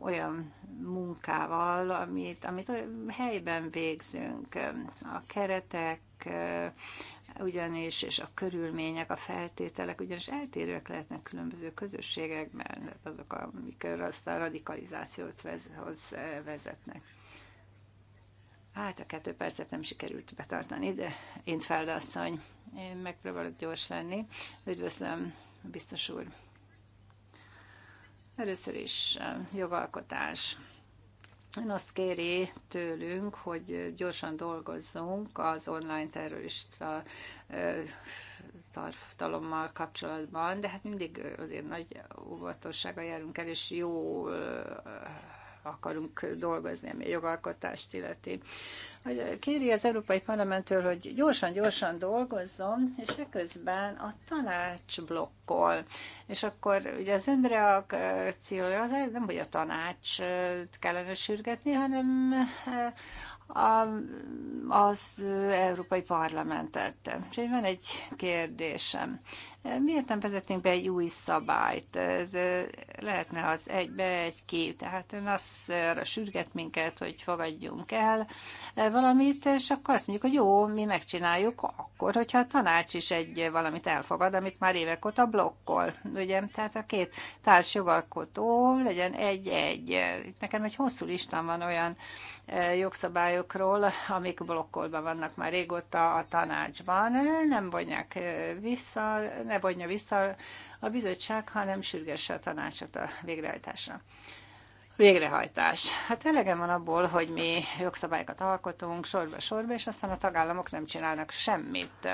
olyan munkával, amit, amit helyben végzünk. A keretek ugyanis, és a körülmények, a feltételek ugyanis eltérőek lehetnek különböző közösségekben, hát azok, amikor azt a radikalizációt hoz, vezetnek. Hát a kettő percet nem sikerült betartani, de én feldasszony, én megpróbálok gyors lenni. Üdvözlöm, biztos úr. Először is jogalkotás. Ön azt kéri tőlünk, hogy gyorsan dolgozzunk az online terrorista tartalommal kapcsolatban, de hát mindig azért nagy óvatossággal járunk el, és jó akarunk dolgozni, ami jogalkotást illeti. Kéri az Európai Parlamenttől, hogy gyorsan-gyorsan dolgozzon, és eközben a tanács blokkol. És akkor ugye az önreakciója az nem, hogy a tanács kellene sürgetni, hanem a, az Európai Parlamentet. És van egy kérdésem. Miért nem vezetnénk be egy új szabályt? Ez lehetne az egybe, egy kép, Tehát ön azt sürget minket, hogy fogadjunk el valamit, és akkor azt mondjuk, hogy jó, mi megcsináljuk akkor, hogyha a tanács is egy valamit elfogad, amit már évek óta blokkol. Ugye? Tehát a két társjogalkotó legyen egy-egy. Itt nekem egy hosszú listán van olyan jogszabályokról, amik blokkolva vannak már régóta a tanácsban. Nem vonják vissza, ne vonja vissza a bizottság, hanem sürgesse a tanácsot a végrehajtásra. Végrehajtás. Hát elegem van abból, hogy mi jogszabályokat alkotunk sorba-sorba, és aztán a tagállamok nem csinálnak semmit.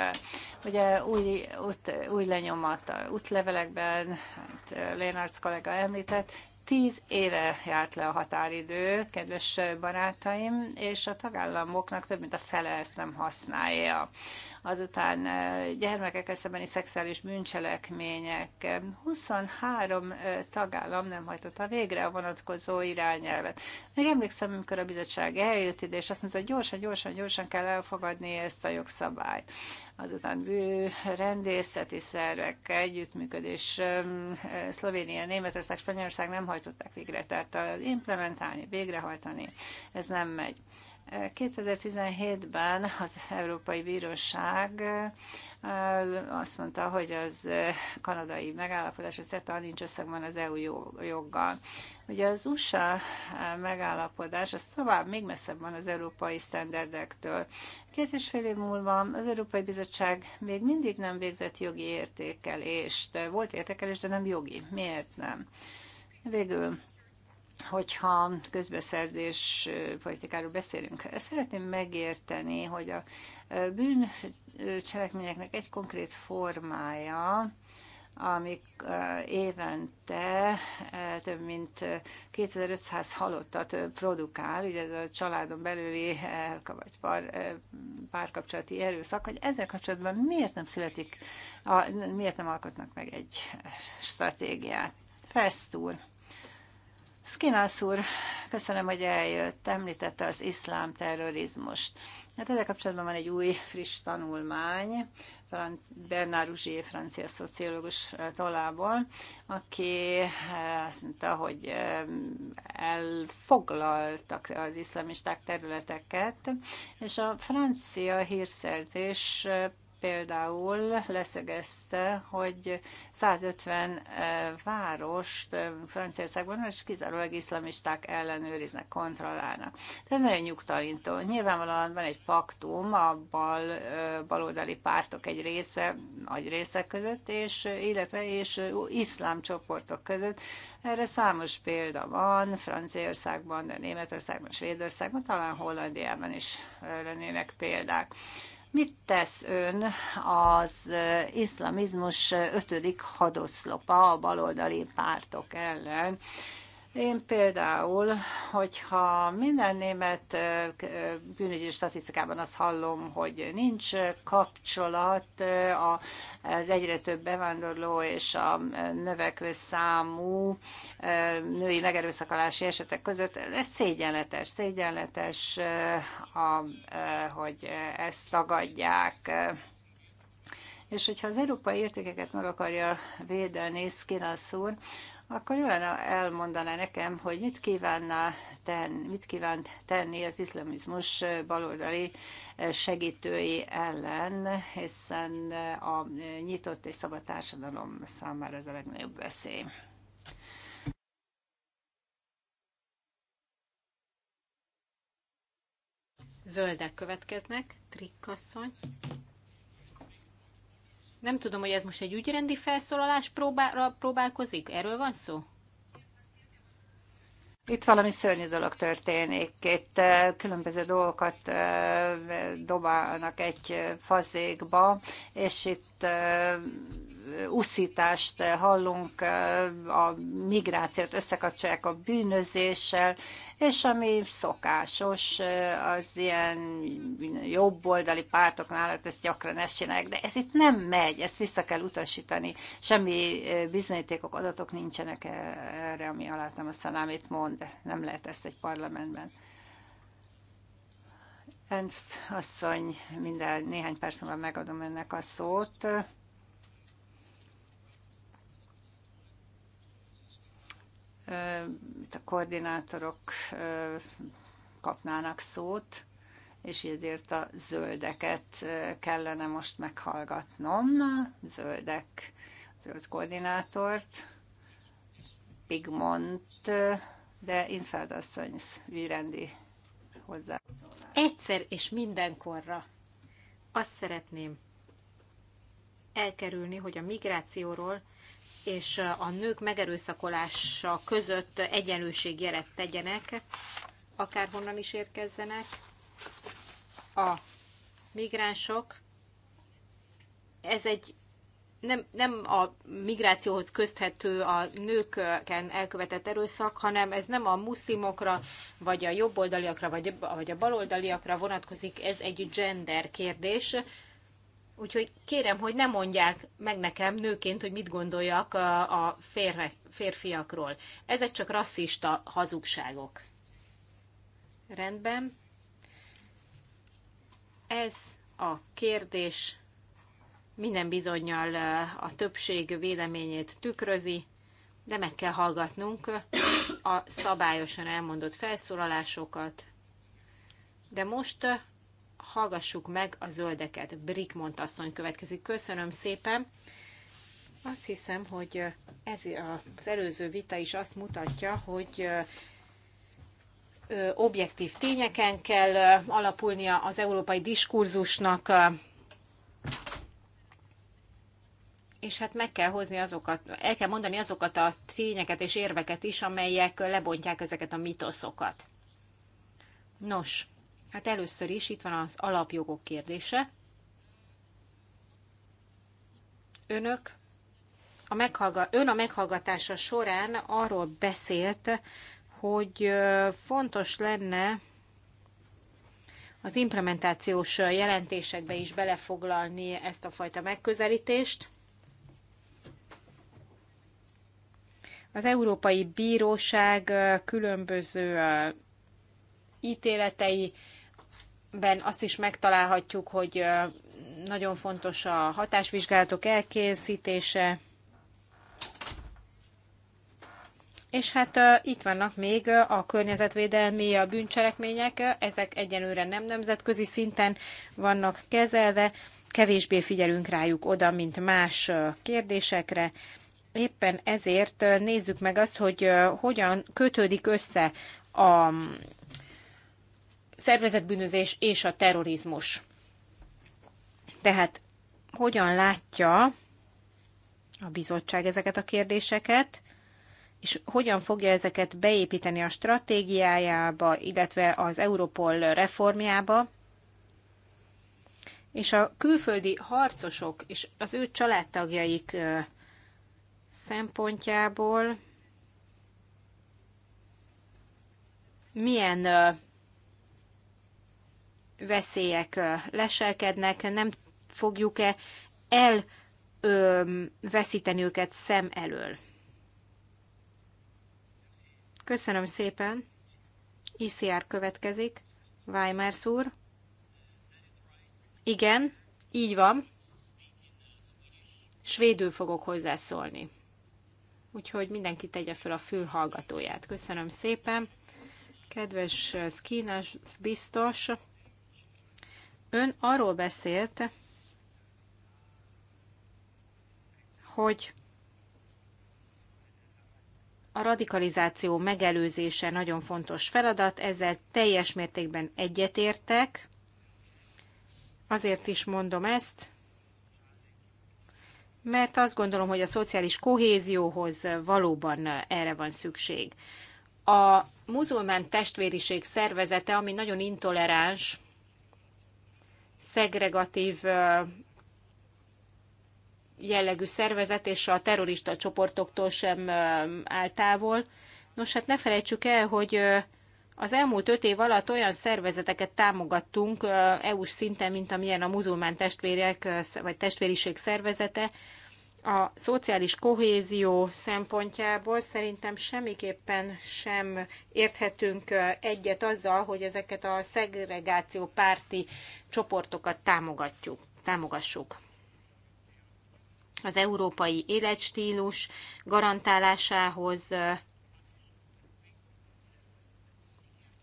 Ugye új, út, új lenyomat útlevelekben, hát Lénárc kollega említett, Tíz éve járt le a határidő, kedves barátaim, és a tagállamoknak több mint a fele ezt nem használja. Azután eh, gyermekek szembeni szexuális bűncselekmények. 23 eh, tagállam nem hajtotta végre a vonatkozó irányelvet. Még emlékszem, amikor a bizottság eljött ide, és azt mondta, hogy gyorsan, gyorsan, gyorsan kell elfogadni ezt a jogszabályt azután bő rendészeti szervek együttműködés Szlovénia, Németország, Spanyolország nem hajtották végre, tehát implementálni, végrehajtani, ez nem megy. 2017-ben az Európai Bíróság azt mondta, hogy az kanadai megállapodás, a CETA nincs összegben az EU joggal. Ugye az USA megállapodás az tovább még messzebb van az európai sztenderdektől. Két és fél év múlva az Európai Bizottság még mindig nem végzett jogi értékelést. Volt értékelés, de nem jogi. Miért nem? Végül hogyha közbeszerzés politikáról beszélünk. Szeretném megérteni, hogy a bűncselekményeknek egy konkrét formája, amik évente több mint 2500 halottat produkál, ugye ez a családon belüli vagy pár, párkapcsolati erőszak, hogy ezzel kapcsolatban miért nem születik, miért nem alkotnak meg egy stratégiát. Fest úr. Szkinász úr, köszönöm, hogy eljött, említette az iszlám terrorizmust. Hát ezzel kapcsolatban van egy új, friss tanulmány, Bernard Rougier, francia szociológus eh, tollából, aki eh, azt mondta, hogy eh, elfoglaltak az iszlamisták területeket, és a francia hírszerzés például leszegezte, hogy 150 eh, várost eh, Franciaországban és kizárólag iszlamisták ellenőriznek, kontrollálnak. De ez nagyon nyugtalintó. Nyilvánvalóan van egy paktum a bal, eh, baloldali pártok egy része, nagy része között, és illetve és iszlám csoportok között. Erre számos példa van Franciaországban, de Németországban, Svédországban, talán Hollandiában is lennének példák. Mit tesz ön az iszlamizmus ötödik hadoszlopa a baloldali pártok ellen? Én például, hogyha minden német bűnügyi statisztikában azt hallom, hogy nincs kapcsolat az egyre több bevándorló és a növekvő számú női megerőszakolási esetek között, ez szégyenletes, szégyenletes, hogy ezt tagadják. És hogyha az európai értékeket meg akarja védeni Szkinasz úr, akkor jó lenne, elmondaná nekem, hogy mit kívánna tenni, mit kíván tenni az iszlamizmus baloldali eh, segítői ellen, hiszen eh, a nyitott és szabad társadalom számára ez a legnagyobb veszély. Zöldek következnek, trikkasszony. Nem tudom, hogy ez most egy ügyrendi felszólalás próbára próbálkozik? Erről van szó? Itt valami szörnyű dolog történik. Itt különböző dolgokat dobálnak egy fazékba, és itt uszítást hallunk, a migrációt összekapcsolják a bűnözéssel, és ami szokásos az ilyen jobboldali pártoknál, hát ezt gyakran ezt csinálják, de ez itt nem megy, ezt vissza kell utasítani. Semmi bizonyítékok, adatok nincsenek e, erre, ami alátam a szalámét mond, de nem lehet ezt egy parlamentben. Ernst asszony, minden néhány percben megadom önnek a szót. itt a koordinátorok kapnának szót, és ezért a zöldeket kellene most meghallgatnom, zöldek, zöld koordinátort, Pigmont, de Infeld asszony vírendi hozzá. Egyszer és mindenkorra azt szeretném elkerülni, hogy a migrációról és a nők megerőszakolása között egyenlőség jelet tegyenek, akárhonnan is érkezzenek. A migránsok, ez egy nem, nem a migrációhoz közthető a nőkön elkövetett erőszak, hanem ez nem a muszlimokra, vagy a jobboldaliakra, vagy, vagy a baloldaliakra vonatkozik, ez egy gender kérdés. Úgyhogy kérem, hogy ne mondják meg nekem nőként, hogy mit gondoljak a férre, férfiakról. Ezek csak rasszista hazugságok. Rendben. Ez a kérdés minden bizonyal a többség véleményét tükrözi, de meg kell hallgatnunk a szabályosan elmondott felszólalásokat. De most hallgassuk meg a zöldeket. Brickmont asszony következik. Köszönöm szépen. Azt hiszem, hogy ez az előző vita is azt mutatja, hogy objektív tényeken kell alapulnia az európai diskurzusnak, és hát meg kell hozni azokat, el kell mondani azokat a tényeket és érveket is, amelyek lebontják ezeket a mitoszokat. Nos, Hát először is itt van az alapjogok kérdése. Önök a ön a meghallgatása során arról beszélt, hogy fontos lenne az implementációs jelentésekbe is belefoglalni ezt a fajta megközelítést. Az Európai Bíróság különböző ítéletei ben azt is megtalálhatjuk, hogy nagyon fontos a hatásvizsgálatok elkészítése, És hát uh, itt vannak még a környezetvédelmi a bűncselekmények, ezek egyenlőre nem nemzetközi szinten vannak kezelve, kevésbé figyelünk rájuk oda, mint más kérdésekre. Éppen ezért nézzük meg azt, hogy hogyan kötődik össze a szervezetbűnözés és a terrorizmus. Tehát hogyan látja a bizottság ezeket a kérdéseket, és hogyan fogja ezeket beépíteni a stratégiájába, illetve az Europol reformjába, és a külföldi harcosok és az ő családtagjaik szempontjából milyen veszélyek leselkednek, nem fogjuk-e elveszíteni őket szem elől. Köszönöm szépen. ICR e következik. Weimers úr. Igen, így van. Svédül fogok hozzászólni. Úgyhogy mindenki tegye fel a fülhallgatóját. Köszönöm szépen. Kedves Skinas biztos, Ön arról beszélt, hogy a radikalizáció megelőzése nagyon fontos feladat, ezzel teljes mértékben egyetértek. Azért is mondom ezt, mert azt gondolom, hogy a szociális kohézióhoz valóban erre van szükség. A muzulmán testvériség szervezete, ami nagyon intoleráns, szegregatív jellegű szervezet, és a terrorista csoportoktól sem áll távol. Nos, hát ne felejtsük el, hogy az elmúlt öt év alatt olyan szervezeteket támogattunk EU-s szinten, mint amilyen a muzulmán testvérek vagy testvériség szervezete, a szociális kohézió szempontjából szerintem semmiképpen sem érthetünk egyet azzal, hogy ezeket a szegregáció párti csoportokat támogatjuk, támogassuk. Az európai életstílus garantálásához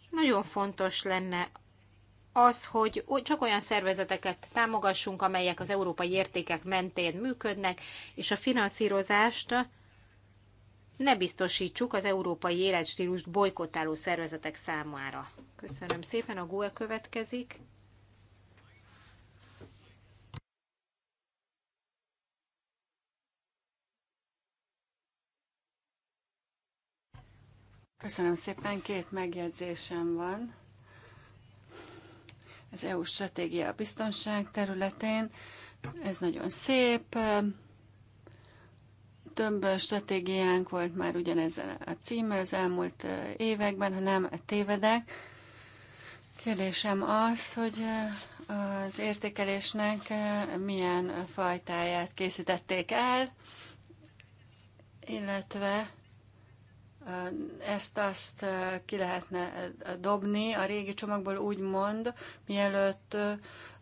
nagyon fontos lenne az, hogy csak olyan szervezeteket támogassunk, amelyek az európai értékek mentén működnek, és a finanszírozást ne biztosítsuk az európai életstílust bolykottáló szervezetek számára. Köszönöm szépen, a GUE következik. Köszönöm szépen, két megjegyzésem van az EU stratégia a biztonság területén. Ez nagyon szép. Több stratégiánk volt már ugyanezzel a címmel az elmúlt években, ha nem tévedek. Kérdésem az, hogy az értékelésnek milyen fajtáját készítették el, illetve ezt-azt ki lehetne dobni a régi csomagból úgymond, mielőtt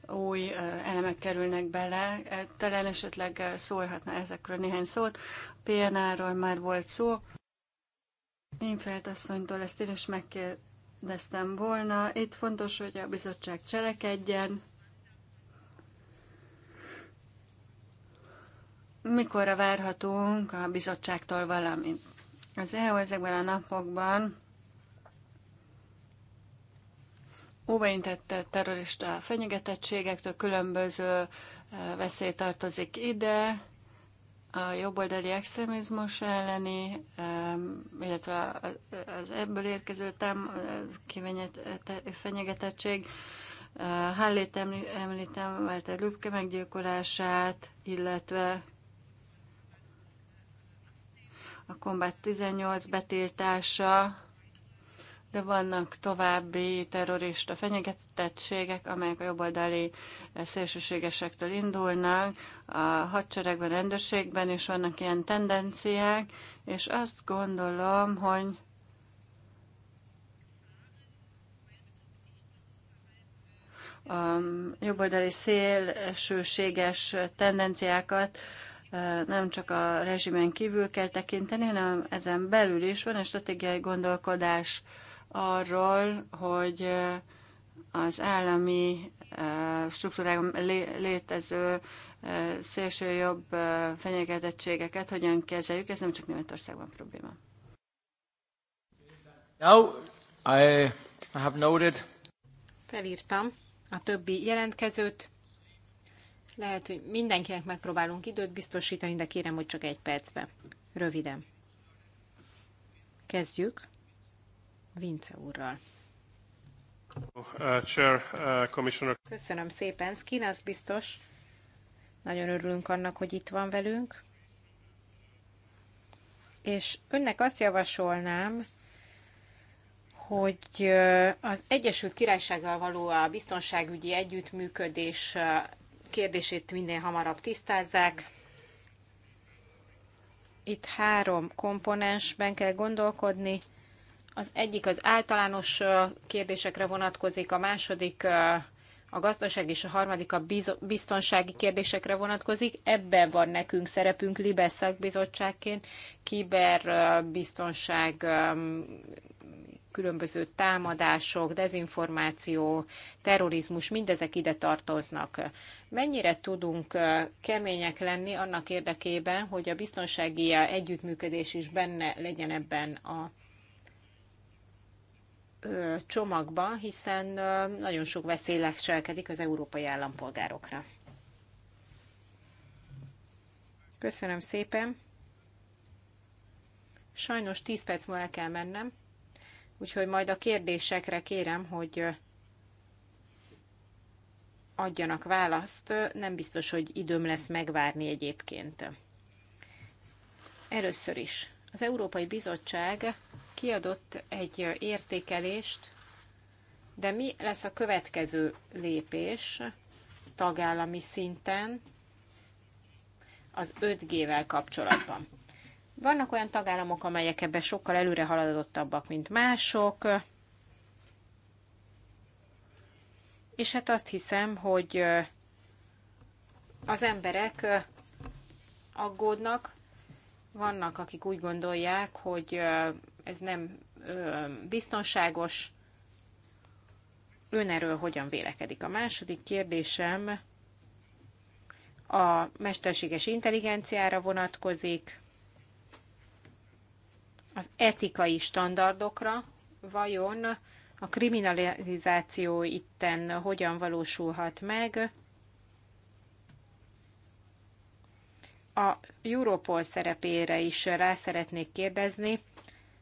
új elemek kerülnek bele. E, talán esetleg szólhatna ezekről néhány szót. PNR-ról már volt szó. Én feltasszonytól ezt én is megkérdeztem volna. Itt fontos, hogy a bizottság cselekedjen. Mikorra várhatunk a bizottságtól valamit? Az EU ezekben a napokban óvaintette terrorista fenyegetettségektől, különböző e, veszély tartozik ide, a jobboldali extrémizmus elleni, e, illetve az ebből érkező tám, e, fenyegetettség, Hallét említem, Walter Lübke meggyilkolását, illetve a Combat 18 betiltása, de vannak további terrorista fenyegetettségek, amelyek a jobboldali eh, szélsőségesektől indulnak. A hadseregben, rendőrségben is vannak ilyen tendenciák, és azt gondolom, hogy a jobboldali szélsőséges tendenciákat nem csak a rezsimen kívül kell tekinteni, hanem ezen belül is van egy stratégiai gondolkodás arról, hogy az állami struktúrákon létező szélső jobb fenyegetettségeket hogyan kezeljük, ez nem csak Németországban probléma. Now, I have noted. Felírtam a többi jelentkezőt. Lehet, hogy mindenkinek megpróbálunk időt biztosítani, de kérem, hogy csak egy percbe. Röviden. Kezdjük Vince úrral. Uh, chair, uh, Commissioner. Köszönöm szépen, Skinas biztos. Nagyon örülünk annak, hogy itt van velünk. És önnek azt javasolnám, hogy uh, az Egyesült Királysággal való a biztonságügyi együttműködés uh, kérdését minél hamarabb tisztázzák. Itt három komponensben kell gondolkodni. Az egyik az általános kérdésekre vonatkozik, a második a gazdaság és a harmadik a biztonsági kérdésekre vonatkozik. Ebben van nekünk szerepünk Libes szakbizottságként, kiberbiztonság különböző támadások, dezinformáció, terrorizmus, mindezek ide tartoznak. Mennyire tudunk kemények lenni annak érdekében, hogy a biztonsági együttműködés is benne legyen ebben a csomagba, hiszen nagyon sok veszély leselkedik az európai állampolgárokra. Köszönöm szépen! Sajnos 10 perc múlva el kell mennem. Úgyhogy majd a kérdésekre kérem, hogy adjanak választ. Nem biztos, hogy időm lesz megvárni egyébként. Először is. Az Európai Bizottság kiadott egy értékelést, de mi lesz a következő lépés tagállami szinten az 5G-vel kapcsolatban? Vannak olyan tagállamok, amelyek ebben sokkal előre haladottabbak, mint mások, és hát azt hiszem, hogy az emberek aggódnak, vannak, akik úgy gondolják, hogy ez nem biztonságos, ön erről hogyan vélekedik. A második kérdésem a mesterséges intelligenciára vonatkozik az etikai standardokra, vajon a kriminalizáció itten hogyan valósulhat meg. A Europol szerepére is rá szeretnék kérdezni,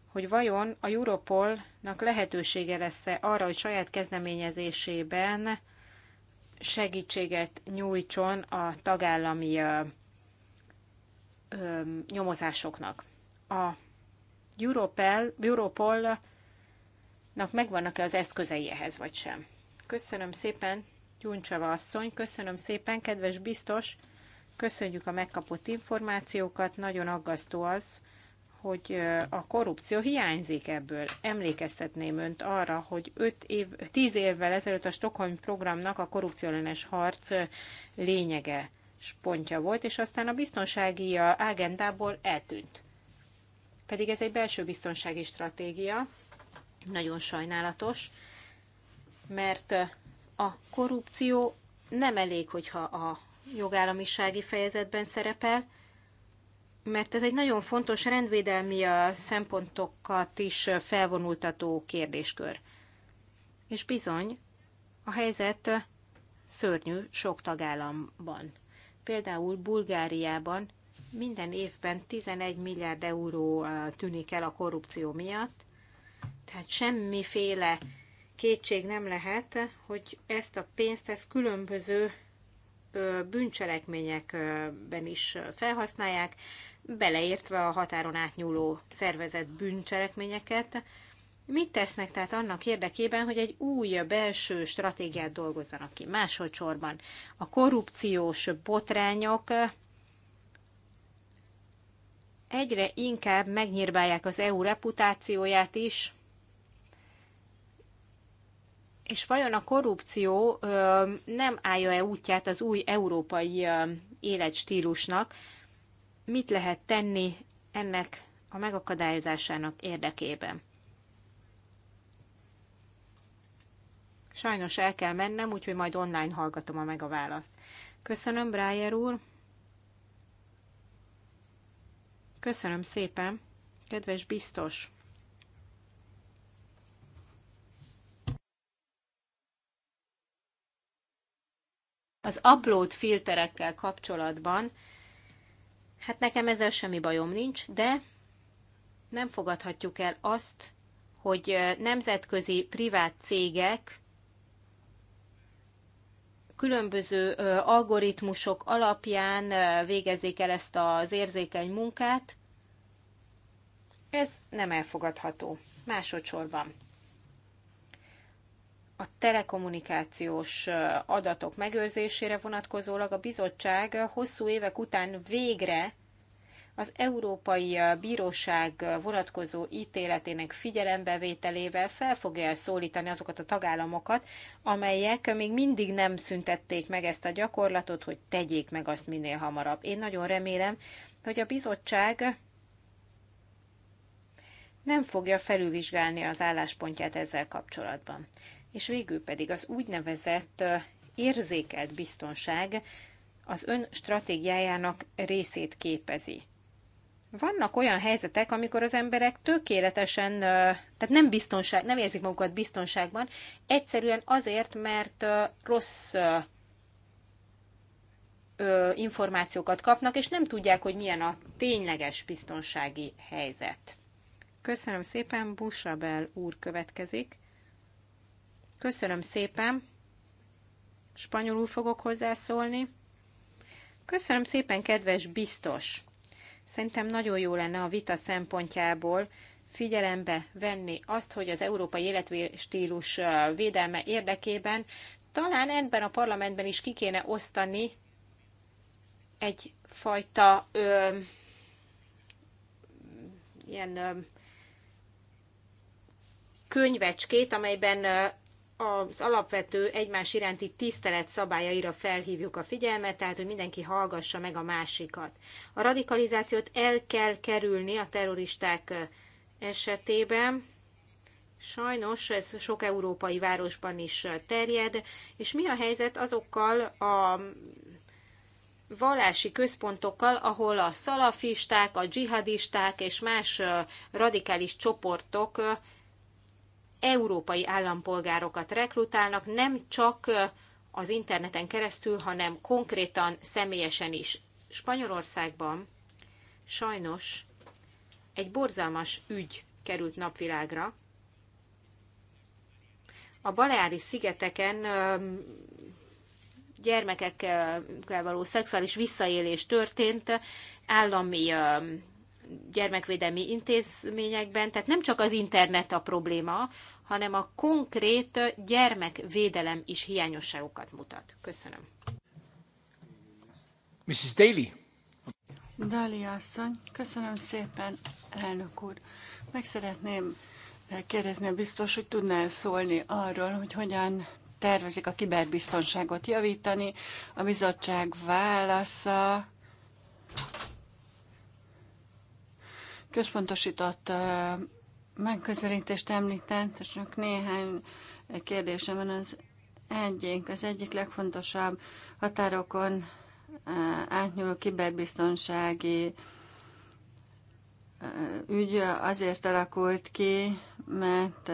hogy vajon a Europolnak lehetősége lesz-e arra, hogy saját kezdeményezésében segítséget nyújtson a tagállami nyomozásoknak. A Europol, Europolnak megvannak-e az eszközei ehhez, vagy sem. Köszönöm szépen, Gyuncsava asszony, köszönöm szépen, kedves biztos, köszönjük a megkapott információkat, nagyon aggasztó az, hogy a korrupció hiányzik ebből. Emlékeztetném önt arra, hogy 5 év, 10 évvel ezelőtt a Stockholm programnak a korrupcióellenes harc lényege pontja volt, és aztán a biztonsági agendából eltűnt. Pedig ez egy belső biztonsági stratégia, nagyon sajnálatos, mert eh, a korrupció nem elég, hogyha a jogállamisági fejezetben szerepel, mert ez egy nagyon fontos rendvédelmi eh, szempontokat is eh, felvonultató kérdéskör. És bizony, a helyzet szörnyű sok tagállamban. Például Bulgáriában minden évben 11 milliárd euró tűnik el a korrupció miatt, tehát semmiféle kétség nem lehet, hogy ezt a pénzt, ezt különböző bűncselekményekben is felhasználják, beleértve a határon átnyúló szervezett bűncselekményeket. Mit tesznek tehát annak érdekében, hogy egy új belső stratégiát dolgozzanak ki? Másodszorban a korrupciós botrányok egyre inkább megnyírbálják az EU reputációját is, és vajon a korrupció ö, nem állja-e útját az új európai ö, életstílusnak? Mit lehet tenni ennek a megakadályozásának érdekében? Sajnos el kell mennem, úgyhogy majd online hallgatom a megaválaszt. Köszönöm, Brájer úr! Köszönöm szépen, kedves biztos! Az upload filterekkel kapcsolatban, hát nekem ezzel semmi bajom nincs, de nem fogadhatjuk el azt, hogy eh, nemzetközi privát cégek különböző algoritmusok alapján végezzék el ezt az érzékeny munkát. Ez nem elfogadható. Másodszorban a telekommunikációs adatok megőrzésére vonatkozólag a bizottság hosszú évek után végre az Európai Bíróság vonatkozó ítéletének figyelembevételével fel fogja elszólítani azokat a tagállamokat, amelyek még mindig nem szüntették meg ezt a gyakorlatot, hogy tegyék meg azt minél hamarabb. Én nagyon remélem, hogy a bizottság nem fogja felülvizsgálni az álláspontját ezzel kapcsolatban. És végül pedig az úgynevezett érzékelt biztonság az ön stratégiájának részét képezi vannak olyan helyzetek, amikor az emberek tökéletesen, tehát nem biztonság, nem érzik magukat biztonságban, egyszerűen azért, mert rossz információkat kapnak, és nem tudják, hogy milyen a tényleges biztonsági helyzet. Köszönöm szépen, Busabel úr következik. Köszönöm szépen. Spanyolul fogok hozzászólni. Köszönöm szépen, kedves biztos! Szerintem nagyon jó lenne a vita szempontjából figyelembe venni azt, hogy az európai életstílus védelme érdekében talán ebben a parlamentben is ki kéne osztani egyfajta ö, ilyen ö, könyvecskét, amelyben az alapvető egymás iránti tisztelet szabályaira felhívjuk a figyelmet, tehát hogy mindenki hallgassa meg a másikat. A radikalizációt el kell kerülni a terroristák esetében. Sajnos ez sok európai városban is terjed. És mi a helyzet azokkal a vallási központokkal, ahol a szalafisták, a dzsihadisták és más radikális csoportok európai állampolgárokat rekrutálnak, nem csak az interneten keresztül, hanem konkrétan, személyesen is. Spanyolországban sajnos egy borzalmas ügy került napvilágra. A Baleári szigeteken gyermekekkel való szexuális visszaélés történt állami gyermekvédelmi intézményekben, tehát nem csak az internet a probléma, hanem a konkrét gyermekvédelem is hiányosságokat mutat. Köszönöm. Mrs. Daly. Dali asszony, köszönöm szépen, elnök úr. Meg szeretném kérdezni a biztos, hogy tudná -e szólni arról, hogy hogyan tervezik a kiberbiztonságot javítani. A bizottság válasza központosított megközelítést említett, és csak néhány kérdésem van az egyik. Az egyik legfontosabb határokon átnyúló kiberbiztonsági ügy azért alakult ki, mert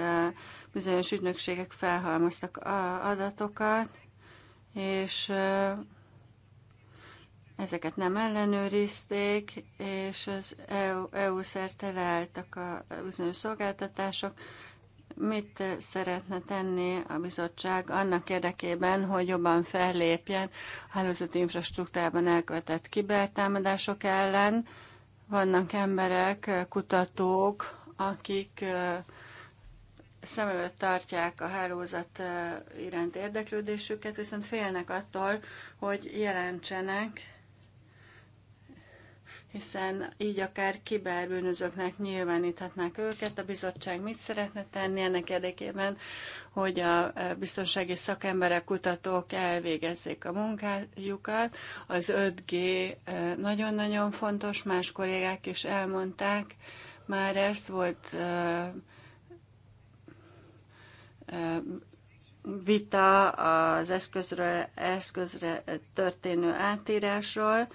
bizonyos ügynökségek felhalmoztak adatokat, és ezeket nem ellenőrizték, és az EU, EU szerte leálltak a bizonyos szolgáltatások. Mit szeretne tenni a bizottság annak érdekében, hogy jobban fellépjen a hálózati infrastruktúrában elkövetett kibertámadások ellen? Vannak emberek, kutatók, akik szem előtt tartják a hálózat iránt érdeklődésüket, viszont félnek attól, hogy jelentsenek hiszen így akár kiberbűnözőknek nyilváníthatnák őket. A bizottság mit szeretne tenni ennek érdekében, hogy a e, biztonsági szakemberek, kutatók elvégezzék a munkájukat. Az 5G e, nagyon-nagyon fontos, más kollégák is elmondták, már ezt volt e, vita az eszközről eszközre történő átírásról,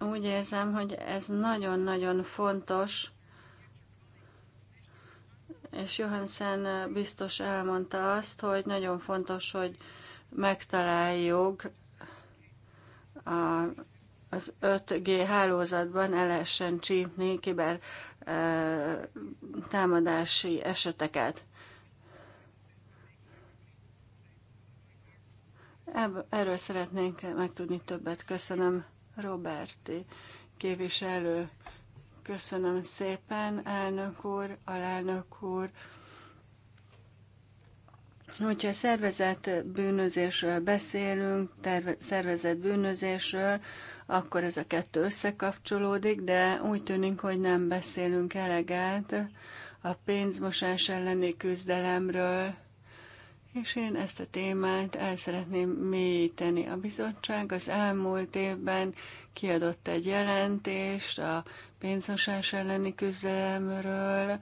úgy érzem, hogy ez nagyon-nagyon fontos, és Johansen biztos elmondta azt, hogy nagyon fontos, hogy megtaláljuk a, az 5G hálózatban el lehessen csípni kiber e, támadási eseteket. Erről szeretnénk megtudni többet. Köszönöm. Roberti képviselő. Köszönöm szépen, elnök úr, alelnök úr. Hogyha szervezett bűnözésről beszélünk, terve, szervezett bűnözésről, akkor ez a kettő összekapcsolódik, de úgy tűnik, hogy nem beszélünk eleget a pénzmosás elleni küzdelemről, és én ezt a témát el szeretném mélyíteni. A bizottság az elmúlt évben kiadott egy jelentést a pénzmosás elleni küzdelemről,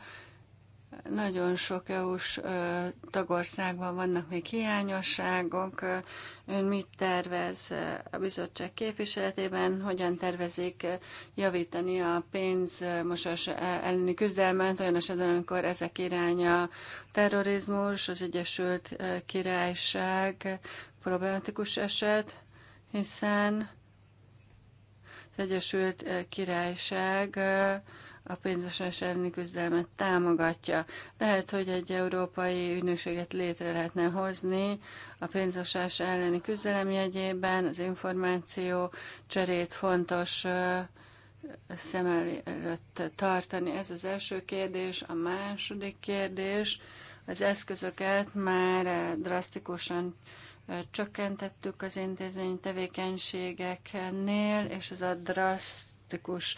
nagyon sok EU-s tagországban vannak még hiányosságok. Ön mit tervez a bizottság képviseletében? Hogyan tervezik javítani a pénzmosás elleni küzdelmet olyan esetben, amikor ezek irány a terrorizmus, az Egyesült Királyság problematikus eset, hiszen az Egyesült Királyság a pénzosás elleni küzdelmet támogatja. Lehet, hogy egy európai ügynökséget létre lehetne hozni a pénzosás elleni küzdelem jegyében, az információ cserét fontos szem előtt tartani. Ez az első kérdés. A második kérdés, az eszközöket már drasztikusan csökkentettük az intézmény tevékenységeknél, és ez a draszt drasztikus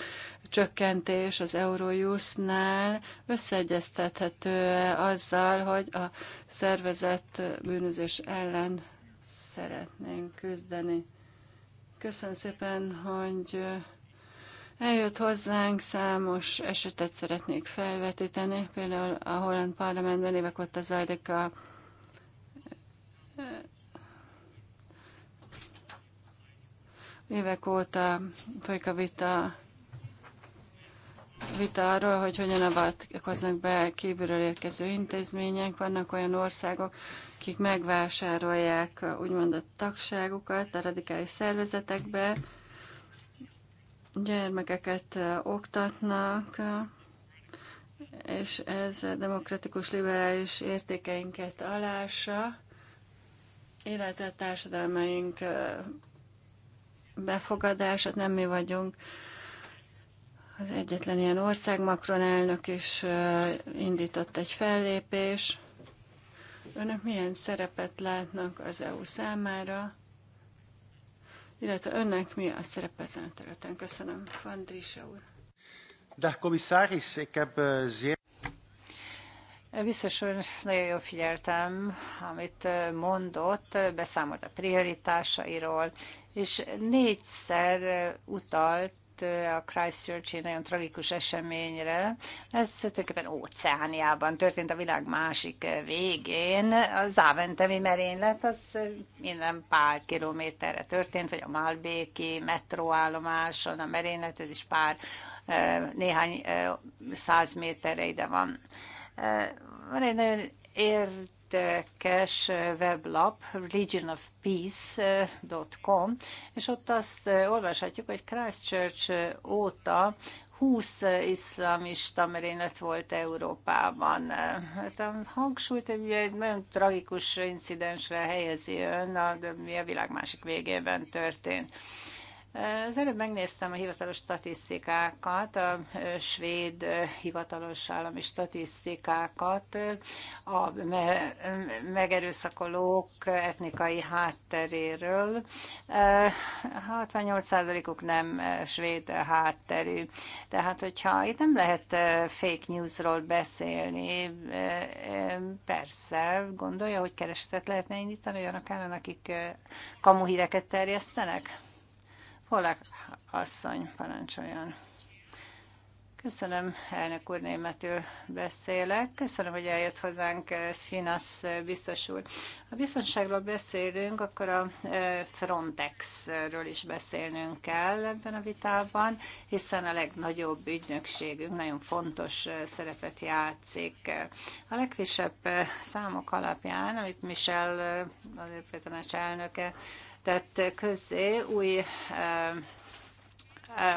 csökkentés az Eurojustnál összeegyeztethető -e azzal, hogy a szervezett bűnözés ellen szeretnénk küzdeni. Köszönöm szépen, hogy eljött hozzánk, számos esetet szeretnék felvetíteni, például a holland parlamentben évek óta zajlik a Évek óta folyik a vita, vita arról, hogy hogyan avatkoznak be kívülről érkező intézmények. Vannak olyan országok, akik megvásárolják úgymond a tagságukat a radikális szervezetekbe, gyermekeket oktatnak, és ez a demokratikus liberális értékeinket alása, illetve társadalmaink befogadását, nem mi vagyunk az egyetlen ilyen ország. Macron elnök is indított egy fellépés. Önök milyen szerepet látnak az EU számára? Illetve önnek mi a szerepe ezen a területen? Köszönöm, Van Drisse úr. De komisszáris, ik heb zeer... Biztos, hogy nagyon jól figyeltem, amit mondott, beszámolt a prioritásairól, és négyszer utalt a Christchurch-i nagyon tragikus eseményre. Ez tulajdonképpen óceániában történt a világ másik végén. A záventemi merénylet az innen pár kilométerre történt, vagy a Malbéki metróállomáson a merénylet, ez is pár néhány száz méterre ide van. Van egy nagyon ért érdekes eh, weblap, religionofpeace.com eh, és ott azt eh, olvashatjuk, hogy Christchurch óta 20 iszlamista merénylet volt Európában. Hát a hangsúlyt egy, egy nagyon tragikus incidensre helyezi ön, ami a világ másik végében történt. Az előbb megnéztem a hivatalos statisztikákat, a svéd hivatalos állami statisztikákat, a megerőszakolók etnikai hátteréről. 68%-uk nem svéd hátterű. Tehát, hogyha itt nem lehet fake newsról beszélni, persze, gondolja, hogy keresetet lehetne indítani olyanok ellen, akik kamuhíreket terjesztenek? Polák asszony, parancsoljon. Köszönöm, elnök úr, németül beszélek. Köszönöm, hogy eljött hozzánk eh, Sinas eh, biztos úr. Ha biztonságról beszélünk, akkor a eh, Frontexről is beszélnünk kell ebben a vitában, hiszen a legnagyobb ügynökségünk nagyon fontos szerepet játszik. A legfrissebb számok alapján, amit Michel, az tanács elnöke, tett közzé új eh,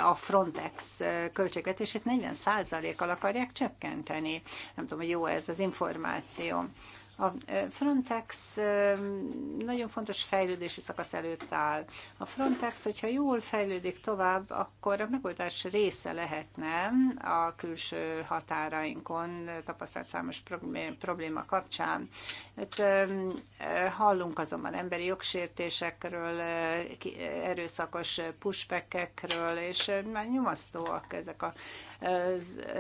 a Frontex költségvetését 40%-kal akarják csökkenteni. Nem tudom, hogy jó ez az információ. A Frontex nagyon fontos fejlődési szakasz előtt áll. A Frontex, hogyha jól fejlődik tovább, akkor a megoldás része lehetne a külső határainkon tapasztalt számos probléma kapcsán. Itt hát, hallunk azonban emberi jogsértésekről, erőszakos pushbackekről, és már nyomasztóak ezek a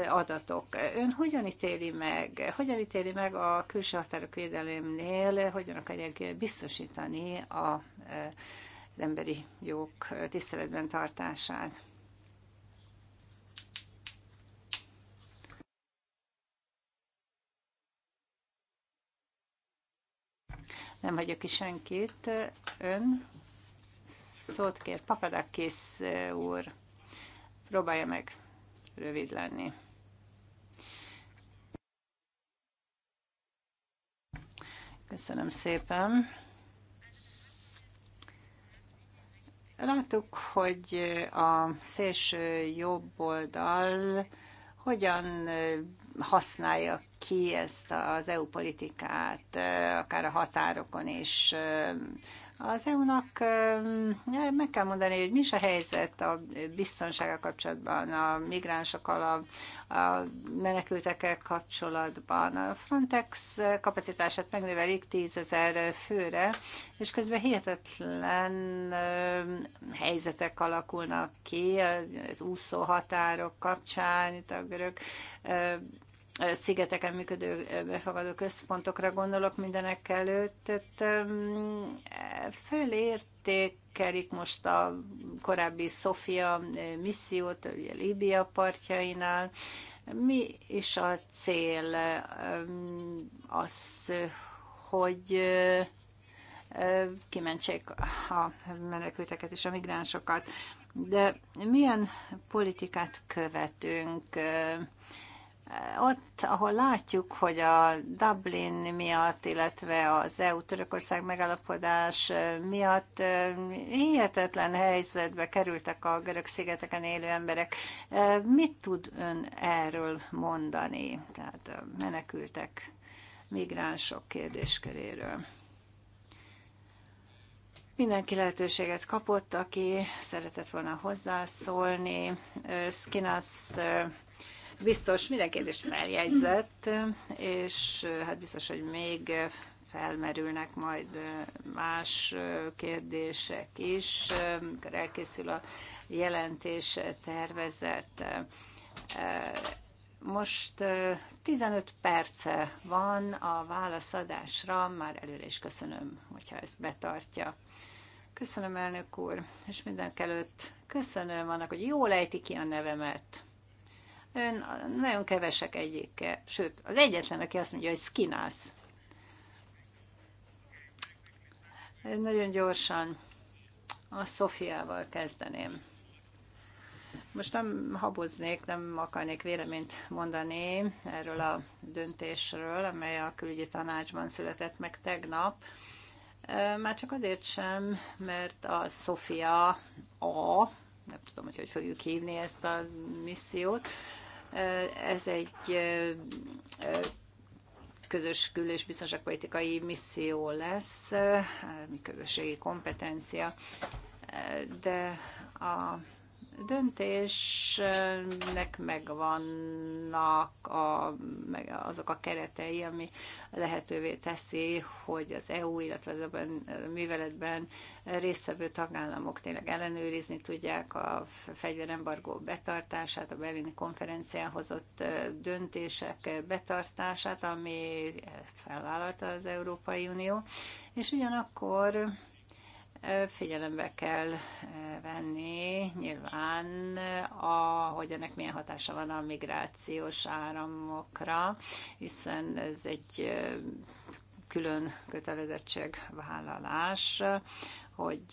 adatok. Ön hogyan ítéli meg, hogyan ítéli meg a külső határok védelemnél, hogyan akarják biztosítani a, az emberi jogok tiszteletben tartását? nem hagyok ki senkit. Ön szót kér, Papadakis úr, próbálja meg rövid lenni. Köszönöm szépen. Láttuk, hogy a szélső jobb oldal hogyan használja ki ezt az EU politikát, akár a határokon is az EU-nak meg kell mondani, hogy mi is a helyzet a biztonsága kapcsolatban, a migránsokkal, a, a menekültekkel kapcsolatban. A Frontex kapacitását megnövelik tízezer főre, és közben hihetetlen helyzetek alakulnak ki az úszó határok kapcsán, itt a görög szigeteken működő befogadó központokra gondolok mindenek előtt, tehát fölértékelik most a korábbi Sofia missziót, ugye Líbia partjainál. Mi is a cél? Az, hogy kimentsék a menekülteket és a migránsokat. De milyen politikát követünk? ott, ahol látjuk, hogy a Dublin miatt, illetve az EU-Törökország megalapodás miatt hihetetlen helyzetbe kerültek a görög szigeteken élő emberek. Mit tud ön erről mondani? Tehát menekültek migránsok kérdésköréről. Mindenki lehetőséget kapott, aki szeretett volna hozzászólni. Skinas biztos minden kérdést feljegyzett, és hát biztos, hogy még felmerülnek majd más kérdések is, amikor elkészül a jelentés tervezet. Most 15 eh, perce van a válaszadásra, már előre is köszönöm, hogyha ezt betartja. Köszönöm, elnök úr, és mindenkelőtt köszönöm annak, hogy jól ejti ki a nevemet. Ön nagyon kevesek egyike, sőt, az egyetlen, aki azt mondja, hogy skinász. Nagyon gyorsan a Szofiával kezdeném. Most nem haboznék, nem akarnék véleményt mondani erről a döntésről, amely a külügyi tanácsban született meg tegnap. Már csak azért sem, mert a Sofia A, nem tudom, hogy hogy fogjuk hívni ezt a missziót, ez egy közös kül- és biztonságpolitikai misszió lesz, mi közösségi kompetencia, de a döntésnek megvannak a, meg azok a keretei, ami lehetővé teszi, hogy az EU, illetve az ebben műveletben résztvevő tagállamok tényleg ellenőrizni tudják a fegyverembargó betartását, a berlini konferencián hozott döntések betartását, ami ezt felvállalta az Európai Unió, és ugyanakkor figyelembe kell venni nyilván, a, hogy ennek milyen hatása van a migrációs áramokra, hiszen ez egy külön kötelezettségvállalás, hogy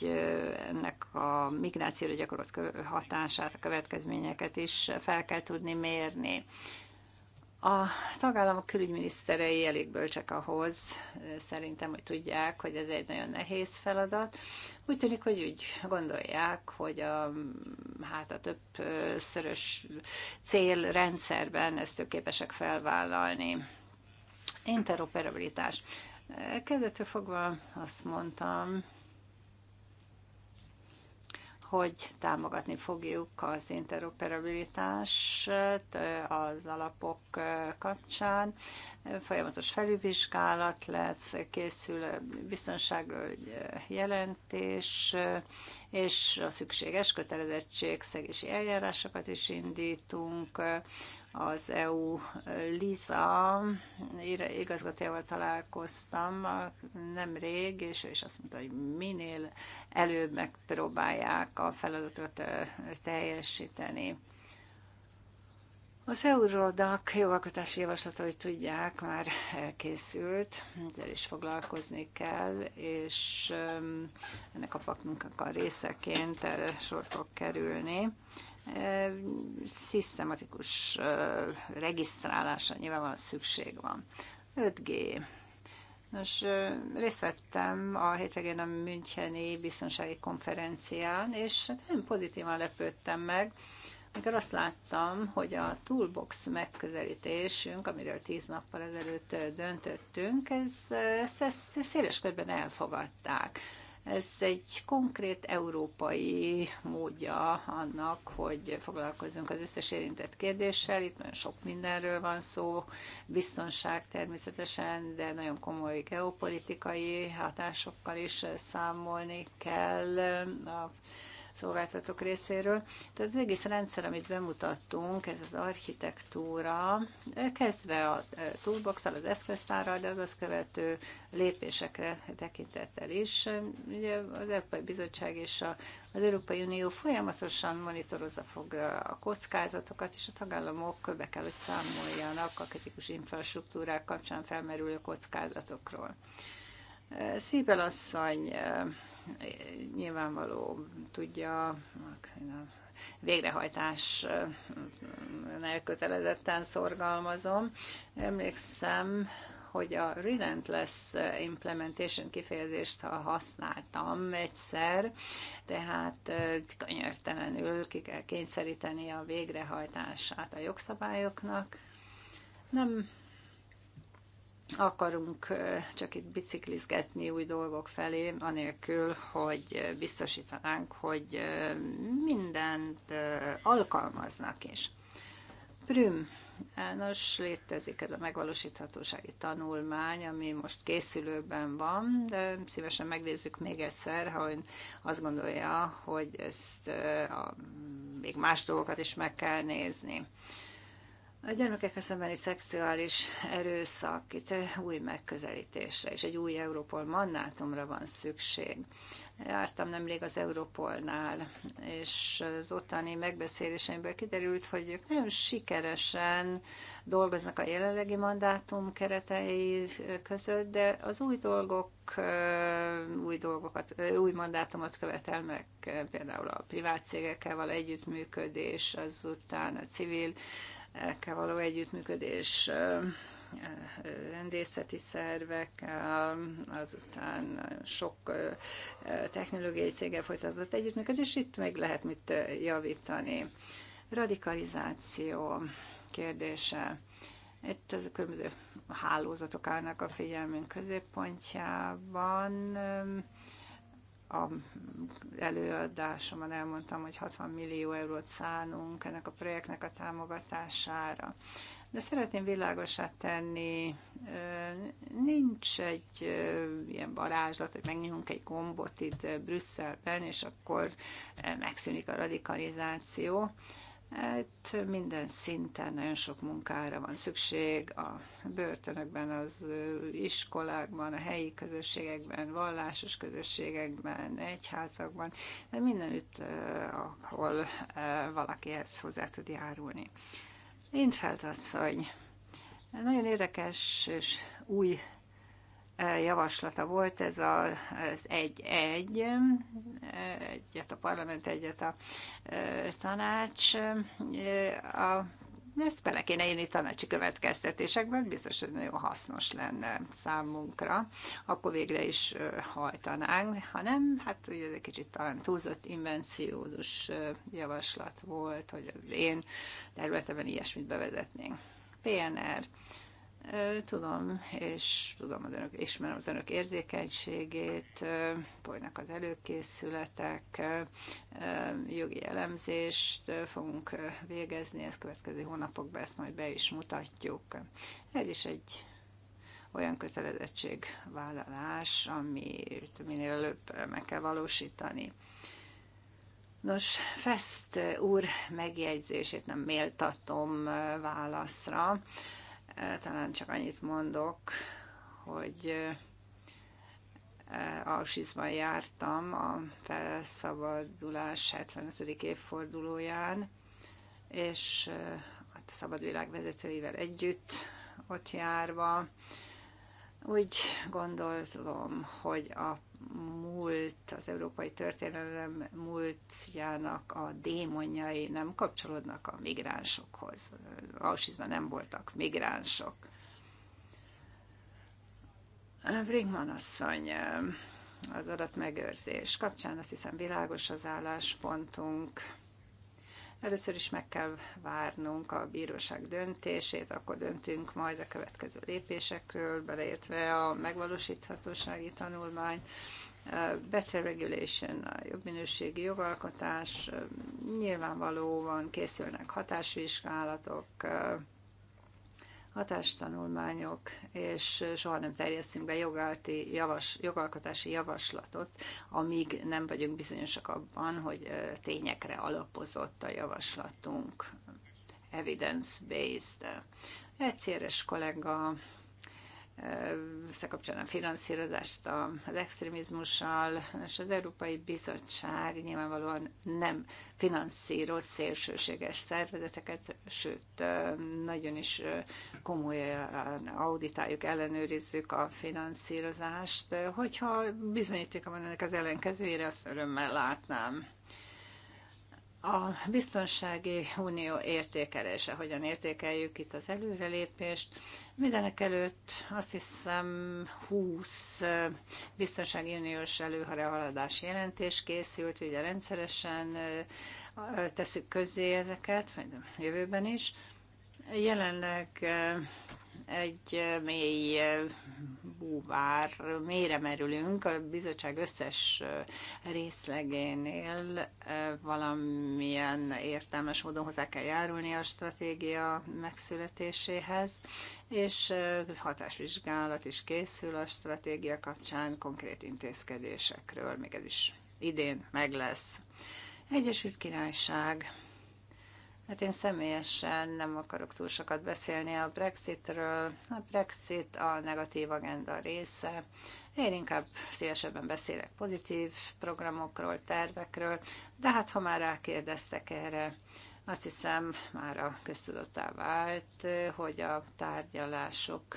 ennek a migrációra gyakorolt hatását, a következményeket is fel kell tudni mérni. A tagállamok külügyminiszterei elég bölcsek ahhoz, szerintem, hogy tudják, hogy ez egy nagyon nehéz feladat. Úgy tűnik, hogy úgy gondolják, hogy a, hát a többszörös célrendszerben ezt ők képesek felvállalni. Interoperabilitás. Kezdetől fogva azt mondtam, hogy támogatni fogjuk az interoperabilitást az alapok kapcsán. Folyamatos felülvizsgálat lesz, készül biztonságról jelentés, és a szükséges szegési eljárásokat is indítunk az EU LISA igazgatójával találkoztam nemrég, és, és azt mondta, hogy minél előbb megpróbálják a feladatot teljesíteni. Az Eurodac jogalkotási javaslata, hogy tudják, már elkészült, ezzel is foglalkozni kell, és ennek a paknunknak a részeként erre sor fog kerülni szisztematikus regisztrálása nyilvánvalóan szükség van. 5G. Nos, részt vettem a hétvégén a Müncheni biztonsági konferencián, és nem pozitívan lepődtem meg, amikor azt láttam, hogy a toolbox megközelítésünk, amiről tíz nappal ezelőtt döntöttünk, ez, ezt, ezt széles körben elfogadták. Ez egy konkrét európai módja annak, hogy foglalkozunk az összes érintett kérdéssel. Itt nagyon sok mindenről van szó, biztonság természetesen, de nagyon komoly geopolitikai hatásokkal is számolni kell. A szolgáltatók részéről. tehát az egész rendszer, amit bemutattunk, ez az architektúra, kezdve a e, toolbox az eszköztárral, de az azt követő lépésekre tekintettel is. Ugye az Európai Bizottság és az Európai Unió folyamatosan monitorozza fog a kockázatokat, és a tagállamok be kell, hogy számoljanak a kritikus infrastruktúrák kapcsán felmerülő kockázatokról. E, Szíbel asszony e, nyilvánvaló tudja, a végrehajtás elkötelezetten szorgalmazom. Emlékszem, hogy a relentless implementation kifejezést ha használtam egyszer, tehát könyörtelenül ki kell kényszeríteni a végrehajtását a jogszabályoknak. Nem akarunk csak itt biciklizgetni új dolgok felé, anélkül, hogy biztosítanánk, hogy mindent alkalmaznak is. Prüm, nos, létezik ez a megvalósíthatósági tanulmány, ami most készülőben van, de szívesen megnézzük még egyszer, ha ön azt gondolja, hogy ezt a, még más dolgokat is meg kell nézni. A gyermekek szembeni szexuális erőszak, itt új megközelítésre és egy új Európol mandátumra van szükség. Jártam nemrég az Európolnál, és az ottani megbeszéléseimből kiderült, hogy ők nagyon sikeresen dolgoznak a jelenlegi mandátum keretei között, de az új dolgok, új, dolgokat, új mandátumot követel meg, például a privát cégekkel való együttműködés, azután a civil kell való együttműködés rendészeti szervek, azután sok technológiai céggel folytatott együttműködés, itt meg lehet mit javítani. Radikalizáció kérdése. Itt az a különböző hálózatok állnak a figyelmünk középpontjában a előadásomon elmondtam, hogy 60 millió eurót szánunk ennek a projektnek a támogatására. De szeretném világosá tenni, nincs egy ilyen varázslat, hogy megnyomunk egy gombot itt Brüsszelben, és akkor megszűnik a radikalizáció. Hát minden szinten nagyon sok munkára van szükség, a börtönökben, az iskolákban, a helyi közösségekben, vallásos közösségekben, egyházakban, de mindenütt, ahol valakihez hozzá tud járulni. Én feltasszony. Nagyon érdekes és új javaslata volt ez az egy egy egyet a parlament, egyet a tanács. A ezt bele kéne írni tanácsi következtetésekben, biztos, hogy nagyon hasznos lenne számunkra, akkor végre is hajtanánk, ha nem, hát ugye ez egy kicsit talán túlzott invenciózus javaslat volt, hogy én területemben ilyesmit bevezetnénk. PNR. Tudom, és tudom az önök, ismerem az önök érzékenységét, folynak az előkészületek, jogi elemzést fogunk végezni, ezt következő hónapokban ezt majd be is mutatjuk. Ez is egy olyan kötelezettségvállalás, amit minél előbb meg kell valósítani. Nos, Fest úr megjegyzését nem méltatom válaszra talán csak annyit mondok, hogy Auschwitzban jártam a felszabadulás 75. évfordulóján, és a szabadvilág vezetőivel együtt ott járva, úgy gondolom, hogy a múlt, az európai történelem múltjának a démonjai nem kapcsolódnak a migránsokhoz. Auschwitzban nem voltak migránsok. Brinkman asszony, az adatmegőrzés kapcsán azt hiszem világos az álláspontunk Először is meg kell várnunk a bíróság döntését, akkor döntünk majd a következő lépésekről, beleértve a megvalósíthatósági tanulmány, better regulation, a jobb minőségi jogalkotás, nyilvánvalóan készülnek hatásvizsgálatok, hatástanulmányok, és soha nem terjesztünk be jogalti javas, jogalkotási javaslatot, amíg nem vagyunk bizonyosak abban, hogy tényekre alapozott a javaslatunk, evidence-based. Egy kollega összekapcsolni a finanszírozást az extrémizmussal, és az Európai Bizottság nyilvánvalóan nem finanszíroz szélsőséges szervezeteket, sőt, nagyon is komolyan auditáljuk, ellenőrizzük a finanszírozást. Hogyha bizonyítéka van ennek az ellenkezőjére, azt örömmel látnám. A biztonsági unió értékelése, hogyan értékeljük itt az előrelépést. Mindenek előtt azt hiszem 20 biztonsági uniós előrehaladás jelentés készült, ugye rendszeresen tesszük közzé ezeket, jövőben is. Jelenleg egy mély búvár, mélyre merülünk a bizottság összes részlegénél valamilyen értelmes módon hozzá kell járulni a stratégia megszületéséhez, és hatásvizsgálat is készül a stratégia kapcsán konkrét intézkedésekről, még ez is idén meg lesz. Egyesült Királyság Hát én személyesen nem akarok túl sokat beszélni a Brexitről. A Brexit a negatív agenda része. Én inkább szívesebben beszélek pozitív programokról, tervekről, de hát ha már rákérdeztek erre, azt hiszem már a köztudottá vált, hogy a tárgyalások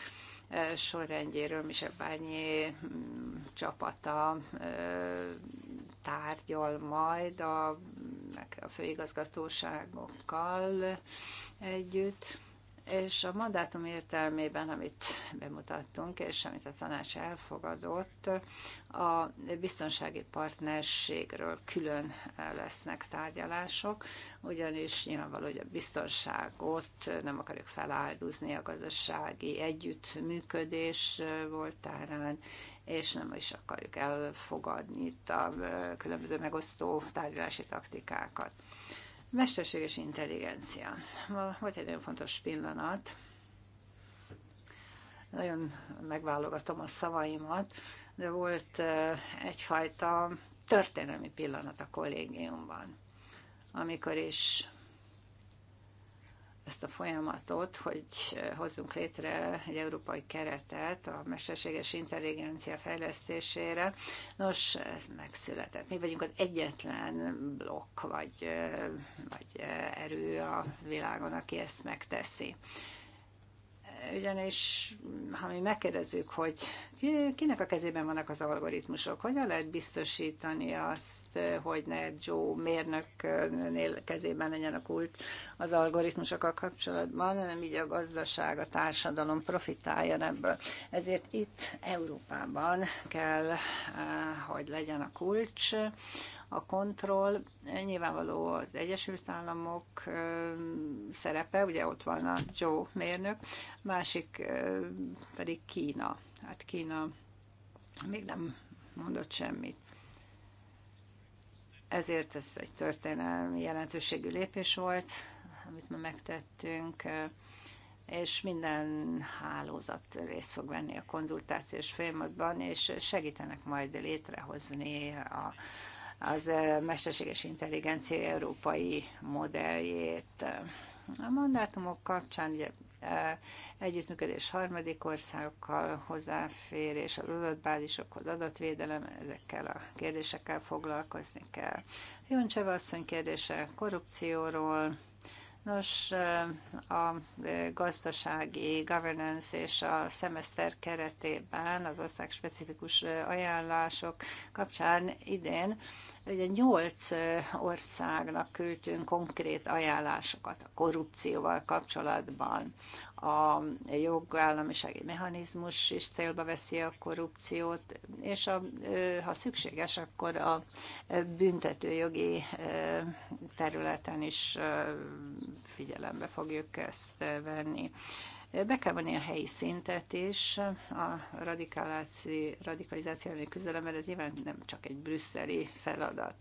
sorrendjéről Mise Bányi mm, csapata tárgyal majd a, a főigazgatóságokkal együtt és a mandátum értelmében, amit bemutattunk, és amit a tanács elfogadott, a biztonsági partnerségről külön lesznek tárgyalások, ugyanis nyilvánvaló, hogy a biztonságot nem akarjuk feláldozni a gazdasági együttműködés voltárán, és nem is akarjuk elfogadni itt a különböző megosztó tárgyalási taktikákat. Mesterséges intelligencia. Ma volt egy nagyon fontos pillanat. Nagyon megválogatom a szavaimat, de volt egyfajta történelmi pillanat a kollégiumban, amikor is ezt a folyamatot, hogy eh, hozzunk létre egy európai keretet a mesterséges intelligencia fejlesztésére. Nos, ez megszületett. Mi vagyunk az egyetlen blokk vagy, eh, vagy eh, erő a világon, aki ezt megteszi ugyanis ha mi megkérdezzük, hogy kinek a kezében vannak az algoritmusok, hogyan lehet biztosítani azt, hogy ne Joe mérnöknél kezében legyen a kult az algoritmusokkal kapcsolatban, hanem így a gazdaság, a társadalom profitáljon ebből. Ezért itt Európában kell, eh, hogy legyen a kulcs, a kontroll. Nyilvánvaló az Egyesült Államok szerepe, ugye ott van a Joe mérnök, másik pedig Kína. Hát Kína még nem mondott semmit. Ezért ez egy történelmi jelentőségű lépés volt, amit ma megtettünk, és minden hálózat részt fog venni a konzultációs folyamatban, és segítenek majd létrehozni a az mesterséges intelligencia európai modelljét. A mandátumok kapcsán ugye, együttműködés harmadik országokkal, hozzáférés az adatbázisokhoz, adatvédelem, ezekkel a kérdésekkel foglalkozni kell. Jön asszony kérdése korrupcióról, Nos, a gazdasági governance és a szemeszter keretében az ország specifikus ajánlások kapcsán idén Ugye nyolc országnak küldtünk konkrét ajánlásokat a korrupcióval kapcsolatban. A jogállamisági mechanizmus is célba veszi a korrupciót, és a, ha szükséges, akkor a büntetőjogi területen is figyelembe fogjuk ezt venni. Be kell venni a helyi szintet is a radikalizáció elleni mert ez nyilván nem csak egy brüsszeli feladat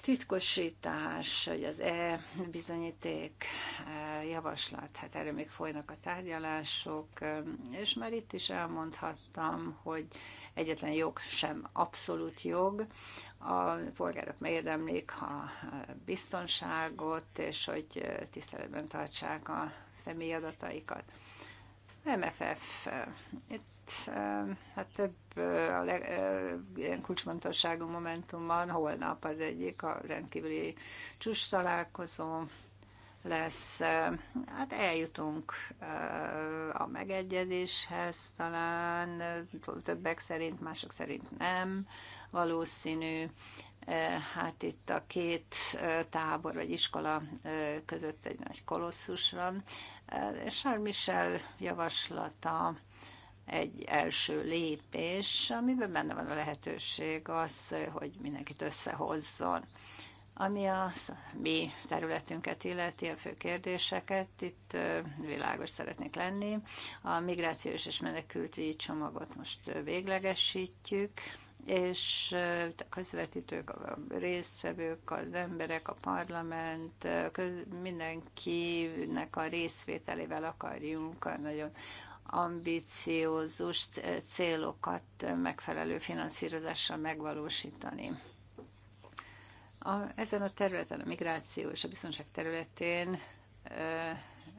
titkosítás, hogy az e-bizonyíték e javaslat, hát erről még folynak a tárgyalások, és már itt is elmondhattam, hogy egyetlen jog sem abszolút jog. A polgárok megérdemlik a biztonságot, és hogy tiszteletben tartsák a személy adataikat. MFF. Itt hát több a leg, ilyen kulcsfontosságú van, holnap az egyik a rendkívüli csúcs találkozó lesz. Hát eljutunk a megegyezéshez talán, többek szerint, mások szerint nem valószínű, Eh, hát itt a két eh, tábor vagy iskola eh, között egy nagy kolosszus van. Charles Michel javaslata egy első lépés, amiben benne van a lehetőség az, hogy mindenkit összehozzon. Ami a mi területünket illeti, a fő kérdéseket, itt világos szeretnék lenni. A migrációs és menekültügyi csomagot most véglegesítjük és a közvetítők, a résztvevők, az emberek, a parlament, mindenkinek a részvételével akarjunk a nagyon ambiciózust, célokat megfelelő finanszírozással megvalósítani. A, ezen a területen, a migráció és a biztonság területén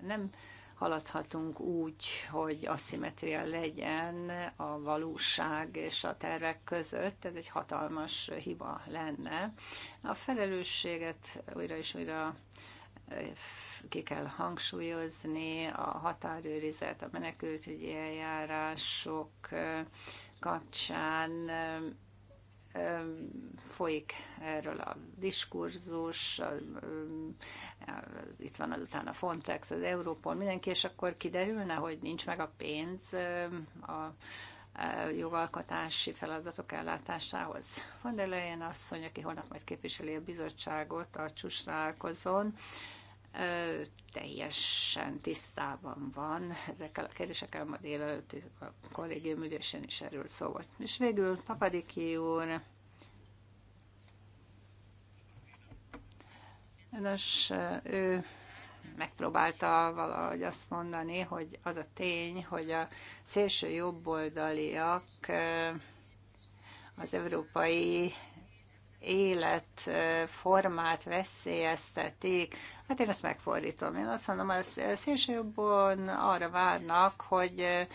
nem haladhatunk úgy, hogy aszimetria legyen a valóság és a tervek között. Ez egy hatalmas hiba lenne. A felelősséget újra és újra eh, ki kell hangsúlyozni, a határőrizet, a menekültügyi eljárások eh, kapcsán eh, folyik erről a diskurzus, itt van azután a Frontex, az Európol, mindenki, és akkor kiderülne, hogy nincs meg a pénz a jogalkotási feladatok ellátásához. Von der azt, asszony, aki holnap majd képviseli a bizottságot a csúcsnálkozón, teljesen tisztában van ezekkel a kérdésekkel, ma délelőtt a kollégium ügyesen is erről szó volt. És végül Papadiki úr, Nos, ő megpróbálta valahogy azt mondani, hogy az a tény, hogy a szélső jobboldaliak az európai életformát veszélyeztetik, Hát én ezt megfordítom. Én azt mondom, a szélsőjobban arra várnak, hogy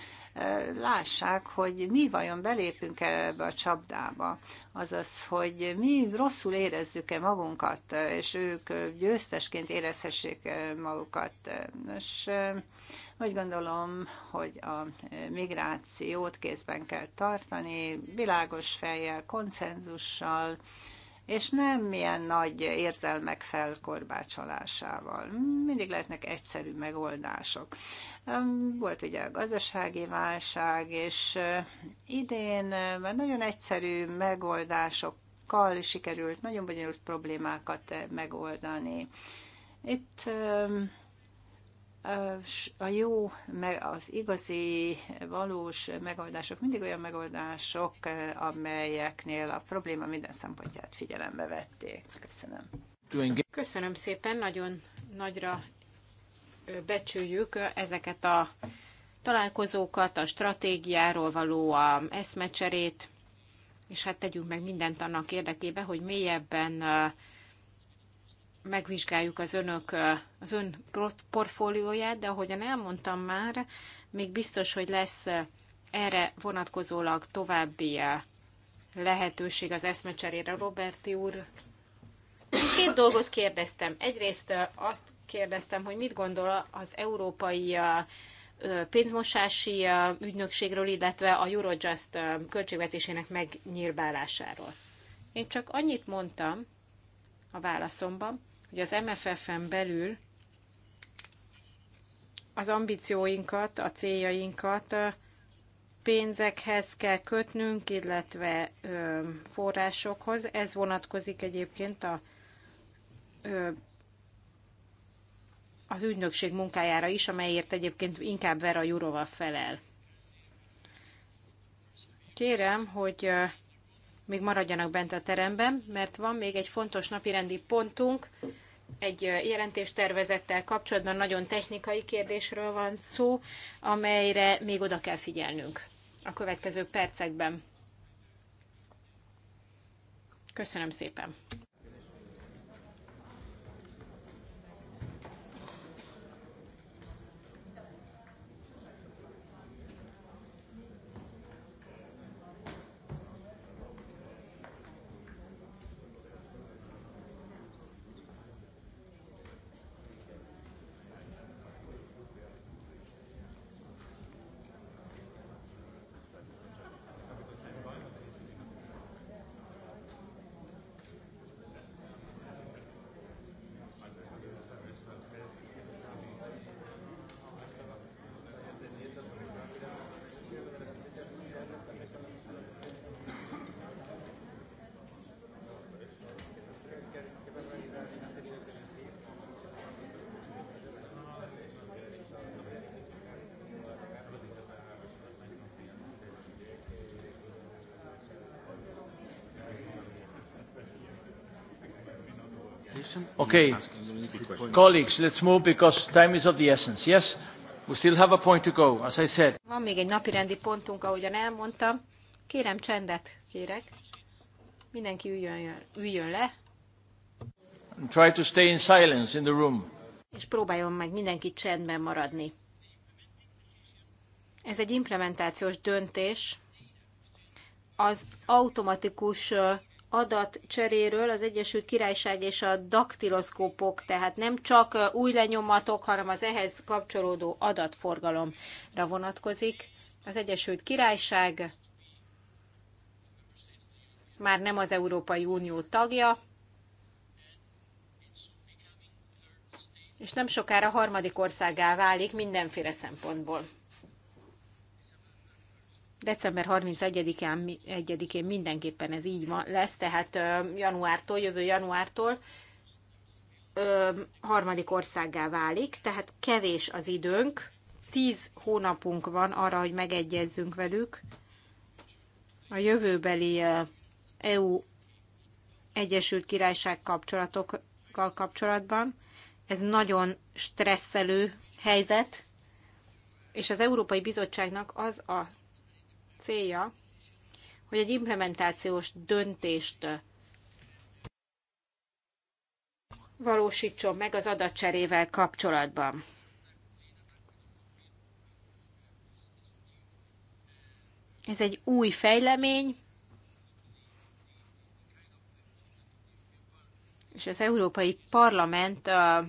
lássák, hogy mi vajon belépünk -e ebbe a csapdába. Azaz, hogy mi rosszul érezzük-e magunkat, és ők győztesként érezhessék magukat. És úgy gondolom, hogy a migrációt kézben kell tartani, világos fejjel, konszenzussal, és nem milyen nagy érzelmek felkorbácsolásával. Mindig lehetnek egyszerű megoldások. Volt ugye a gazdasági válság, és idén már nagyon egyszerű megoldásokkal sikerült nagyon bonyolult problémákat megoldani. Itt a jó, az igazi, valós megoldások mindig olyan megoldások, amelyeknél a probléma minden szempontját figyelembe vették. Köszönöm. Köszönöm szépen, nagyon nagyra becsüljük ezeket a találkozókat, a stratégiáról való a eszmecserét, és hát tegyünk meg mindent annak érdekébe, hogy mélyebben megvizsgáljuk az önök, az ön portfólióját, de ahogyan elmondtam már, még biztos, hogy lesz erre vonatkozólag további lehetőség az eszmecserére. Roberti úr, két dolgot kérdeztem. Egyrészt azt kérdeztem, hogy mit gondol az európai pénzmosási ügynökségről, illetve a Eurojust költségvetésének megnyírbálásáról. Én csak annyit mondtam a válaszomban, hogy az MFF-en belül az ambícióinkat, a céljainkat pénzekhez kell kötnünk, illetve forrásokhoz. Ez vonatkozik egyébként a, az ügynökség munkájára is, amelyért egyébként inkább Vera Jurova felel. Kérem, hogy még maradjanak bent a teremben, mert van még egy fontos napirendi pontunk, egy jelentéstervezettel kapcsolatban nagyon technikai kérdésről van szó, amelyre még oda kell figyelnünk a következő percekben. Köszönöm szépen! Okay, colleagues, let's move because time is of the essence. Yes, we still have a point to go, as I said. Van még egy napi rendi pontunk, ahogyan elmondtam. Kérem csendet, kérek. Mindenki üljön, üljön le. And try to stay in silence in the room. És próbáljon meg mindenki csendben maradni. Ez egy implementációs döntés, az automatikus adatcseréről az Egyesült Királyság és a daktiloszkópok, tehát nem csak új lenyomatok, hanem az ehhez kapcsolódó adatforgalomra vonatkozik. Az Egyesült Királyság már nem az Európai Unió tagja, és nem sokára harmadik országá válik mindenféle szempontból december 31 én 1-én mindenképpen ez így van, lesz, tehát januártól, jövő januártól ö, harmadik országgá válik, tehát kevés az időnk, tíz hónapunk van arra, hogy megegyezzünk velük. A jövőbeli EU Egyesült Királyság kapcsolatokkal kapcsolatban. Ez nagyon stresszelő helyzet, és az Európai Bizottságnak az a célja, hogy egy implementációs döntést valósítson meg az adatcserével kapcsolatban. Ez egy új fejlemény, és az Európai Parlament a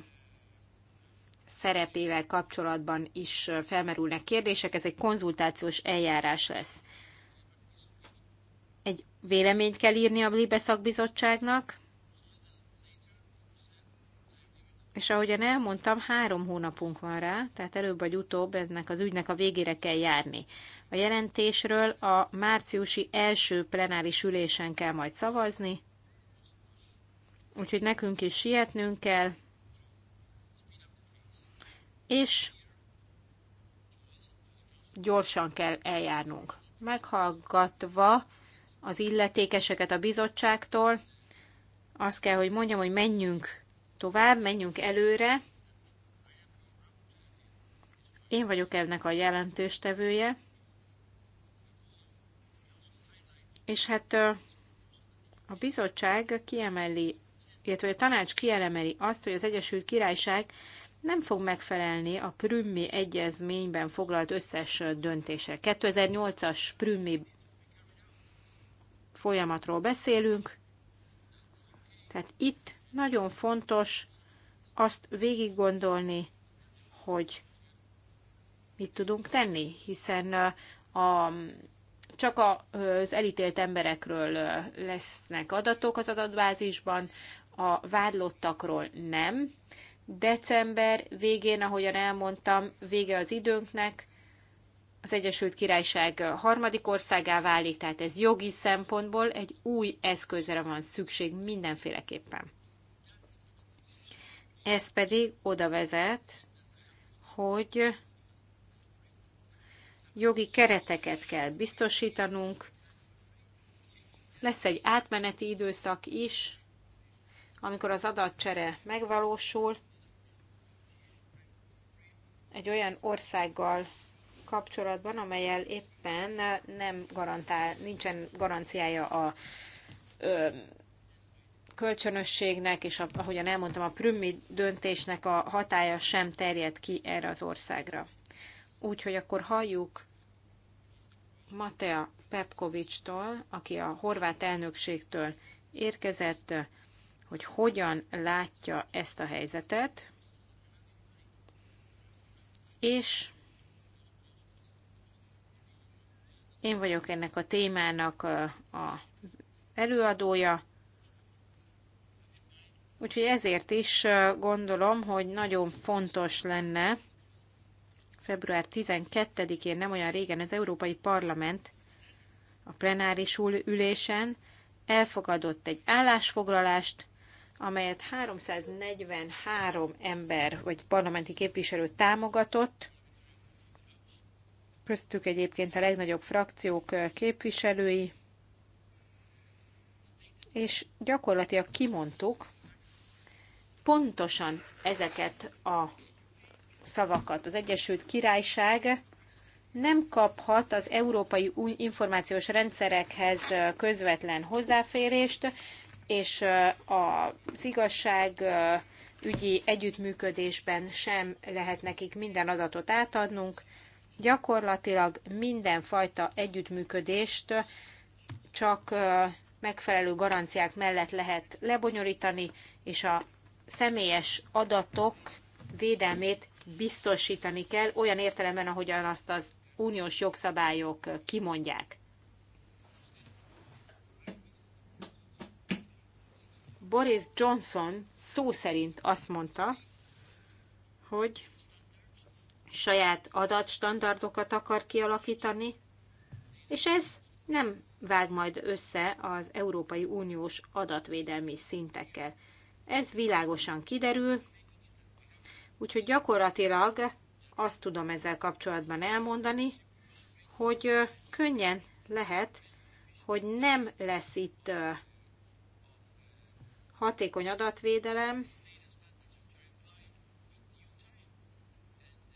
szerepével kapcsolatban is felmerülnek kérdések. Ez egy konzultációs eljárás lesz egy véleményt kell írni a Libe szakbizottságnak, és ahogyan elmondtam, három hónapunk van rá, tehát előbb vagy utóbb ennek az ügynek a végére kell járni. A jelentésről a márciusi első plenáris ülésen kell majd szavazni, úgyhogy nekünk is sietnünk kell, és gyorsan kell eljárnunk. Meghallgatva az illetékeseket a bizottságtól. Azt kell, hogy mondjam, hogy menjünk tovább, menjünk előre. Én vagyok ennek a jelentőstevője. És hát a bizottság kiemeli, illetve a tanács kielemeli azt, hogy az Egyesült Királyság nem fog megfelelni a Prümmi Egyezményben foglalt összes döntésre. 2008-as Prümmi folyamatról beszélünk. Tehát itt nagyon fontos azt végig gondolni, hogy mit tudunk tenni, hiszen a, csak az elítélt emberekről lesznek adatok az adatbázisban, a vádlottakról nem. December végén, ahogyan elmondtam, vége az időnknek, az Egyesült Királyság harmadik országá válik, tehát ez jogi szempontból egy új eszközre van szükség mindenféleképpen. Ez pedig oda vezet, hogy jogi kereteket kell biztosítanunk, lesz egy átmeneti időszak is, amikor az adatcsere megvalósul, egy olyan országgal kapcsolatban, amelyel éppen nem garantál, nincsen garanciája a ö, kölcsönösségnek, és a, ahogyan elmondtam, a prümmi döntésnek a hatája sem terjed ki erre az országra. Úgyhogy akkor halljuk Matea Pepkovics-tól, aki a horvát elnökségtől érkezett, hogy hogyan látja ezt a helyzetet, és Én vagyok ennek a témának a, a előadója, úgyhogy ezért is gondolom, hogy nagyon fontos lenne február 12-én, nem olyan régen az Európai Parlament a plenáris ülésen elfogadott egy állásfoglalást, amelyet 343 ember vagy parlamenti képviselő támogatott, köztük egyébként a legnagyobb frakciók képviselői, és gyakorlatilag kimondtuk pontosan ezeket a szavakat. Az Egyesült Királyság nem kaphat az európai információs rendszerekhez közvetlen hozzáférést, és az igazság ügyi együttműködésben sem lehet nekik minden adatot átadnunk, gyakorlatilag mindenfajta együttműködést csak megfelelő garanciák mellett lehet lebonyolítani, és a személyes adatok védelmét biztosítani kell, olyan értelemben, ahogyan azt az uniós jogszabályok kimondják. Boris Johnson szó szerint azt mondta, hogy saját adatstandardokat akar kialakítani, és ez nem vág majd össze az Európai Uniós adatvédelmi szintekkel. Ez világosan kiderül, úgyhogy gyakorlatilag azt tudom ezzel kapcsolatban elmondani, hogy könnyen lehet, hogy nem lesz itt hatékony adatvédelem,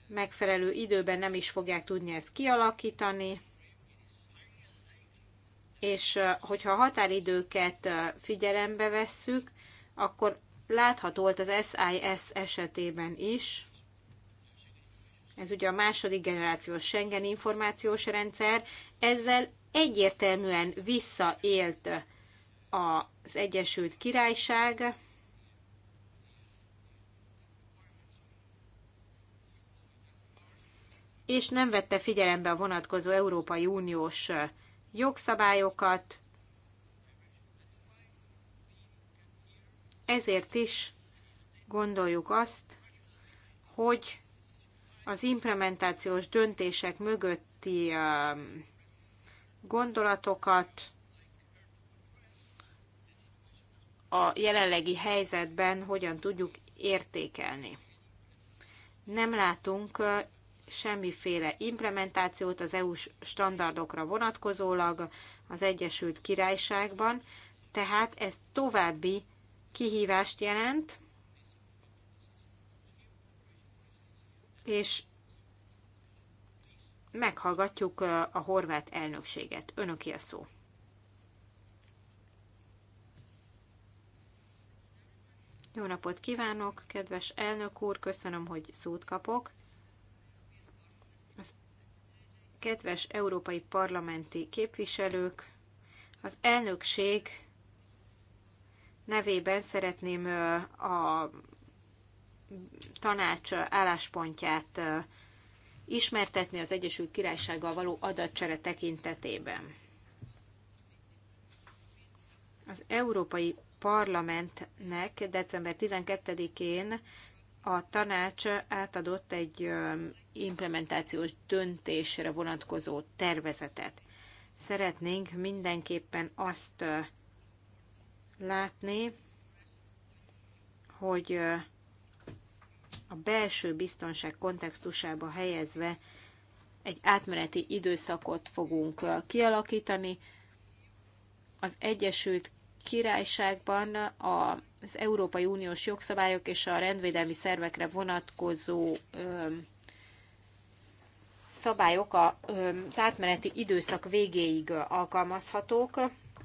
megfelelő időben nem is fogják tudni ezt kialakítani, és hogyha a határidőket figyelembe vesszük, akkor látható volt az SIS esetében is, ez ugye a második generációs Schengen információs rendszer, ezzel egyértelműen visszaélt az Egyesült Királyság, és nem vette figyelembe a vonatkozó Európai Uniós jogszabályokat, ezért is gondoljuk azt, hogy az implementációs döntések mögötti gondolatokat a jelenlegi helyzetben hogyan tudjuk értékelni. Nem látunk semmiféle implementációt az EU-s standardokra vonatkozólag az Egyesült Királyságban, tehát ez további kihívást jelent, és meghallgatjuk a horvát elnökséget. Önöki a szó. Jó napot kívánok, kedves elnök úr, köszönöm, hogy szót kapok. Kedves európai parlamenti képviselők, az elnökség nevében szeretném a tanács álláspontját ismertetni az Egyesült Királysággal való adatcsere tekintetében. Az Európai Parlamentnek december 12-én a tanács átadott egy implementációs döntésre vonatkozó tervezetet. Szeretnénk mindenképpen azt látni, hogy a belső biztonság kontextusába helyezve egy átmeneti időszakot fogunk kialakítani. Az Egyesült Királyságban az Európai Uniós jogszabályok és a rendvédelmi szervekre vonatkozó szabályok az átmeneti időszak végéig alkalmazhatók.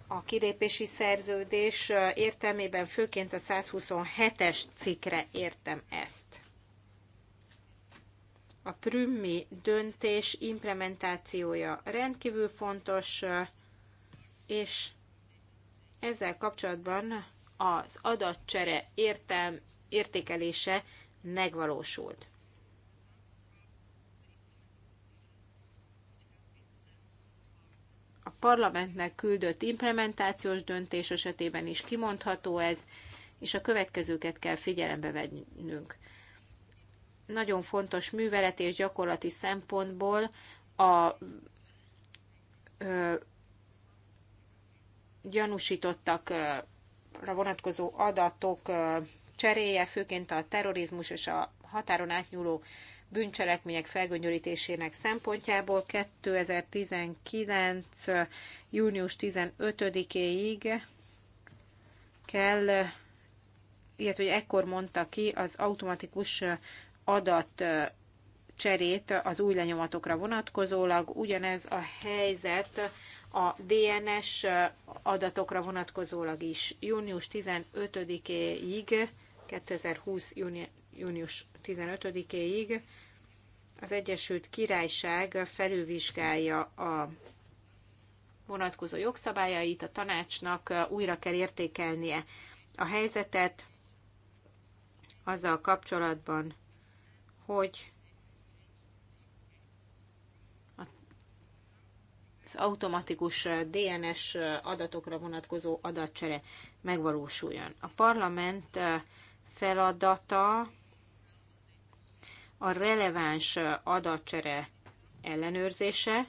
A kilépési szerződés értelmében főként a 127-es cikkre értem ezt. A Prümmi döntés implementációja rendkívül fontos, és ezzel kapcsolatban az adatcsere értelm, értékelése megvalósult. a parlamentnek küldött implementációs döntés esetében is kimondható ez, és a következőket kell figyelembe vennünk. Nagyon fontos művelet és gyakorlati szempontból a ö, gyanúsítottakra vonatkozó adatok ö, cseréje, főként a terrorizmus és a határon átnyúló bűncselekmények felgöngyörítésének szempontjából 2019. június 15-éig kell, illetve hogy ekkor mondta ki az automatikus adat cserét az új lenyomatokra vonatkozólag. Ugyanez a helyzet a DNS adatokra vonatkozólag is. Június 15-éig, 2020. június 15-éig az Egyesült Királyság felülvizsgálja a vonatkozó jogszabályait, a tanácsnak újra kell értékelnie a helyzetet azzal kapcsolatban, hogy az automatikus DNS adatokra vonatkozó adatcsere megvalósuljon. A parlament feladata a releváns adatcsere ellenőrzése,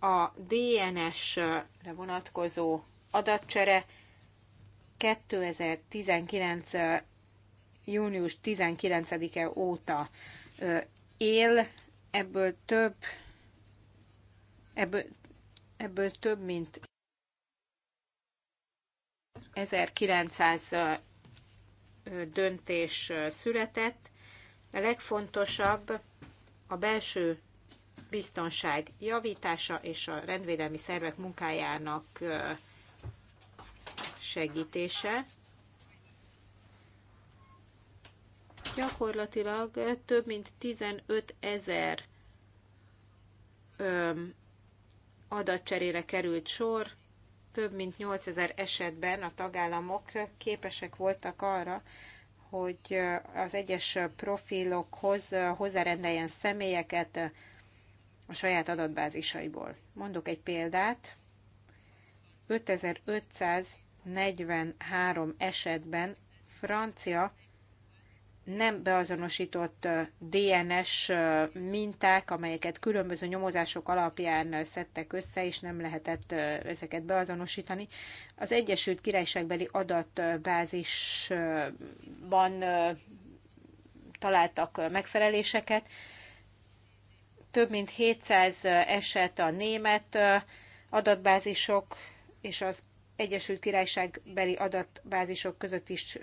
a DNS-re vonatkozó adatcsere 2019. június 19-e óta él, ebből több, ebből, ebből több mint 1900 döntés született. A legfontosabb a belső biztonság javítása és a rendvédelmi szervek munkájának segítése. Gyakorlatilag több mint 15 ezer adatcserére került sor, több mint 8000 esetben a tagállamok képesek voltak arra, hogy az egyes profilokhoz hozzárendeljen személyeket a saját adatbázisaiból. Mondok egy példát. 5543 esetben Francia nem beazonosított DNS minták, amelyeket különböző nyomozások alapján szedtek össze, és nem lehetett ezeket beazonosítani. Az Egyesült Királyságbeli adatbázisban találtak megfeleléseket. Több mint 700 eset a német adatbázisok és az Egyesült Királyságbeli adatbázisok között is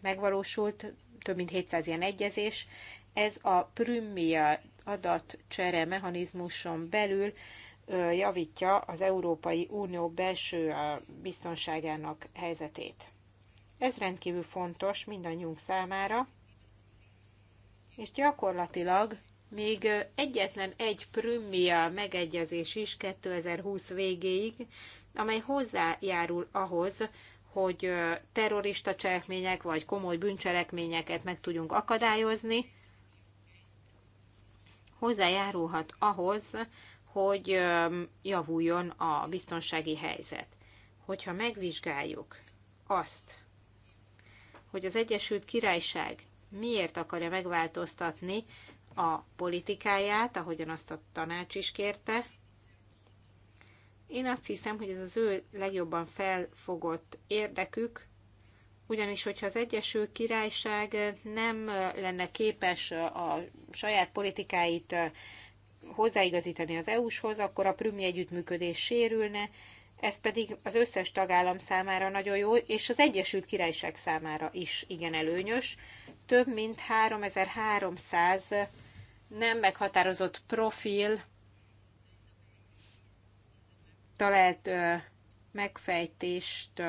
megvalósult, több mint 700 ilyen egyezés. Ez a prümia adatcsere mechanizmuson belül javítja az Európai Unió belső biztonságának helyzetét. Ez rendkívül fontos mindannyiunk számára, és gyakorlatilag még egyetlen egy prümmia megegyezés is 2020 végéig, amely hozzájárul ahhoz, hogy terrorista cselekmények vagy komoly bűncselekményeket meg tudjunk akadályozni, hozzájárulhat ahhoz, hogy javuljon a biztonsági helyzet. Hogyha megvizsgáljuk azt, hogy az Egyesült Királyság miért akarja megváltoztatni a politikáját, ahogyan azt a tanács is kérte, én azt hiszem, hogy ez az ő legjobban felfogott érdekük, ugyanis hogyha az Egyesült Királyság nem lenne képes a saját politikáit hozzáigazítani az EU-shoz, akkor a prümi együttműködés sérülne, ez pedig az összes tagállam számára nagyon jó, és az Egyesült Királyság számára is igen előnyös. Több mint 3300 nem meghatározott profil talált megfejtést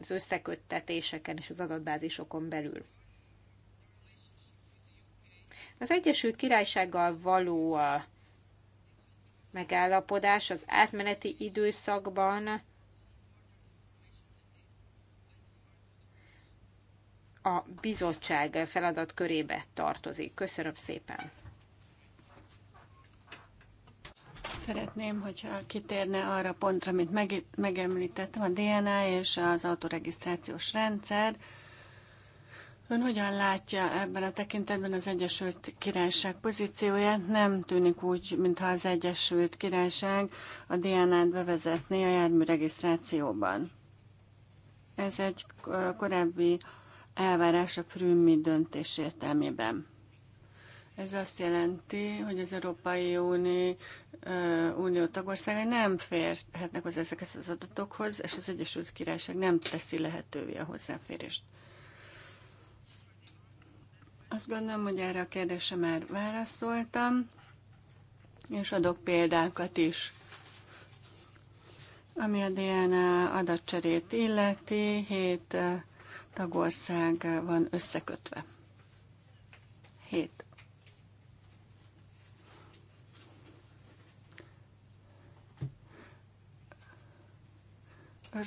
az összeköttetéseken és az adatbázisokon belül. Az Egyesült Királysággal való megállapodás az átmeneti időszakban a bizottság feladat körébe tartozik. Köszönöm szépen! Szeretném, hogyha kitérne arra pontra, amit meg, megemlítettem, a DNA és az autoregisztrációs rendszer. Ön hogyan látja ebben a tekintetben az Egyesült Királyság pozícióját? Nem tűnik úgy, mintha az Egyesült Királyság a DNA-t bevezetné a jármű regisztrációban. Ez egy korábbi elvárás a Prümmi döntés értelmében. Ez azt jelenti, hogy az Európai Unió, Unió tagországai nem férhetnek hozzá ezekhez az adatokhoz, és az Egyesült Királyság nem teszi lehetővé a hozzáférést. Azt gondolom, hogy erre a kérdésre már válaszoltam, és adok példákat is. Ami a DNA adatcserét illeti, hét tagország van összekötve. Hét.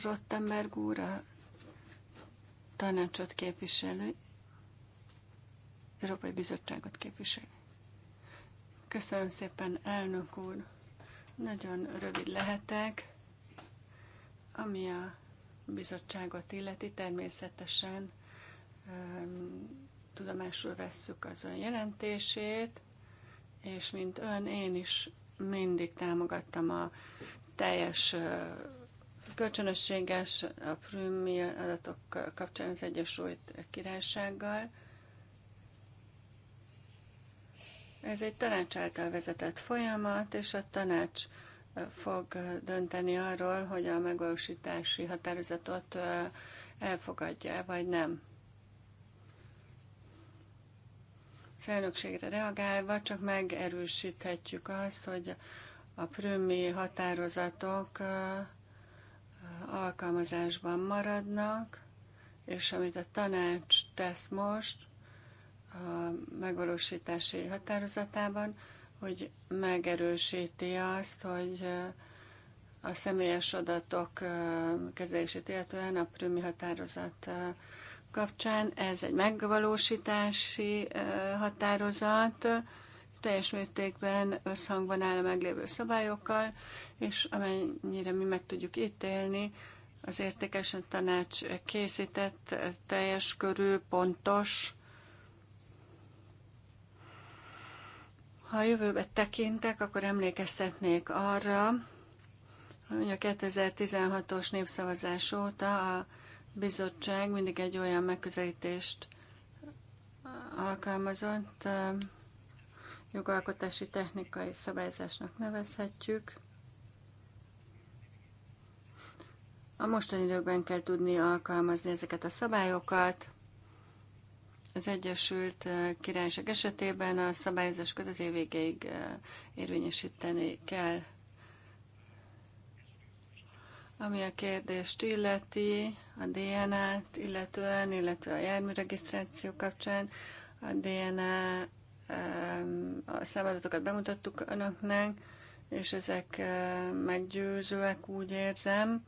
Rottenberg úr a tanácsot képviselő, Európai Bizottságot képviselő. Köszönöm szépen, elnök úr. Nagyon rövid lehetek. Ami a bizottságot illeti, természetesen um, tudomásul vesszük az ön jelentését, és mint ön, én is mindig támogattam a teljes kölcsönösséges a prümi adatok kapcsán az Egyesült Királysággal. Ez egy tanács által vezetett folyamat, és a tanács fog dönteni arról, hogy a megvalósítási határozatot elfogadja, vagy nem. Az elnökségre reagálva csak megerősíthetjük azt, hogy a prümi határozatok alkalmazásban maradnak, és amit a tanács tesz most a megvalósítási határozatában, hogy megerősíti azt, hogy a személyes adatok kezelését illetően a prümi határozat kapcsán ez egy megvalósítási határozat, teljes mértékben összhangban áll a meglévő szabályokkal, és amennyire mi meg tudjuk ítélni, az értékesen tanács készített, teljes körű, pontos. Ha a jövőbe tekintek, akkor emlékeztetnék arra, hogy a 2016-os népszavazás óta a bizottság mindig egy olyan megközelítést alkalmazott, jogalkotási technikai szabályzásnak nevezhetjük. A mostani időkben kell tudni alkalmazni ezeket a szabályokat. Az Egyesült eh, Királyság esetében a szabályozás az év végéig eh, érvényesíteni kell. Ami a kérdést illeti, a DNA-t illetően, illetve a járműregisztráció kapcsán, a DNA a szabadatokat bemutattuk önöknek, és ezek meggyőzőek, úgy érzem,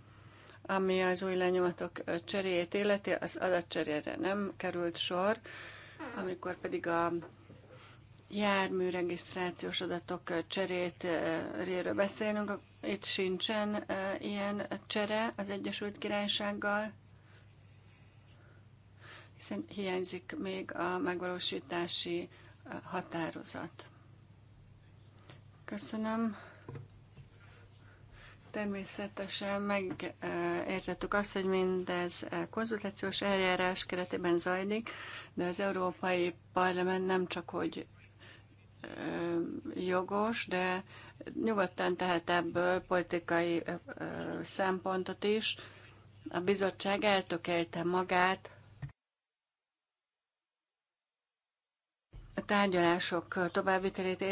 ami az új lenyomatok cseréjét illeti, az adatcserére nem került sor, amikor pedig a járműregisztrációs regisztrációs adatok cserét réről beszélünk, itt sincsen ilyen csere az Egyesült Királysággal, hiszen hiányzik még a megvalósítási határozat. Köszönöm. Természetesen megértettük azt, hogy mindez konzultációs eljárás keretében zajlik, de az Európai Parlament nem csak hogy jogos, de nyugodtan tehet ebből politikai szempontot is. A bizottság eltökélte magát a tárgyalások továbbvitelét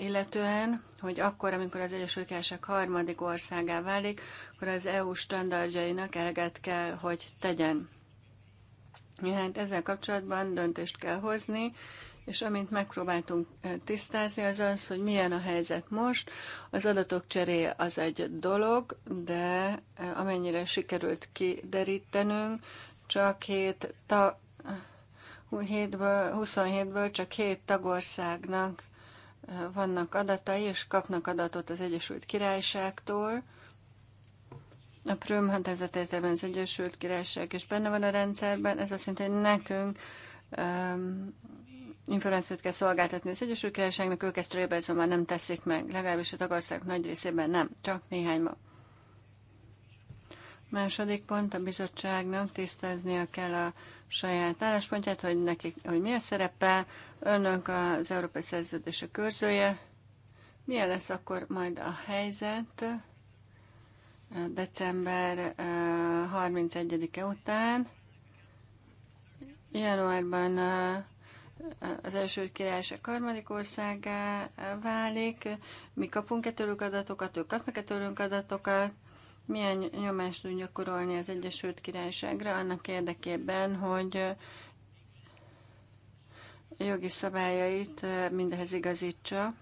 illetően, hogy akkor, amikor az Egyesült Királyság harmadik országá válik, akkor az EU standardjainak eleget kell, hogy tegyen. Hát ezzel kapcsolatban döntést kell hozni, és amint megpróbáltunk eh, tisztázni, az az, hogy milyen a helyzet most. Az adatok cseré az egy dolog, de eh, amennyire sikerült kiderítenünk, csak hét ta- 27-ből, 27-ből csak 7 tagországnak vannak adatai, és kapnak adatot az Egyesült Királyságtól. A Prüm határozat értelmében az Egyesült Királyság is benne van a rendszerben. Ez azt jelenti, hogy nekünk um, információt kell szolgáltatni az Egyesült Királyságnak, ők ezt röjjében azonban nem teszik meg, legalábbis a tagország nagy részében nem, csak néhányban. Második pont, a bizottságnak tisztáznia kell a saját álláspontját, hogy, nekik, hogy mi a szerepe, önök az Európai Szerződések körzője, milyen lesz akkor majd a helyzet eh, december 31-e eh, után. Januárban eh, az első királyság harmadik országá válik. Mi kapunk-e tőlük adatokat, ők kapnak-e tőlünk adatokat, milyen nyomást tud gyakorolni az Egyesült Királyságra annak érdekében, hogy jogi szabályait eh, mindehez igazítsa.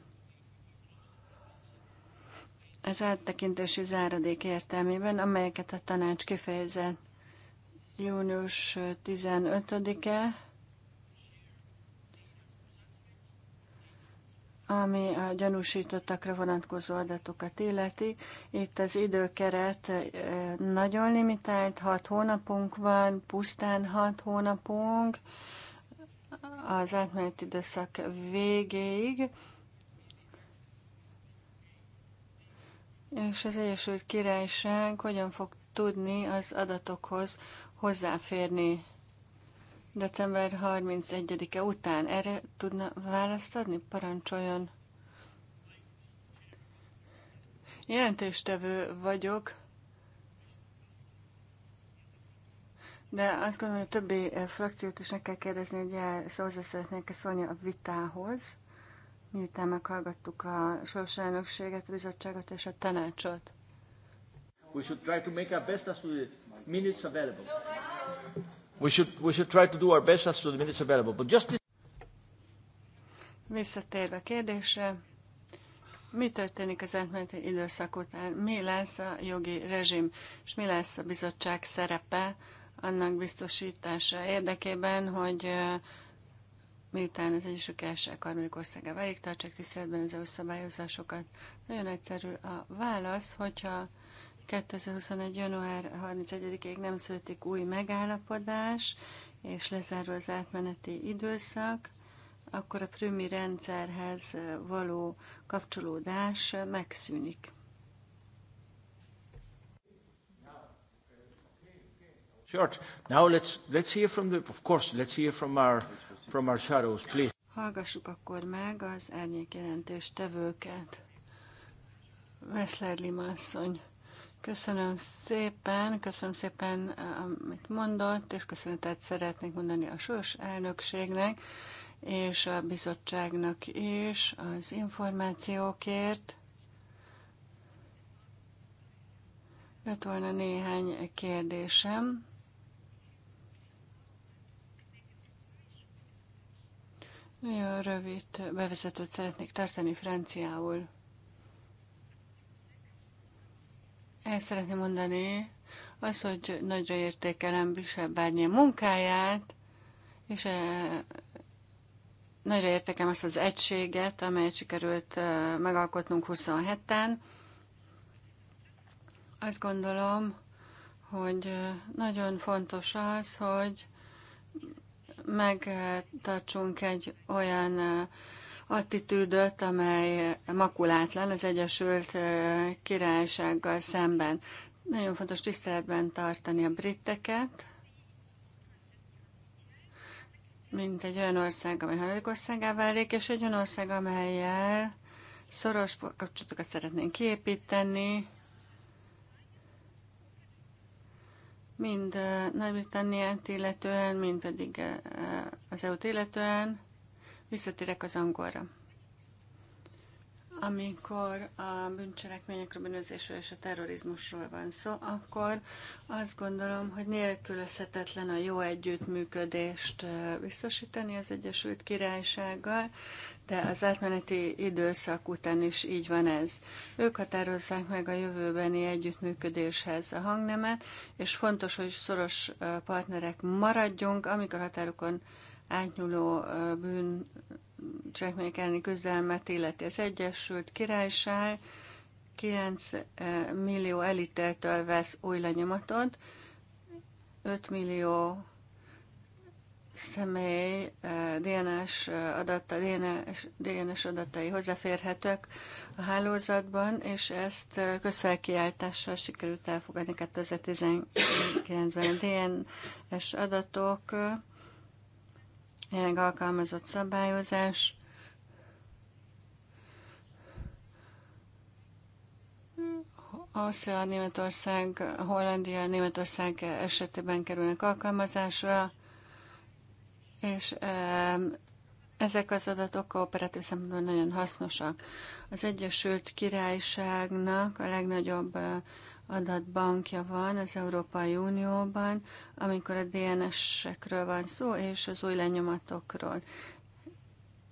Az áttekintési záradék értelmében, amelyeket a tanács kifejezett június 15-e, eh, ami a gyanúsítottakra vonatkozó adatokat illeti. Itt az időkeret eh, nagyon limitált, hat hónapunk van, pusztán hat hónapunk az átmeneti időszak végéig. És az Egyesült Királyság hogyan fog tudni az adatokhoz hozzáférni december 31-e után. Erre tudna választ adni? Parancsoljon. Jelentéstevő vagyok, de azt gondolom, hogy a többi eh, frakciót is meg kell kérdezni, hogy hozzá szeretnék-e szólni a vitához, miután meghallgattuk a sorsajnokséget, a bizottságot és a tanácsot. We should try to make our best as we minutes available. We should, we should try to do our best as to the minutes available. But just this... Visszatérve a kérdésre, mi történik az átmeneti időszak után? Mi lesz a jogi rezsim, és mi lesz a bizottság szerepe annak biztosítása érdekében, hogy miután az Egyesült Királyság harmadik országa válik, tartsák tiszteletben az EU szabályozásokat. Nagyon egyszerű a válasz, hogyha 2021. január 31-ig nem születik új megállapodás, és lezárul az átmeneti időszak, akkor a prümi rendszerhez való kapcsolódás megszűnik. George, now let's, let's hear from the, of course, let's hear from our, from our shadows, please. Hallgassuk akkor meg az árnyék jelentős tevőket. Veszler Limasszony. Köszönöm szépen, köszönöm szépen, eh, amit mondott, és köszönetet szeretnék mondani a sors elnökségnek és a bizottságnak is az információkért. Lett volna néhány kérdésem. Nagyon rövid bevezetőt szeretnék tartani franciául. El szeretném mondani az, hogy nagyra értékelem Bishop Barnier munkáját, és eh, nagyra értékelem azt az egységet, amelyet sikerült eh, megalkotnunk 27-en. Azt gondolom, hogy eh, nagyon fontos az, hogy megtartsunk egy olyan attitűdöt, amely makulátlan az Egyesült eh, Királysággal szemben. Nagyon fontos tiszteletben tartani a briteket, mint egy olyan ország, amely harmadik országá válik, és egy olyan ország, amelyel szoros kapcsolatokat szeretnénk kiépíteni, mind eh, Nagy-Britanniát illetően, mind pedig eh, az EU-t illetően. Visszatérek az angolra. Amikor a bűncselekményekről, bűnözésről és a terrorizmusról van szó, akkor azt gondolom, hogy nélkülözhetetlen a jó együttműködést biztosítani az Egyesült Királysággal, de az átmeneti időszak után is így van ez. Ők határozzák meg a jövőbeni együttműködéshez a hangnemet, és fontos, hogy szoros partnerek maradjunk, amikor határokon átnyúló bűn cselekmények elleni küzdelmet illeti az Egyesült Királyság 9 millió elítéltől vesz új lenyomatot, 5 millió személy DNS, adata, DNS, DNS adatai hozzáférhetők a hálózatban, és ezt közfelkiáltással sikerült elfogadni 2019-ben. A DNS adatok jelenleg alkalmazott szabályozás Ausztria, Németország, Hollandia, Németország esetében kerülnek alkalmazásra, és ezek az adatok operatív szempontból nagyon hasznosak. Az Egyesült Királyságnak a legnagyobb adatbankja van az Európai Unióban, amikor a DNS-ekről van szó, és az új lenyomatokról.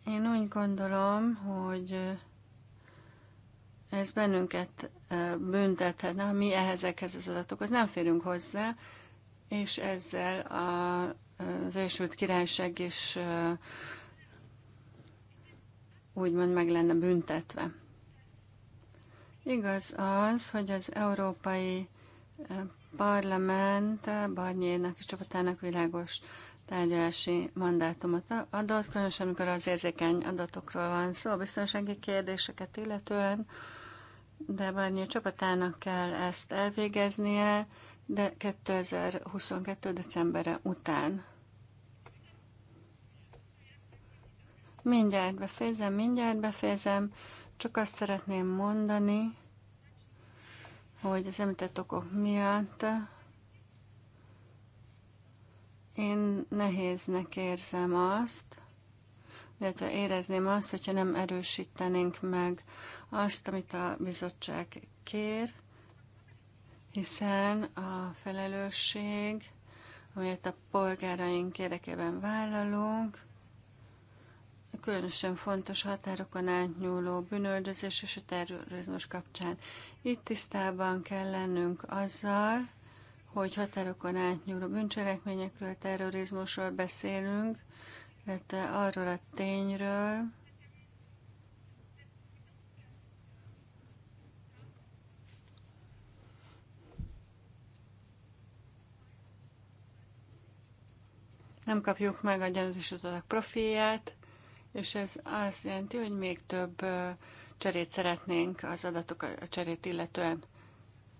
Én úgy gondolom, hogy ez bennünket büntethetne, ha mi ehhezekhez az adatokhoz nem férünk hozzá, és ezzel a, az Egyesült Királyság is úgymond meg lenne büntetve. Igaz az, hogy az Európai eh, Parlament Barnyének és csapatának világos tárgyalási mandátumot adott, különösen amikor az érzékeny adatokról van szó, szóval biztonsági kérdéseket illetően, de Barnyé csapatának kell ezt elvégeznie, de 2022. decemberre után. Mindjárt befejezem, mindjárt befejezem. Csak azt szeretném mondani, hogy az említett okok miatt én nehéznek érzem azt, illetve érezném azt, hogyha nem erősítenénk meg azt, amit a bizottság kér, hiszen a felelősség, amelyet a polgáraink érdekében vállalunk, különösen fontos határokon átnyúló bűnöldözés és a terrorizmus kapcsán. Itt tisztában kell lennünk azzal, hogy határokon átnyúló bűncselekményekről, terrorizmusról beszélünk, illetve arról a tényről, nem kapjuk meg a gyanúsítottak profilját, és ez azt jelenti, hogy még több cserét szeretnénk az adatok a cserét illetően.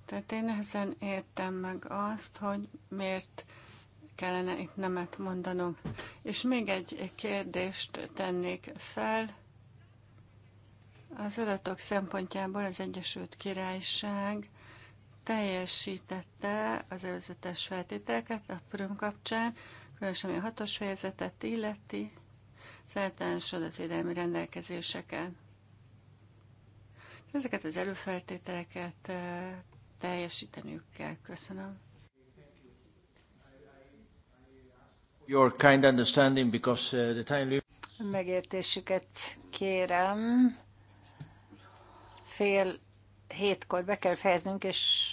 Tehát én nehezen értem meg azt, hogy miért kellene itt nemet mondanunk. És még egy kérdést tennék fel. Az adatok szempontjából az Egyesült Királyság teljesítette az előzetes feltételeket a Prüm kapcsán, különösen a hatos fejezetet illeti az általános adatvédelmi rendelkezéseket. Ezeket az előfeltételeket eh, teljesíteniük kell. Köszönöm. Your kind understanding because eh, the time Megértésüket kérem. Fél hétkor be kell fejeznünk, és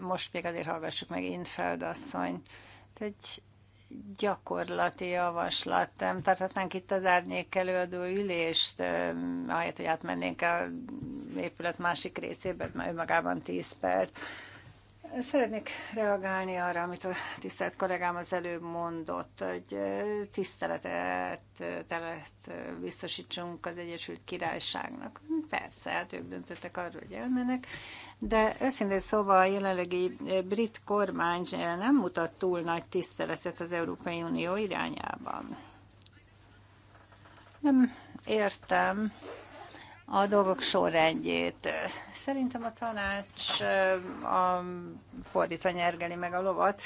most még azért hallgassuk meg Infeld asszony. Egy gyakorlati javaslat. Nem tarthatnánk itt az árnyék előadó ülést, ahelyett, hogy átmennénk a épület másik részébe, ez már önmagában 10 perc. Szeretnék reagálni arra, amit a tisztelt kollégám az előbb mondott, hogy tiszteletet telet biztosítsunk az Egyesült Királyságnak. Persze, hát ők döntöttek arról, hogy elmennek, de őszintén szóval a jelenlegi brit kormány nem mutat túl nagy tiszteletet az Európai Unió irányában. Nem értem, a dolgok sorrendjét. Szerintem a tanács a fordítva nyergeli meg a lovat.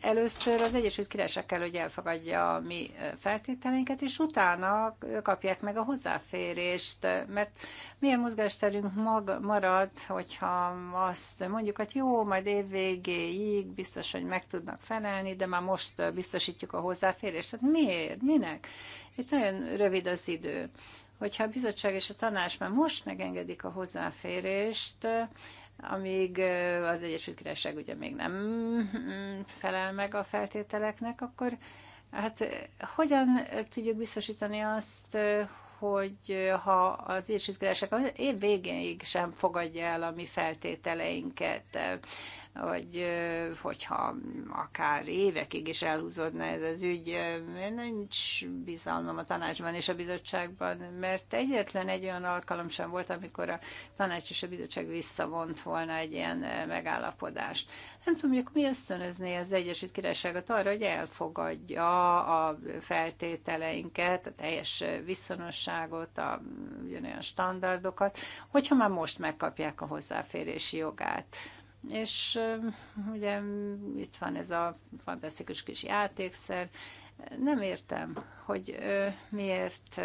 Először az Egyesült Királyság kell, hogy elfogadja a mi feltételeinket, és utána kapják meg a hozzáférést, mert milyen mozgásterünk mag marad, hogyha azt mondjuk, hogy jó, majd évvégéig biztos, hogy meg tudnak felelni, de már most biztosítjuk a hozzáférést. Tehát miért? Minek? Itt nagyon rövid az idő hogyha a bizottság és a tanács már most megengedik a hozzáférést, amíg az Egyesült Királyság ugye még nem mm, felel meg a feltételeknek, akkor hát hogyan tudjuk biztosítani azt, hogy ha az Egyesült Királyság év végéig sem fogadja el a mi feltételeinket, hogy hogyha akár évekig is elhúzódna ez az ügy, nincs bizalmam a tanácsban és a bizottságban, mert egyetlen egy olyan alkalom sem volt, amikor a tanács és a bizottság visszavont volna egy ilyen megállapodást. Nem tudom, hogy mi ösztönözné az Egyesült Királyságot arra, hogy elfogadja a feltételeinket, a teljes viszonosságot, a ugyanolyan standardokat, hogyha már most megkapják a hozzáférési jogát. És ugye itt van ez a fantasztikus kis játékszer. Nem értem, hogy miért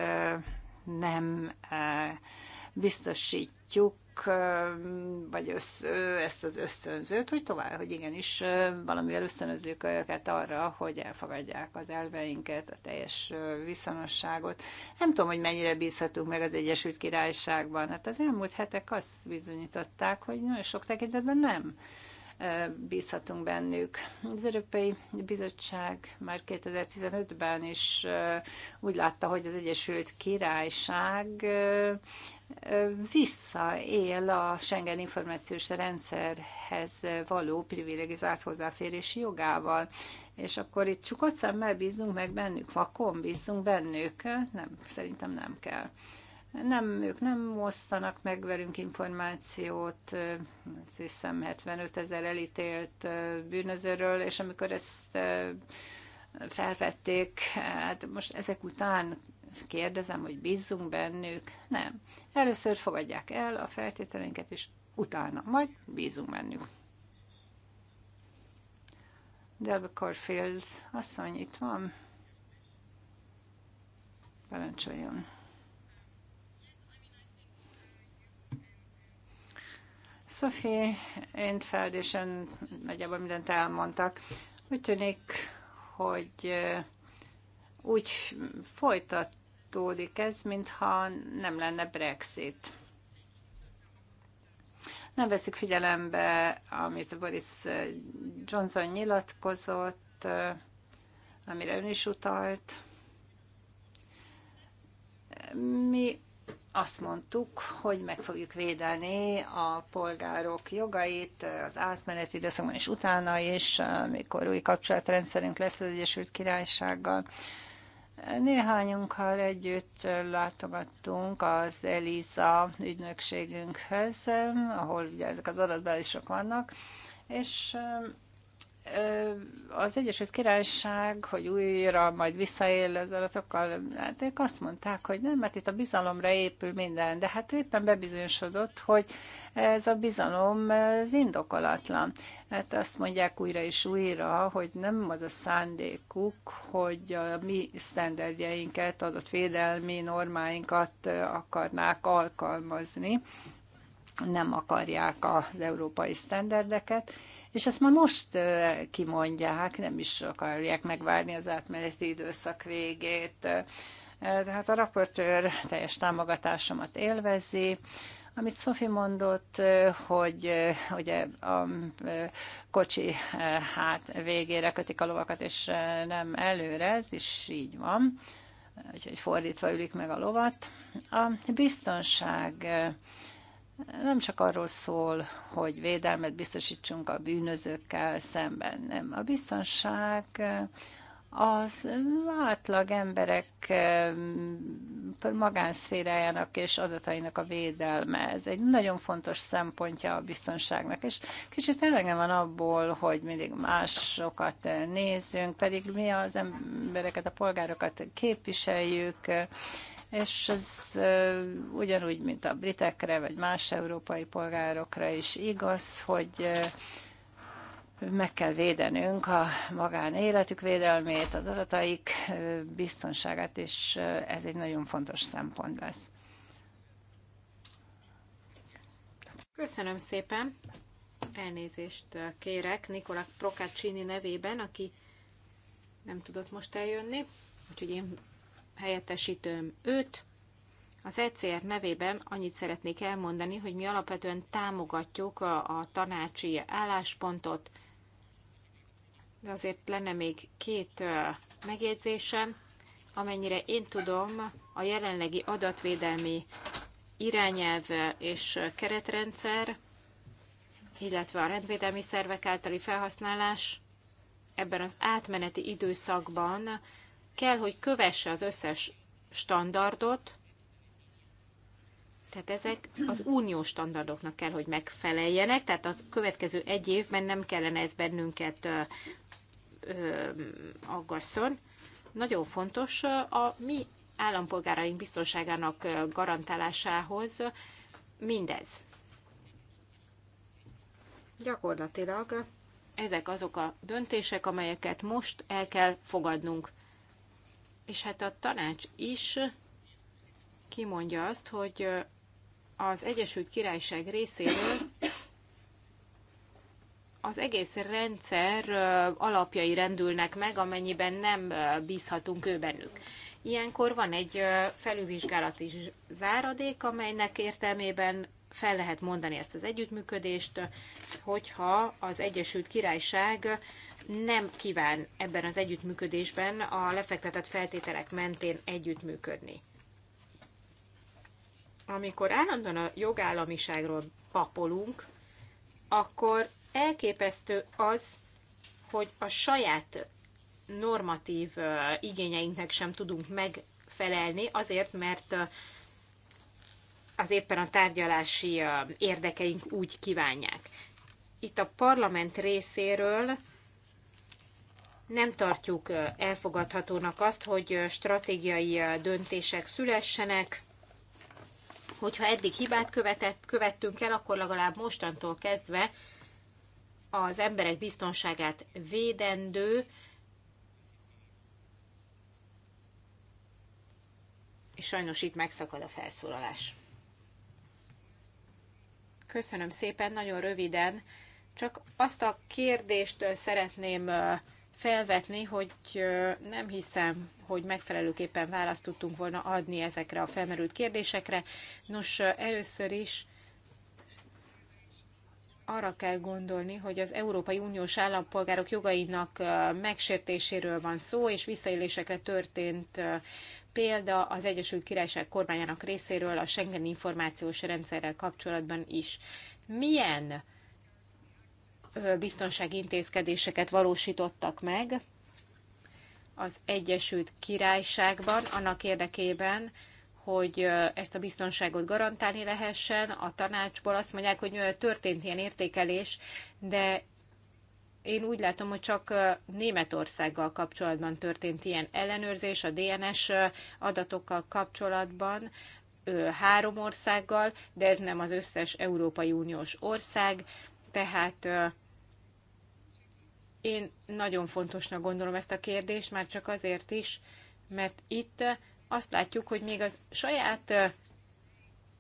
nem biztosítjuk vagy össz, ezt az ösztönzőt, hogy tovább, hogy igenis valamivel ösztönözzük őket arra, hogy elfogadják az elveinket, a teljes viszonosságot. Nem tudom, hogy mennyire bízhatunk meg az Egyesült Királyságban. Hát az elmúlt hetek azt bizonyították, hogy nagyon sok tekintetben nem bízhatunk bennük. Az Európai Bizottság már 2015-ben is úgy látta, hogy az Egyesült Királyság visszaél a Schengen információs rendszerhez való privilegizált hozzáférési jogával. És akkor itt csukott szemmel bízunk meg bennük, vakon bízunk bennük? Nem, szerintem nem kell nem, ők nem osztanak meg velünk információt, azt hiszem 75 ezer elítélt bűnözőről, és amikor ezt felvették, hát most ezek után kérdezem, hogy bízzunk bennük. Nem. Először fogadják el a feltételeinket, és utána majd bízunk bennük. Delbe Corfield asszony itt van. Parancsoljon. Sophie, én és nagyjából mindent elmondtak. Úgy tűnik, hogy eh, úgy folytatódik ez, mintha nem lenne Brexit. Nem veszik figyelembe, amit Boris eh, Johnson nyilatkozott, eh, amire ön is utalt. Mi azt mondtuk, hogy meg fogjuk védeni a polgárok jogait az átmeneti időszakban és utána is, amikor új kapcsolatrendszerünk lesz az Egyesült Királysággal. Néhányunkkal együtt látogattunk az Eliza ügynökségünkhöz, ahol ugye ezek az adatbázisok vannak, és az Egyesült Királyság, hogy újra majd visszaél az adatokkal, hát ők azt mondták, hogy nem, mert itt a bizalomra épül minden, de hát éppen bebizonyosodott, hogy ez a bizalom az indokolatlan. Hát azt mondják újra és újra, hogy nem az a szándékuk, hogy a mi sztenderdjeinket, adott védelmi normáinkat akarnák alkalmazni, nem akarják az európai sztenderdeket, és ezt már most kimondják, nem is akarják megvárni az átmeneti időszak végét. Tehát a raportőr teljes támogatásomat élvezi, amit Szofi mondott, hogy ugye a kocsi hát végére kötik a lovakat, és nem előre, ez is így van, úgyhogy fordítva ülik meg a lovat. A biztonság nem csak arról szól, hogy védelmet biztosítsunk a bűnözőkkel szemben, nem. A biztonság az átlag emberek ehm, magánszférájának és adatainak a védelme. Ez egy nagyon fontos szempontja a biztonságnak, és kicsit elegen van abból, hogy mindig másokat nézzünk, pedig mi az embereket, a polgárokat képviseljük, és ez ugyanúgy, mint a britekre, vagy más európai polgárokra is igaz, hogy meg kell védenünk a magánéletük védelmét, az adataik biztonságát, és ez egy nagyon fontos szempont lesz. Köszönöm szépen. Elnézést kérek Nikola Procaccini nevében, aki nem tudott most eljönni, úgyhogy én helyettesítőm őt. Az ECR nevében annyit szeretnék elmondani, hogy mi alapvetően támogatjuk a, a tanácsi álláspontot, de azért lenne még két megjegyzésem. Amennyire én tudom, a jelenlegi adatvédelmi irányelv és keretrendszer, illetve a rendvédelmi szervek általi felhasználás ebben az átmeneti időszakban kell, hogy kövesse az összes standardot, tehát ezek az uniós standardoknak kell, hogy megfeleljenek, tehát a következő egy évben nem kellene ez bennünket aggasszon. Nagyon fontos a mi állampolgáraink biztonságának garantálásához mindez. Gyakorlatilag ezek azok a döntések, amelyeket most el kell fogadnunk és hát a tanács is kimondja azt, hogy az Egyesült Királyság részéről az egész rendszer alapjai rendülnek meg, amennyiben nem bízhatunk ő bennük. Ilyenkor van egy felülvizsgálati záradék, amelynek értelmében fel lehet mondani ezt az együttműködést, hogyha az Egyesült Királyság nem kíván ebben az együttműködésben a lefektetett feltételek mentén együttműködni. Amikor állandóan a jogállamiságról papolunk, akkor elképesztő az, hogy a saját normatív igényeinknek sem tudunk megfelelni, azért, mert az éppen a tárgyalási érdekeink úgy kívánják. Itt a parlament részéről nem tartjuk elfogadhatónak azt, hogy stratégiai döntések szülessenek, hogyha eddig hibát követett, követtünk el, akkor legalább mostantól kezdve az emberek biztonságát védendő és sajnos itt megszakad a felszólalás. Köszönöm szépen, nagyon röviden. Csak azt a kérdést szeretném felvetni, hogy nem hiszem, hogy megfelelőképpen választ tudtunk volna adni ezekre a felmerült kérdésekre. Nos, először is arra kell gondolni, hogy az Európai Uniós állampolgárok jogainak megsértéséről van szó, és visszaélésekre történt példa az Egyesült Királyság kormányának részéről a Schengen információs rendszerrel kapcsolatban is. Milyen biztonsági intézkedéseket valósítottak meg az Egyesült Királyságban annak érdekében, hogy ezt a biztonságot garantálni lehessen. A tanácsból azt mondják, hogy történt ilyen értékelés, de én úgy látom, hogy csak Németországgal kapcsolatban történt ilyen ellenőrzés, a DNS adatokkal kapcsolatban, három országgal, de ez nem az összes Európai Uniós ország, tehát én nagyon fontosnak gondolom ezt a kérdést, már csak azért is, mert itt azt látjuk, hogy még az saját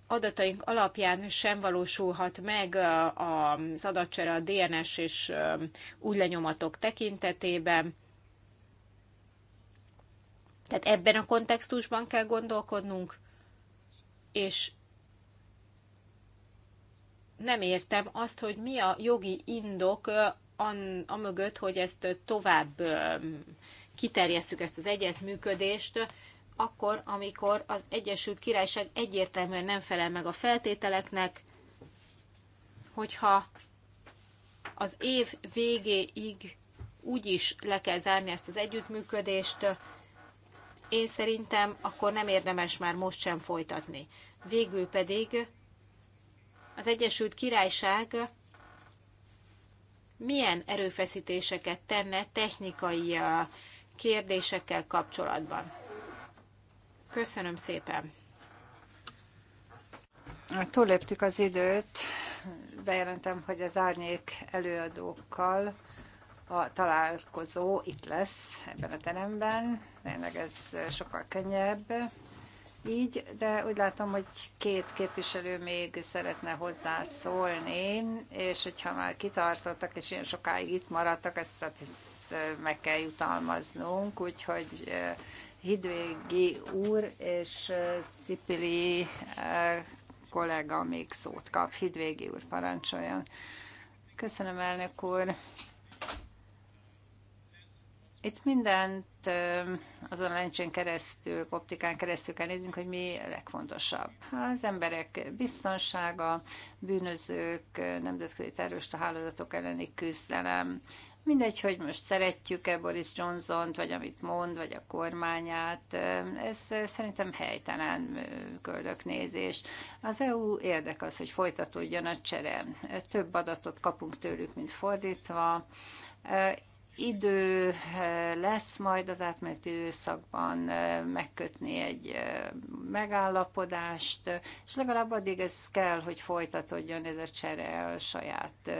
adataink alapján sem valósulhat meg az adatcsere a DNS és új lenyomatok tekintetében. Tehát ebben a kontextusban kell gondolkodnunk, és nem értem azt, hogy mi a jogi indok amögött, hogy ezt tovább kiterjesszük ezt az egyetműködést akkor, amikor az Egyesült Királyság egyértelműen nem felel meg a feltételeknek, hogyha az év végéig úgy is le kell zárni ezt az együttműködést, én szerintem akkor nem érdemes már most sem folytatni. Végül pedig az Egyesült Királyság milyen erőfeszítéseket tenne technikai uh, kérdésekkel kapcsolatban. Köszönöm szépen. Hát Túléptük az időt. Bejelentem, hogy az árnyék előadókkal a találkozó itt lesz ebben a teremben. Tényleg ez sokkal könnyebb így, de úgy látom, hogy két képviselő még szeretne hozzászólni, és hogyha már kitartottak, és ilyen sokáig itt maradtak, ezt, ezt meg kell jutalmaznunk, úgyhogy Hidvégi úr és Szipili kollega még szót kap. Hidvégi úr, parancsoljon. Köszönöm, elnök úr. Itt mindent azon lencsén keresztül, optikán keresztül kell nézünk, hogy mi a legfontosabb. Az emberek biztonsága, bűnözők, nemzetközi terrorista hálózatok elleni küzdelem, Mindegy, hogy most szeretjük-e Boris johnson vagy amit mond, vagy a kormányát, ez szerintem helytelen köldöknézés. Az EU érdek az, hogy folytatódjon a csere. Több adatot kapunk tőlük, mint fordítva idő eh, lesz majd az átmeneti időszakban eh, megkötni egy eh, megállapodást, és legalább addig ez kell, hogy folytatódjon ez a csere a saját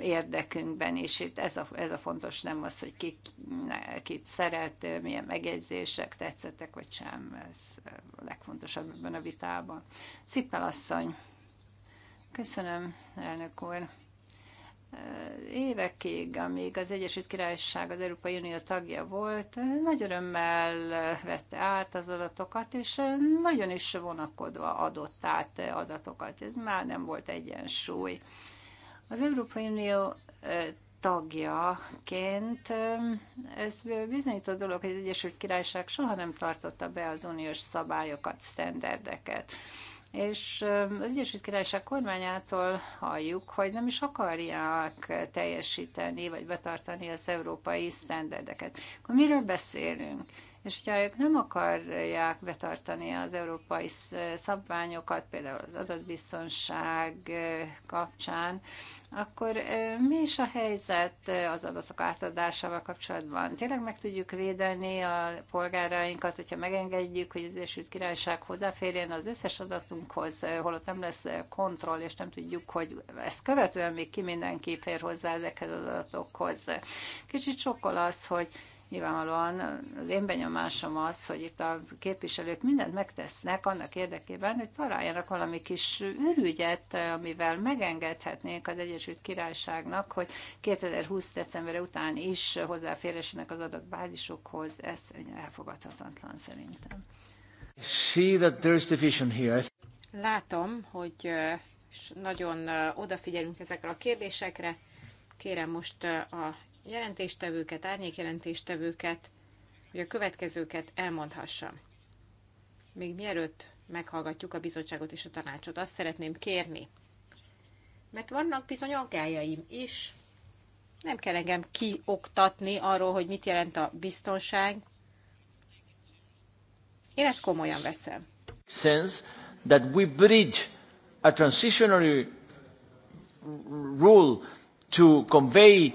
érdekünkben, és itt ez a, ez a fontos, nem az, hogy ki, ne, kit szeret, milyen megjegyzések tetszettek, vagy sem, ez a legfontosabb ebben a vitában. Szippel asszony, köszönöm, elnök úr évekig, amíg az Egyesült Királyság az Európai Unió tagja volt, nagy örömmel vette át az adatokat, és nagyon is vonakodva adott át adatokat. Ez már nem volt egyensúly. Az Európai Unió tagjaként ez bizonyító dolog, hogy az Egyesült Királyság soha nem tartotta be az uniós szabályokat, sztenderdeket és az Egyesült Királyság kormányától halljuk, hogy nem is akarják teljesíteni vagy betartani az európai sztenderdeket. Akkor miről beszélünk? És hogyha ők nem akarják betartani az európai szabványokat, például az adatbiztonság kapcsán, akkor mi is a helyzet az adatok átadásával kapcsolatban? Tényleg meg tudjuk védeni a polgárainkat, hogyha megengedjük, hogy az Egyesült Királyság hozzáférjen az összes adatunkhoz, holott nem lesz kontroll, és nem tudjuk, hogy ezt követően még ki mindenki fér hozzá ezekhez az adatokhoz. Kicsit sokkal az, hogy nyilvánvalóan az én benyomásom az, hogy itt a képviselők mindent megtesznek annak érdekében, hogy találjanak valami kis ürügyet, amivel megengedhetnék az Egyesült Királyságnak, hogy 2020. decemberre után is hozzáférhessenek az adatbázisokhoz. Ez elfogadhatatlan szerintem. See that is division here. Látom, hogy nagyon odafigyelünk ezekre a kérdésekre. Kérem most a jelentéstevőket, árnyékjelentéstevőket, hogy a következőket elmondhassam. Még mielőtt meghallgatjuk a bizottságot és a tanácsot, azt szeretném kérni, mert vannak bizony aggájaim is. Nem kell engem kioktatni arról, hogy mit jelent a biztonság. Én ezt komolyan veszem. Since that we bridge a transitionary rule to convey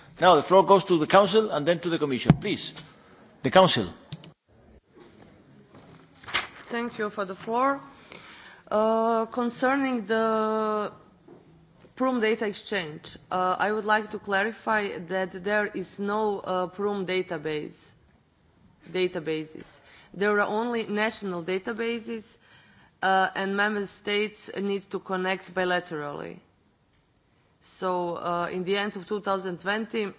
Now the floor goes to the Council and then to the Commission. Please, the Council. Thank you for the floor. Uh, concerning the Prum data exchange, uh, I would like to clarify that there is no uh, Prum database, databases. There are only national databases uh, and member states need to connect bilaterally. So uh, in the end of 2020,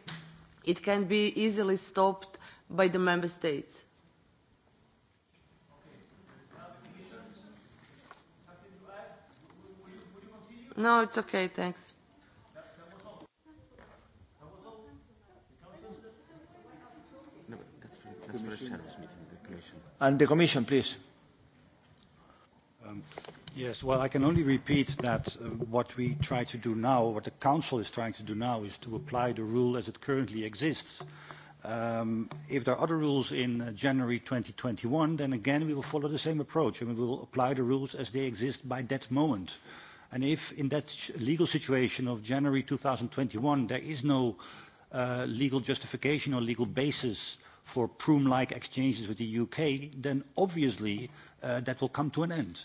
it can be easily stopped by the member states. No, it's okay, thanks. that's for the the commission. And the commission, please. Um, Yes, well, I can only repeat that uh, what we try to do now, what the Council is trying to do now, is to apply the rule as it currently exists. Um, if there are other rules in uh, January 2021, then again we will follow the same approach and we will apply the rules as they exist by that moment. And if in that legal situation of January 2021 there is no uh, legal justification or legal basis for Prüm-like exchanges with the UK, then obviously uh, that will come to an end.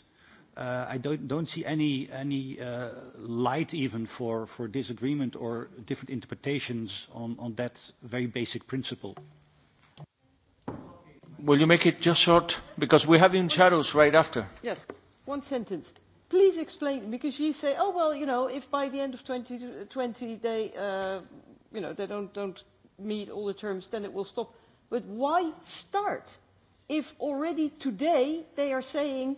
Uh, I don't, see any, uh, light even for, disagreement or different interpretations on, that very basic principle. Will you make it just short? Because we're having shadows right after. Yes, one sentence. Please explain, because you say, oh, well, you know, if by the end of 2020 they, uh, you know, they don't, don't meet all the terms, then it will stop. But why start if already today they are saying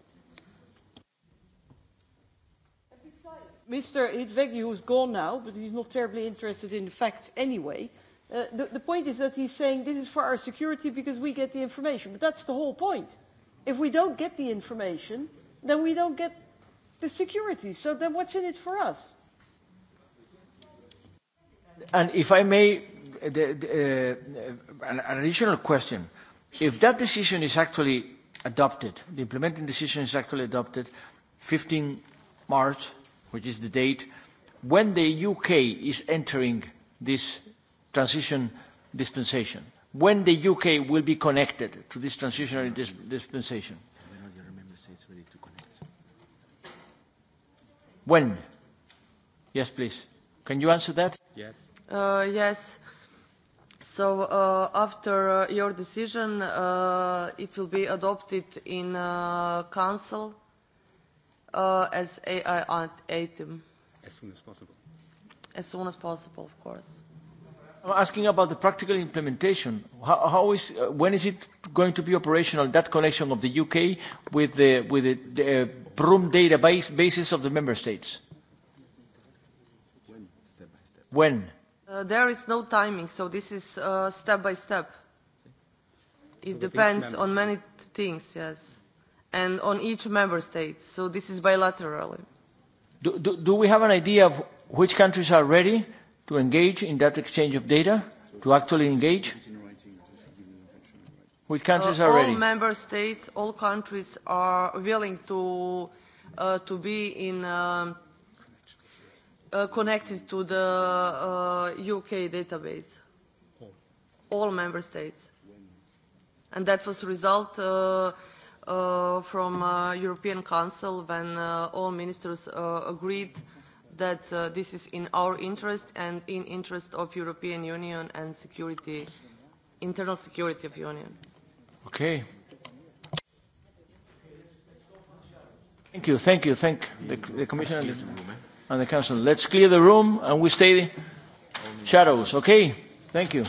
Mr. Hidvegi, who's gone now, but he's not terribly interested in the facts anyway, uh, the, the point is that he's saying this is for our security because we get the information. But that's the whole point. If we don't get the information, then we don't get the security. So then what's in it for us? And if I may, the, the, uh, an, an additional question. If that decision is actually adopted, the implementing decision is actually adopted 15 March which is the date when the UK is entering this transition dispensation, when the UK will be connected to this transitional dis dispensation. When? Yes, please. Can you answer that? Yes. Uh, yes. So uh, after uh, your decision, uh, it will be adopted in uh, Council uh, as AI item. As soon as possible. As soon as possible, of course. I'm asking about the practical implementation. How, how is, uh, when is it going to be operational, that connection of the UK with the, with the, the uh, PRUM database basis of the member states? When? Step by step. When? Uh, there is no timing, so this is uh, step by step. It so depends on many things, yes and on each member state. So this is bilaterally. Do, do, do we have an idea of which countries are ready to engage in that exchange of data, to actually engage? Which countries uh, are all ready? All member states, all countries are willing to uh, to be in um, uh, connected to the uh, UK database. All member states, and that was result. Uh, uh, from uh, European Council when uh, all ministers uh, agreed that uh, this is in our interest and in interest of European Union and security, internal security of Union. Okay. Thank you, thank you, thank the, the Commission and the, and the Council. Let's clear the room and we stay shadows, okay? Thank you.